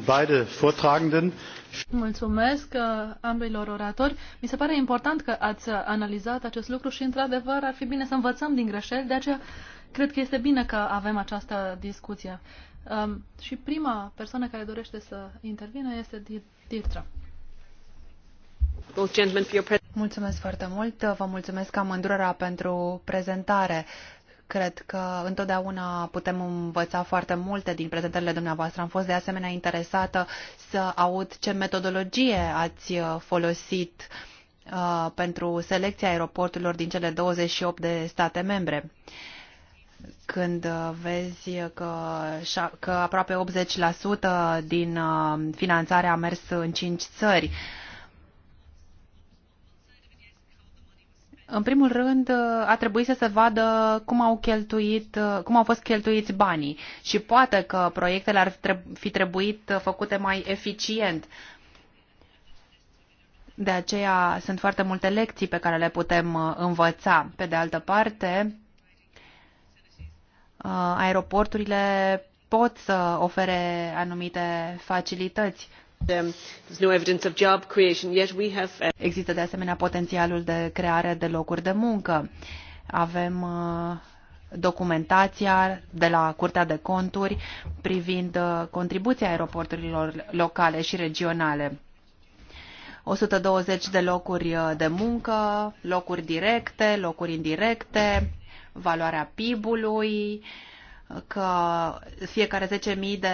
Mulțumesc uh, ambilor oratori. Mi se pare important că ați uh, analizat acest lucru și, într-adevăr, ar fi bine să învățăm din greșeli, de aceea cred că este bine că avem această discuție. Um, și prima persoană care dorește să intervină este Dirtra. Mulțumesc foarte mult. Vă mulțumesc amândurora pentru prezentare. Cred că întotdeauna putem învăța foarte multe din prezentările dumneavoastră. Am fost de asemenea interesată să aud ce metodologie ați folosit uh, pentru selecția aeroporturilor din cele 28 de state membre când vezi că, că aproape 80% din uh, finanțare a mers în 5 țări. Uh, În primul rând, a trebuit să se vadă cum au, cheltuit, cum au fost cheltuiți banii și poate că proiectele ar fi trebuit făcute mai eficient. De aceea sunt foarte multe lecții pe care le putem uh, învăța. Pe de altă parte, uh, aeroporturile pot să ofere anumite facilități Există de asemenea potențialul de creare de locuri de muncă. Avem uh, documentația de la Curtea de Conturi privind uh, contribuția aeroporturilor locale și regionale. 120 de locuri uh, de muncă, locuri directe, locuri indirecte, valoarea PIB-ului, că fiecare zece mii de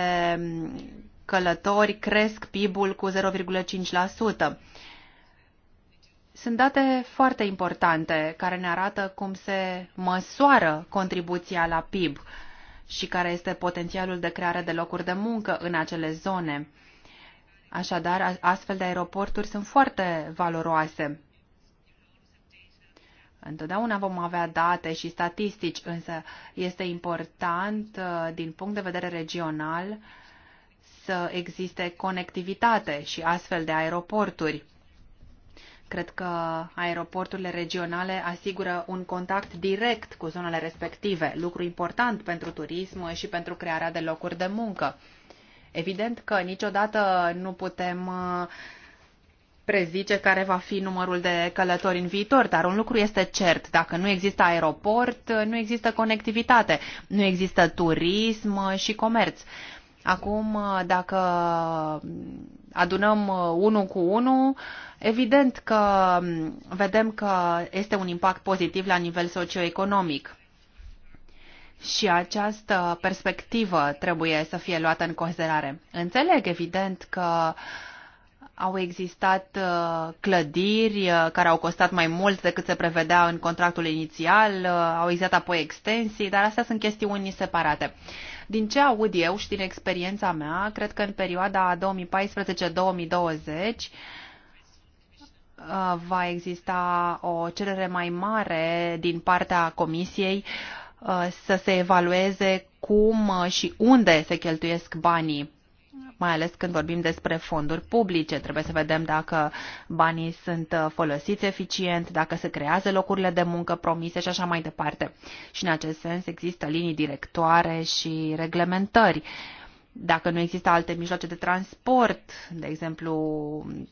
călători cresc PIB-ul cu 0,5%. Sunt date foarte importante care ne arată cum se măsoară contribuția la PIB și care este potențialul de creare de locuri de muncă în acele zone. Așadar, astfel de aeroporturi sunt foarte valoroase. Întotdeauna vom avea date și statistici, însă este important uh, din punct de vedere regional să existe conectivitate și astfel de aeroporturi. Cred că aeroporturile regionale asigură un contact direct cu zonele respective, lucru important pentru turism și pentru crearea de locuri de muncă. Evident că niciodată nu putem uh, prezice care va fi numărul de călători în viitor, dar un lucru este cert. Dacă nu există aeroport, nu există conectivitate, nu există turism și comerț. Acum, uh, dacă adunăm uh, unul cu unul, evident că um, vedem că este un impact pozitiv la nivel socioeconomic. Și această perspectivă trebuie să fie luată în considerare. Înțeleg, evident, că uh, au existat uh, clădiri uh, care au costat mai mult decât se prevedea în contractul inițial, uh, au existat apoi extensii, dar astea sunt chestiuni separate. Din ce aud eu și din experiența mea, cred că în perioada 2014-2020 va exista o cerere mai mare din partea Comisiei să se evalueze cum și unde se cheltuiesc banii mai ales când vorbim despre fonduri publice. Trebuie să vedem dacă banii sunt uh, folosiți eficient, dacă se creează locurile de muncă promise și așa mai departe. Și în acest sens există linii directoare și reglementări dacă nu există alte mijloace de transport, de exemplu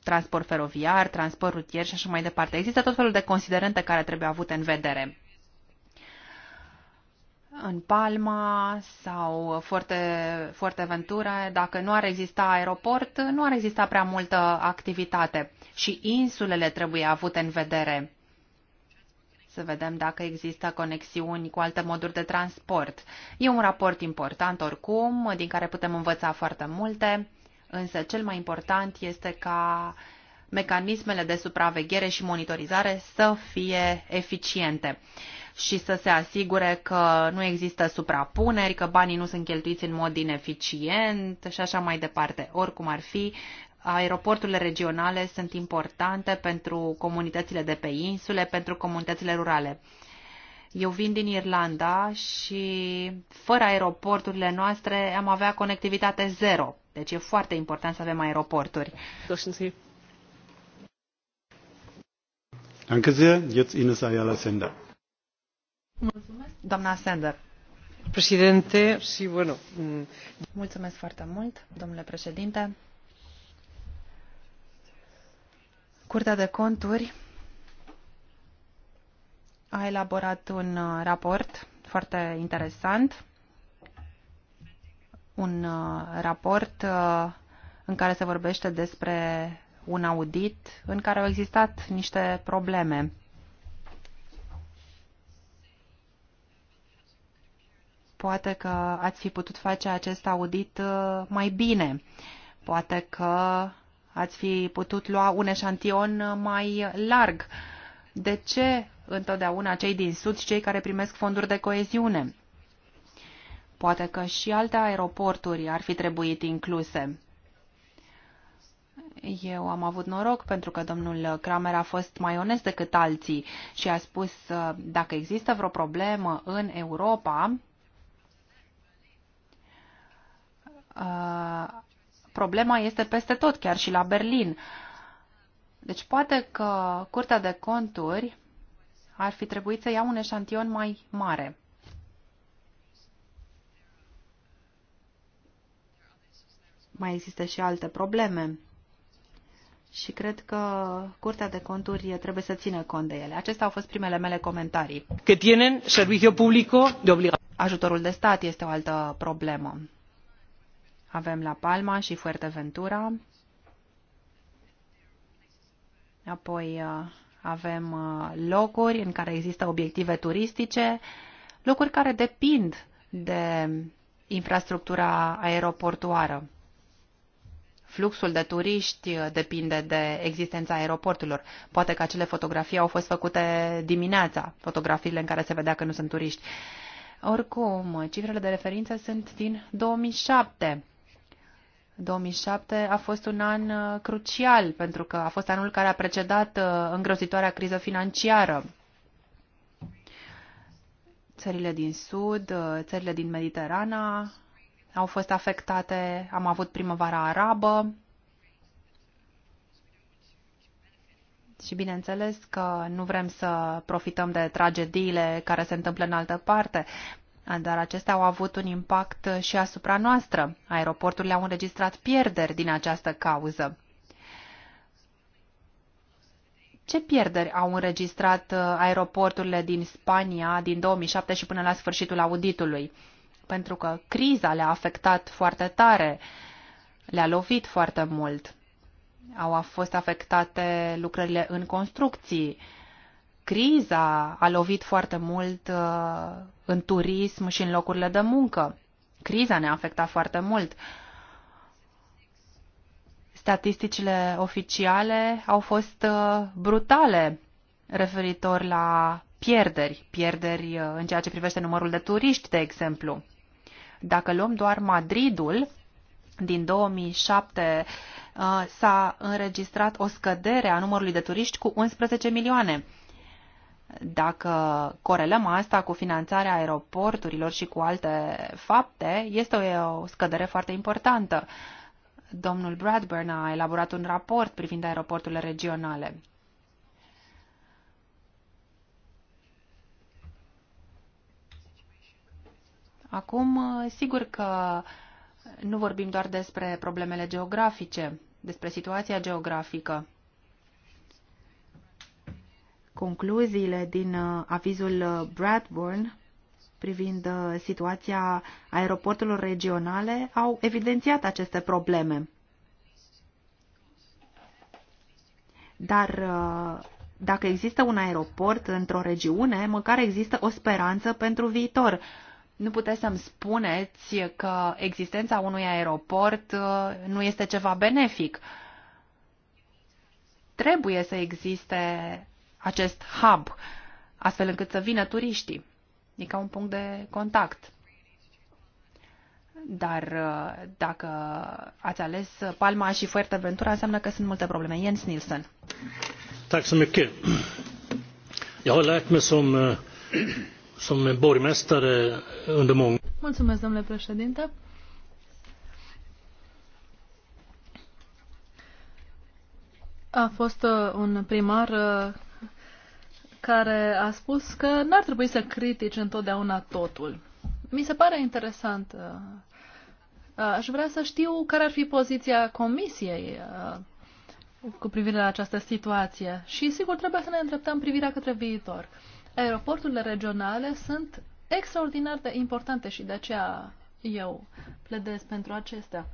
transport feroviar, transport rutier și așa mai departe. Există tot felul de considerente care trebuie avute în vedere în Palma sau Forte, Forteventura, dacă nu ar exista aeroport, nu ar exista prea multă activitate și insulele trebuie avute în vedere. Să vedem dacă există conexiuni cu alte moduri de transport. E un raport important oricum, din care putem învăța foarte multe, însă cel mai important este ca mecanismele de supraveghere și monitorizare să fie eficiente și să se asigure că nu există suprapuneri, că banii nu sunt cheltuiți în mod ineficient și așa mai departe. Oricum ar fi, aeroporturile regionale sunt importante pentru comunitățile de pe insule, pentru comunitățile rurale. Eu vin din Irlanda și fără aeroporturile noastre am avea conectivitate zero. Deci e foarte important să avem aeroporturi. Danke sehr. Jetzt Ines Ayala Sender. Președinte, mm. domnule președinte. Curtea de conturi a elaborat un uh, raport foarte interesant, un uh, raport uh, în care se vorbește despre un audit în care au existat niște probleme. Poate că ați fi putut face acest audit uh, mai bine. Poate că ați fi putut lua un eșantion mai larg. De ce întotdeauna cei din Sud și cei care primesc fonduri de coeziune? Poate că și alte aeroporturi ar fi trebuit incluse. Eu am avut noroc pentru că domnul Kramer a fost mai onest decât alții și a spus uh, dacă există vreo problemă în Europa, Uh, problema este peste tot, chiar și la Berlin. Deci poate că Curtea de Conturi ar fi trebuit să ia un eșantion mai mare. Mai există și alte probleme și cred că Curtea de Conturi trebuie să țină cont de ele. Acestea au fost primele mele comentarii. Că tienen servicio público de obligație. Ajutorul de stat este o altă problemă. Avem La Palma și Fuerteventura. Apoi uh, avem uh, locuri în care există obiective turistice, locuri care depind de infrastructura aeroportuară. Fluxul de turiști uh, depinde de existența aeroporturilor. Poate că acele fotografii au fost făcute dimineața, fotografiile în care se vedea că nu sunt turiști. Oricum, cifrele de referință sunt din 2007. 2007 a fost un an uh, crucial pentru că a fost anul care a precedat uh, îngrozitoarea criză financiară. Țările din Sud, uh, țările din Mediterana au fost afectate, am avut primăvara arabă și bineînțeles că nu vrem să profităm de tragediile care se întâmplă în altă parte, dar acestea au avut un impact și asupra noastră. Aeroporturile au înregistrat pierderi din această cauză. Ce pierderi au înregistrat uh, aeroporturile din Spania din 2007 și până la sfârșitul auditului? Pentru că criza le-a afectat foarte tare, le-a lovit foarte mult. Au fost afectate lucrările în construcții, criza a lovit foarte mult uh, în turism și în locurile de muncă. Criza ne-a afectat foarte mult. Statisticile oficiale au fost uh, brutale referitor la pierderi, pierderi uh, în ceea ce privește numărul de turiști, de exemplu. Dacă luăm doar Madridul, din 2007 s-a înregistrat o scădere a numărului de turiști cu 11 milioane. Dacă corelăm asta cu finanțarea aeroporturilor și cu alte fapte, este o scădere foarte importantă. Domnul Bradburn a elaborat un raport privind aeroporturile regionale. Acum, sigur că nu vorbim doar despre problemele geografice, despre situația geografică concluziile din uh, avizul uh, Bradburn privind uh, situația aeroporturilor regionale au evidențiat aceste probleme. Dar dacă există un aeroport într-o regiune, măcar există o speranță pentru viitor. Nu puteți să-mi spuneți că existența unui aeroport nu este ceva benefic. Trebuie să existe acest hub, astfel încât să vină turiștii. E ca un punct de contact. Dar uh, dacă ați ales Palma și Fuerteventura, înseamnă că sunt multe probleme. Jens Nielsen. Tack så mycket. Jag har lärt mig som, eh, som borgmästare under många... Mulțumesc, domnule președinte. A fost uh, un primar uh, care a spus că n-ar trebui să critici întotdeauna totul. Mi se pare interesant. Uh, aș vrea să știu care ar fi poziția Comisiei uh, cu privire la această situație. Și, sigur, trebuie să ne îndreptăm privirea către viitor. Aeroporturile regionale sunt extraordinar de importante și de aceea eu pledez pentru acestea.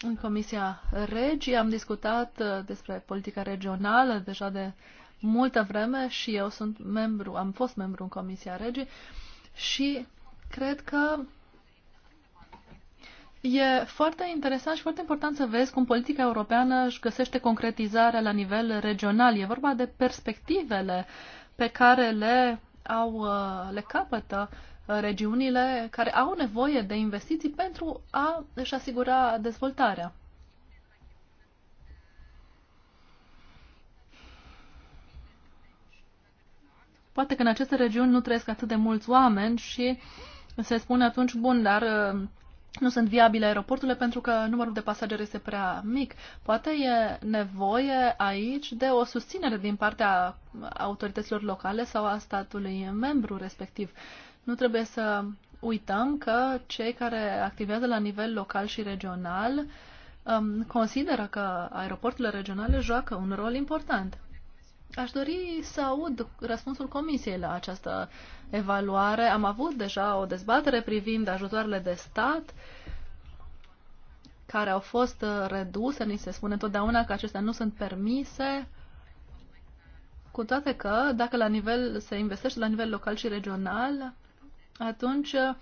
În Comisia Regi am discutat uh, despre politica regională deja de multă vreme și eu sunt membru, am fost membru în Comisia Regii și cred că E foarte interesant și foarte important să vezi cum politica europeană își găsește concretizarea la nivel regional. E vorba de perspectivele pe care le au, uh, le capătă uh, regiunile care au nevoie de investiții pentru a își asigura dezvoltarea. Poate că în aceste regiuni nu trăiesc atât de mulți oameni și se spune atunci, bun, dar uh, nu sunt viabile aeroporturile pentru că numărul de pasageri este prea mic. Poate e nevoie aici de o susținere din partea autorităților locale sau a statului membru respectiv. Nu trebuie să uităm că cei care activează la nivel local și regional um, consideră că aeroporturile regionale joacă un rol important. Aș dori să aud răspunsul Comisiei la această evaluare. Am avut deja o dezbatere privind ajutoarele de stat care au fost uh, reduse, ni se spune totdeauna că acestea nu sunt permise, cu toate că dacă la nivel se investește la nivel local și regional, atunci uh,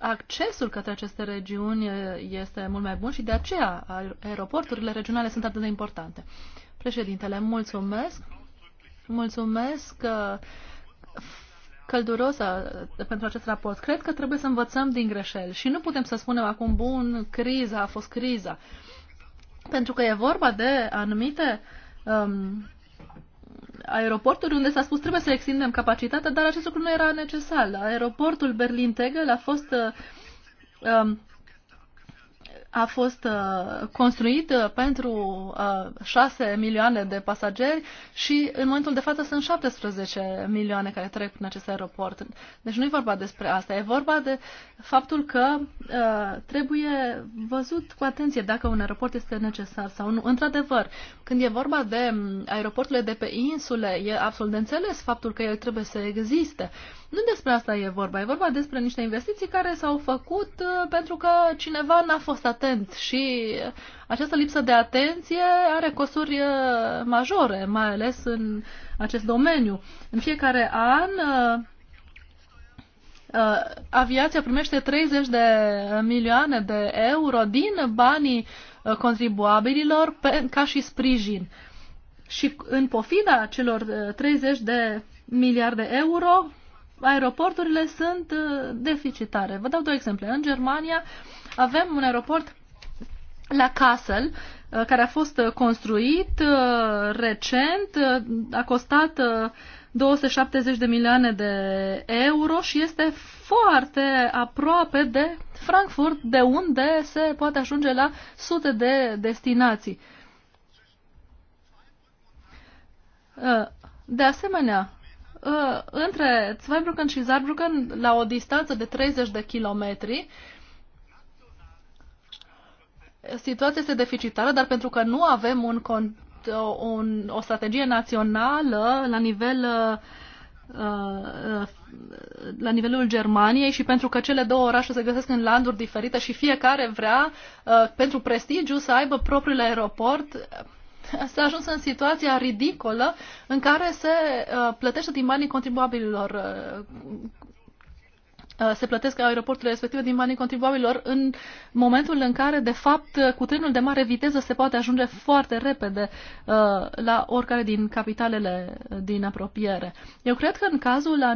accesul către aceste regiuni uh, este mult mai bun și de aceea aeroporturile regionale sunt atât de importante. Președintele, mulțumesc mulțumesc uh, călduroasă uh, pentru acest raport. Cred că trebuie să învățăm din greșeli și nu putem să spunem acum, bun, criza a fost criza. Pentru că e vorba de anumite um, aeroporturi unde s-a spus trebuie să extindem capacitatea, dar acest lucru nu era necesar. Aeroportul Berlin-Tegel a fost uh, um, a fost uh, construit uh, pentru 6 uh, milioane de pasageri și în momentul de față sunt 17 milioane care trec prin acest aeroport. Deci nu e vorba despre asta, e vorba de faptul că trebuie văzut cu atenție dacă un aeroport este necesar sau nu. Într-adevăr, când e vorba de mm, aeroporturile de pe insule, e absolut de înțeles faptul că el trebuie să existe. Nu despre asta e vorba, e vorba despre niște investiții care s-au făcut uh, pentru că cineva n-a fost atent și uh, această lipsă de atenție are costuri uh, majore, mai ales în acest domeniu. În fiecare an aviația primește 30 de milioane de euro din banii contribuabililor ca și sprijin. Și în pofida celor 30 de miliarde euro, aeroporturile sunt uh, deficitare. Vă dau două exemple. În Germania avem un aeroport la Kassel, uh, care a fost uh, construit recent, a costat 270 de milioane de euro și este foarte aproape de Frankfurt, de unde se poate ajunge la sute de destinații. De asemenea, Uh, între Zweibrücken și Saarbrücken, la o distanță de 30 de kilometri, situația este deficitară, dar pentru că nu avem un, un, o strategie națională la nivel uh, uh, la nivelul Germaniei și pentru că cele două orașe se găsesc în landuri diferite și fiecare vrea pentru prestigiu să aibă propriul aeroport s-a ajuns în situația ridicolă în care se uh, plătește din banii contribuabililor. Uh, uh, se plătesc aeroporturile respective din banii contribuabililor în momentul în care, de fapt, cu trenul de mare viteză se poate ajunge foarte repede uh, la oricare din capitalele din apropiere. Eu cred că în cazul la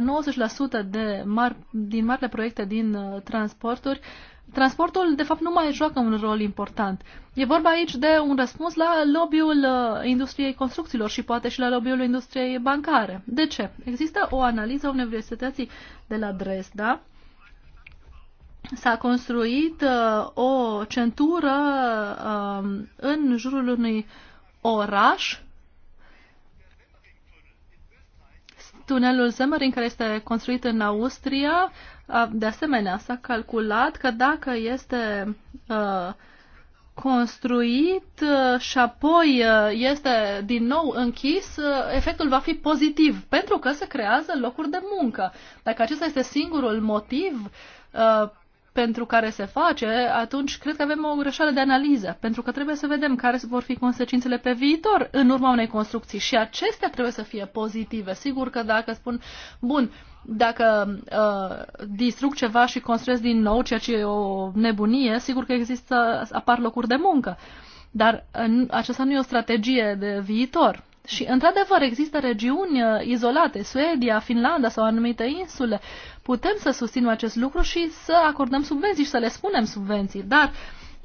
90% de mar- din marile proiecte din uh, transporturi, uh, transportul, de fapt, nu mai joacă un rol important. E vorba aici de un răspuns la lobby-ul uh, industriei construcțiilor și poate și la lobby-ul industriei bancare. De ce? Există o analiză a Universității de la Dresda. S-a construit uh, o centură uh, în jurul unui oraș, tunelul Zemmerin, care este construit în Austria, uh, de asemenea, s-a calculat că dacă este construit și apoi este din nou închis, efectul va fi pozitiv, pentru că se creează locuri de muncă. Dacă acesta este singurul motiv pentru care se face, atunci cred că avem o greșeală de analiză, pentru că trebuie să vedem care vor fi consecințele pe viitor în urma unei construcții și acestea trebuie să fie pozitive. Sigur că dacă spun, bun, dacă uh, distrug ceva și construiesc din nou, ceea ce e o nebunie, sigur că există, apar locuri de muncă. Dar uh, aceasta nu e o strategie de viitor. Și, într-adevăr, există regiuni uh, izolate, Suedia, Finlanda sau anumite insule. Putem să susținem acest lucru și să acordăm subvenții și să le spunem subvenții. Dar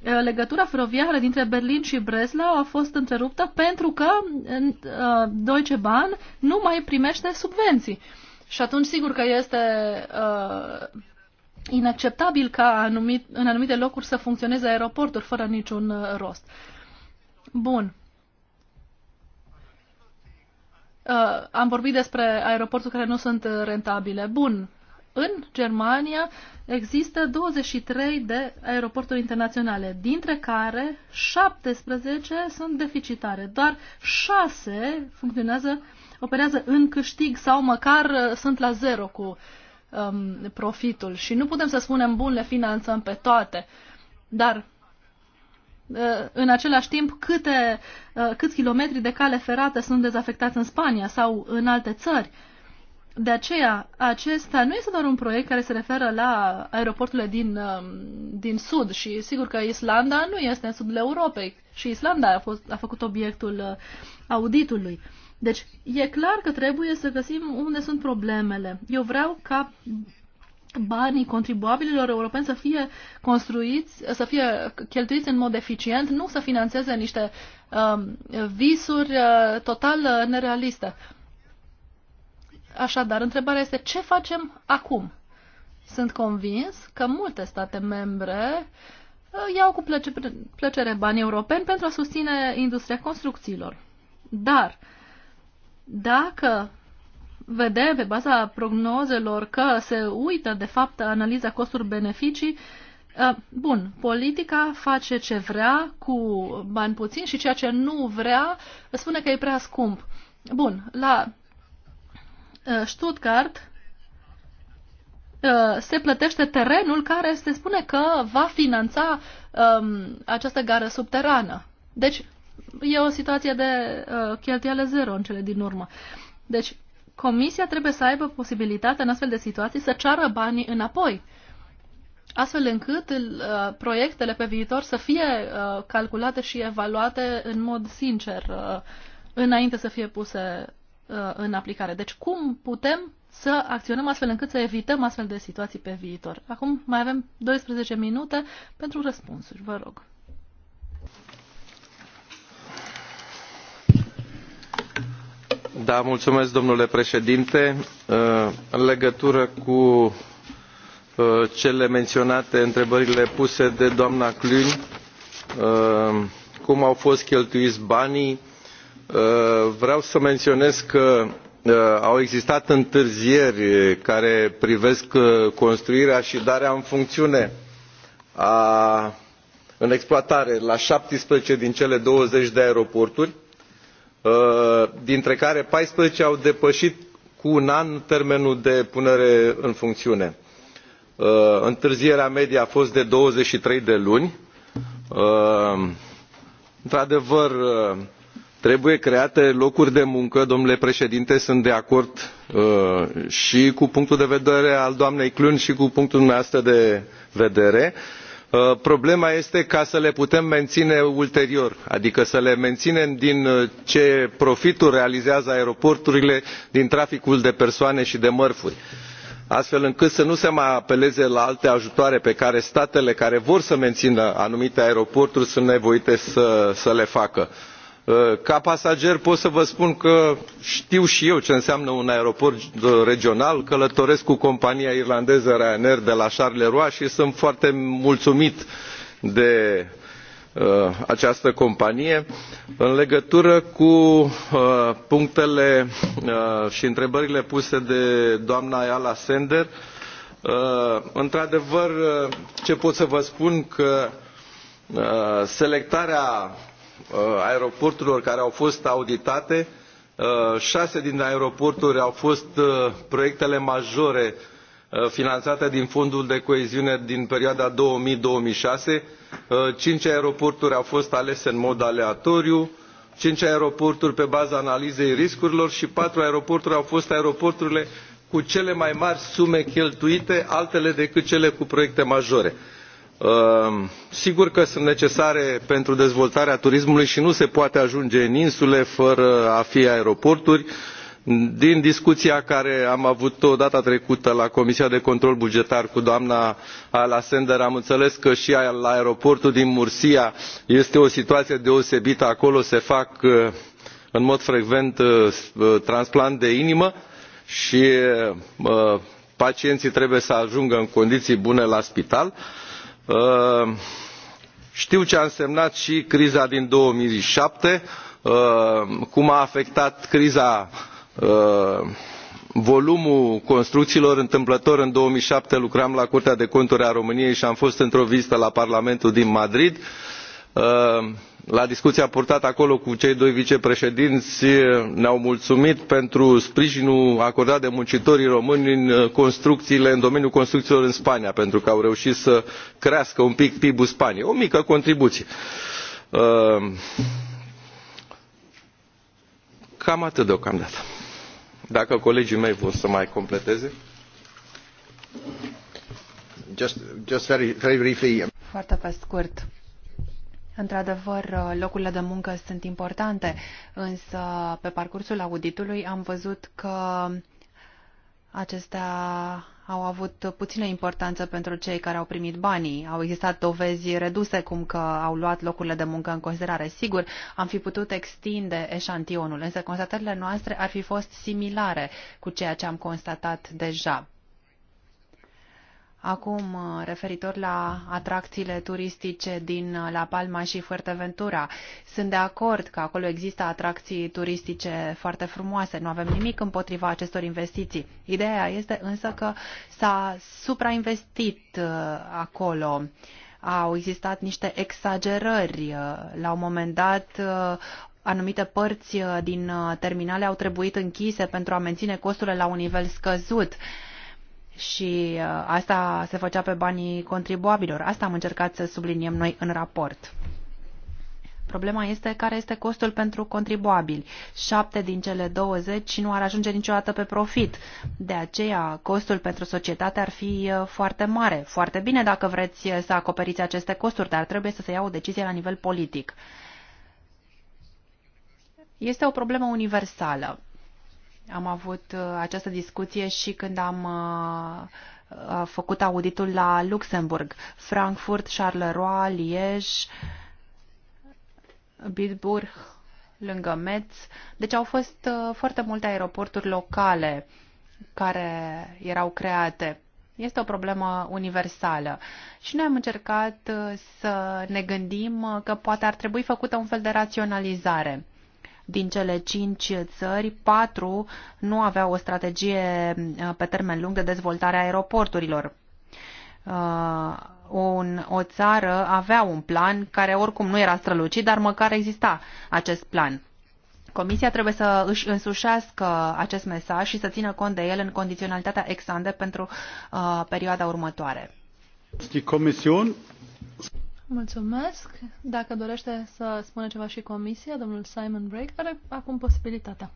uh, legătura feroviară dintre Berlin și Breslau a fost întreruptă pentru că uh, Deutsche Bahn nu mai primește subvenții. Și atunci, sigur că este uh, inacceptabil ca anumit, în anumite locuri să funcționeze aeroporturi fără niciun rost. Bun. Uh, am vorbit despre aeroporturi care nu sunt uh, rentabile. Bun, în Germania există 23 de aeroporturi internaționale, dintre care 17 sunt deficitare. Doar 6 funcționează, operează în câștig sau măcar uh, sunt la zero cu um, profitul. Și nu putem să spunem, bun, le finanțăm pe toate. Dar Uh, în același timp câte, uh, câți kilometri de cale ferată sunt dezafectați în Spania sau în alte țări. De aceea, acesta nu este doar un proiect care se referă la aeroporturile din, um, din sud și sigur că Islanda nu este în sudul Europei și Islanda a, fost, a făcut obiectul uh, auditului. Deci, e clar că trebuie să găsim unde sunt problemele. Eu vreau ca banii contribuabililor europeni să fie construiți, să fie cheltuiți în mod eficient, nu să financeze niște um, visuri uh, total uh, nerealiste. Așadar, întrebarea este ce facem acum? Sunt convins că multe state membre uh, iau cu plăcere, plăcere banii europeni pentru a susține industria construcțiilor. Dar dacă vede pe baza prognozelor că se uită, de fapt, analiza costuri-beneficii, Bun, politica face ce vrea cu bani puțin și ceea ce nu vrea spune că e prea scump. Bun, la Stuttgart se plătește terenul care se spune că va finanța um, această gară subterană. Deci e o situație de uh, cheltuială zero în cele din urmă. Deci Comisia trebuie să aibă posibilitatea în astfel de situații să ceară banii înapoi, astfel încât uh, proiectele pe viitor să fie uh, calculate și evaluate în mod sincer uh, înainte să fie puse uh, în aplicare. Deci cum putem să acționăm astfel încât să evităm astfel de situații pe viitor? Acum mai avem 12 minute pentru răspunsuri, vă rog. Da, mulțumesc, domnule președinte. Uh, în legătură cu uh, cele menționate, întrebările puse de doamna Cluny, uh, cum au fost cheltuiți banii, vreau să menționez că au existat întârzieri care privesc construirea și darea în funcțiune a, în exploatare la șaptesprezece din cele douăzeci de aeroporturi Uh, dintre care paisprezece au depășit cu un an termenul de punere în funcțiune. Uh, întârzierea medie a fost de douăzeci și trei de luni. Uh, într adevăr trebuie create locuri de muncă domnule președinte sunt de acord și cu punctul de vedere al doamnei kluhn și cu punctul dumneavoastră de vedere Uh, problema este ca să le putem menține ulterior adică să le menținem din uh, ce profituri realizează aeroporturile din traficul de persoane și de mărfuri astfel încât să nu se mai apeleze la alte ajutoare pe care statele care vor să mențină anumite aeroporturi sunt nevoite să, să le facă. Uh, ca pasager pot să vă spun că știu și eu ce înseamnă un aeroport uh, regional călătoresc cu compania irlandeză ryanair de la charleroi și sunt foarte mulțumit de uh, această companie în legătură cu punctele și întrebările puse de doamna ayala sender într adevăr ce pot să vă spun că selectarea Uh, aeroporturilor care au fost auditate uh, șase din aeroporturi au fost uh, proiectele majore finanțate din fondul de coeziune din perioada două mii două mii șase cinci aeroporturi au fost alese în mod aleatoriu cinci aeroporturi pe baza analizei riscurilor și patru aeroporturi au fost aeroporturile cu cele mai mari sume cheltuite altele decât cele cu proiecte majore. Ehm, sigur că sunt necesare pentru dezvoltarea turismului și nu se poate ajunge în insule fără a fi aeroporturi din discuția pe care am avut o data trecută la comisia de control bugetar cu doamna ayala sender am înțeles că și la aeroportul din murcia este o situație deosebită acolo se fac eh, în mod frecvent eh, eh, transplant de inimă și pacienții trebuie să ajungă în condiții bune la spital Uh, știu ce a însemnat și criza din două mii șapte uh, cum a afectat criza uh, volumul construcțiilor întâmplător în două mii șapte lucram la curtea de conturi a româniei și am fost într o vizită la parlamentul din madrid și Uh, la discuția purtată acolo cu cei doi vicepreședinți uh, ne au mulțumit pentru sprijinul acordat de muncitorii români în uh, în domeniul construcțiilor în spania pentru că au reușit să crească un pic pib ul spaniei o mică contribuție. cam atât deocamdată. dacă colegii mei vor să mai completeze. Just, just very, very briefly. Foarte pe scurt Într-adevăr, locurile de muncă sunt importante, însă pe parcursul auditului am văzut că acestea au avut puțină importanță pentru cei care au primit banii. Au existat dovezi reduse cum că au luat locurile de muncă în considerare. Sigur, am fi putut extinde eșantionul, însă constatările noastre ar fi fost similare cu ceea ce am constatat deja. Acum, uh, referitor la atracțiile turistice din uh, La Palma și Fuerteventura, sunt de acord că acolo există atracții turistice foarte frumoase, nu avem nimic împotriva acestor investiții. Ideea este însă că s-a suprainvestit uh, acolo au existat niște exagerări. La un moment dat, anumite părți din terminale au trebuit închise pentru a menține costurile la un nivel scăzut și uh, asta se făcea pe banii contribuabilor. Asta am încercat să subliniem noi în raport. Problema este care este costul pentru contribuabili. 7 din cele 20 și nu ar ajunge niciodată pe profit. De aceea, costul pentru societate ar fi uh, foarte mare. Foarte bine dacă vreți uh, să acoperiți aceste costuri, dar trebuie să se ia o decizie la nivel politic. Este o problemă universală. Am avut uh, această discuție și când am uh, uh, făcut auditul la Luxemburg, Frankfurt, Charleroi, Liege, Bitburg, lângă Metz. Deci au fost foarte multe aeroporturi locale care erau create. Este o problemă universală și noi am încercat să ne gândim că poate ar trebui făcută un fel de raționalizare din cele cinci țări, patru nu aveau o strategie uh, pe termen lung de dezvoltare a aeroporturilor. Uh, un, o țară avea un plan care oricum nu era strălucit, dar măcar exista acest plan. Comisia trebuie să își însușească acest mesaj și să țină cont de el în condiționalitatea ex ante pentru uh, perioada următoare. Mulțumesc. Dacă dorește să spună ceva și comisia, domnul Simon Brake are acum posibilitatea.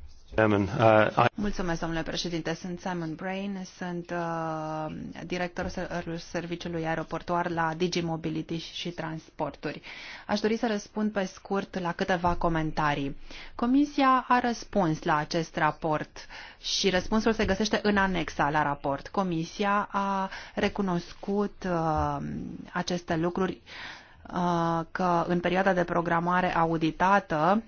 Uh, Mulțumesc, domnule președinte. Sunt Simon Brain, sunt uh, directorul uh, Serviciului Aeroportuar la Digi Mobility și Transporturi. Aș dori să răspund pe scurt la câteva comentarii. Comisia a răspuns la acest raport și răspunsul se găsește în anexa la raport. Comisia a recunoscut uh, aceste lucruri uh, Uh, că în perioada de programare auditată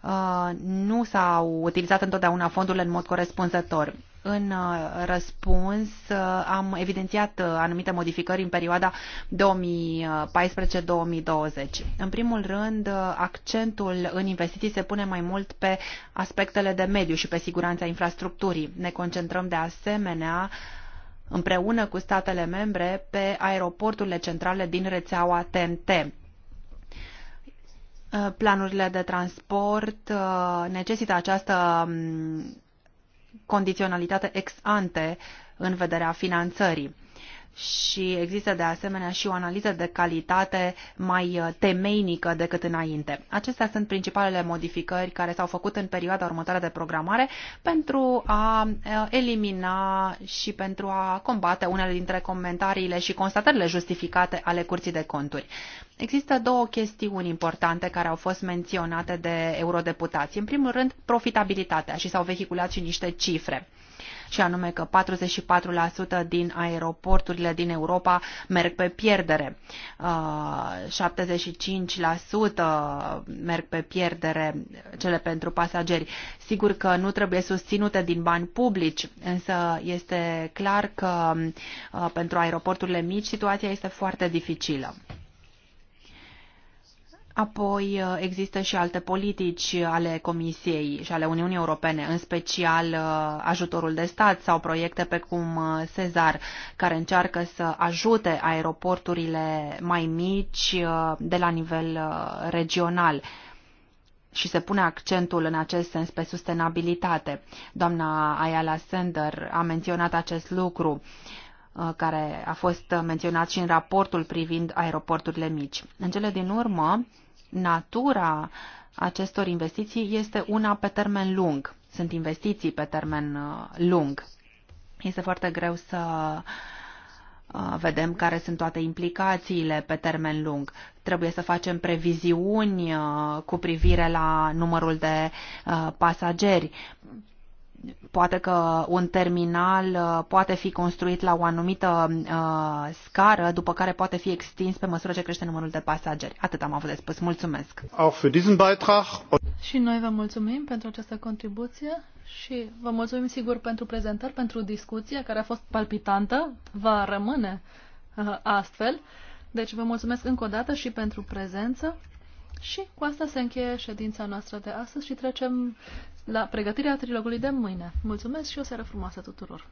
uh, nu s-au utilizat întotdeauna fondurile în mod corespunzător. În uh, răspuns am evidențiat anumite modificări în perioada 2014-2020. În primul rând, accentul în investiții se pune mai mult pe aspectele de mediu și pe siguranța infrastructurii. Ne concentrăm de asemenea uh, împreună cu statele membre pe aeroporturile centrale din rețeaua TNT. Uh, planurile de transport uh, necesită această mm, condiționalitate ex ante în vederea finanțării și există de asemenea și o analiză de calitate mai uh, temeinică decât înainte. Acestea sunt principalele modificări care s-au făcut în perioada următoare de programare pentru a uh, elimina și pentru a combate unele dintre comentariile și constatările justificate ale Curții de Conturi. Există două chestiuni importante care au fost menționate de eurodeputați. În primul rând, profitabilitatea și s-au vehiculat și niște cifre și anume că 44% din aeroporturile din Europa merg pe pierdere, 75% uh, merg pe pierdere cele pentru pasageri. Sigur că nu trebuie susținute din bani publici, însă este clar că uh, pentru aeroporturile mici situația este foarte dificilă. Apoi uh, există și alte politici ale Comisiei și ale Uniunii Europene, în special uh, ajutorul de stat sau proiecte pe cum Cezar, uh, care încearcă să ajute aeroporturile mai mici de la nivel regional și se pune accentul în acest sens pe sustenabilitate. Doamna Ayala Sender a menționat acest lucru care a fost menționat și în raportul privind aeroporturile mici. În cele din urmă, natura acestor investiții este una pe termen lung. Sunt investiții pe termen uh, lung. Este foarte greu să uh, vedem care sunt toate implicațiile pe termen lung. Trebuie să facem previziuni uh, cu privire la numărul de pasageri poate că un terminal uh, poate fi construit la o anumită uh, scară, după care poate fi extins pe măsură ce crește numărul de pasageri. Atât am avut de spus. Mulțumesc! Și noi vă mulțumim pentru această contribuție și vă mulțumim sigur pentru prezentări, pentru discuția care a fost palpitantă, va rămâne uh, astfel. Deci vă mulțumesc încă o dată și pentru prezență. Și cu asta se încheie ședința noastră de astăzi și trecem la pregătirea trilogului de mâine. Mulțumesc și o seară frumoasă tuturor!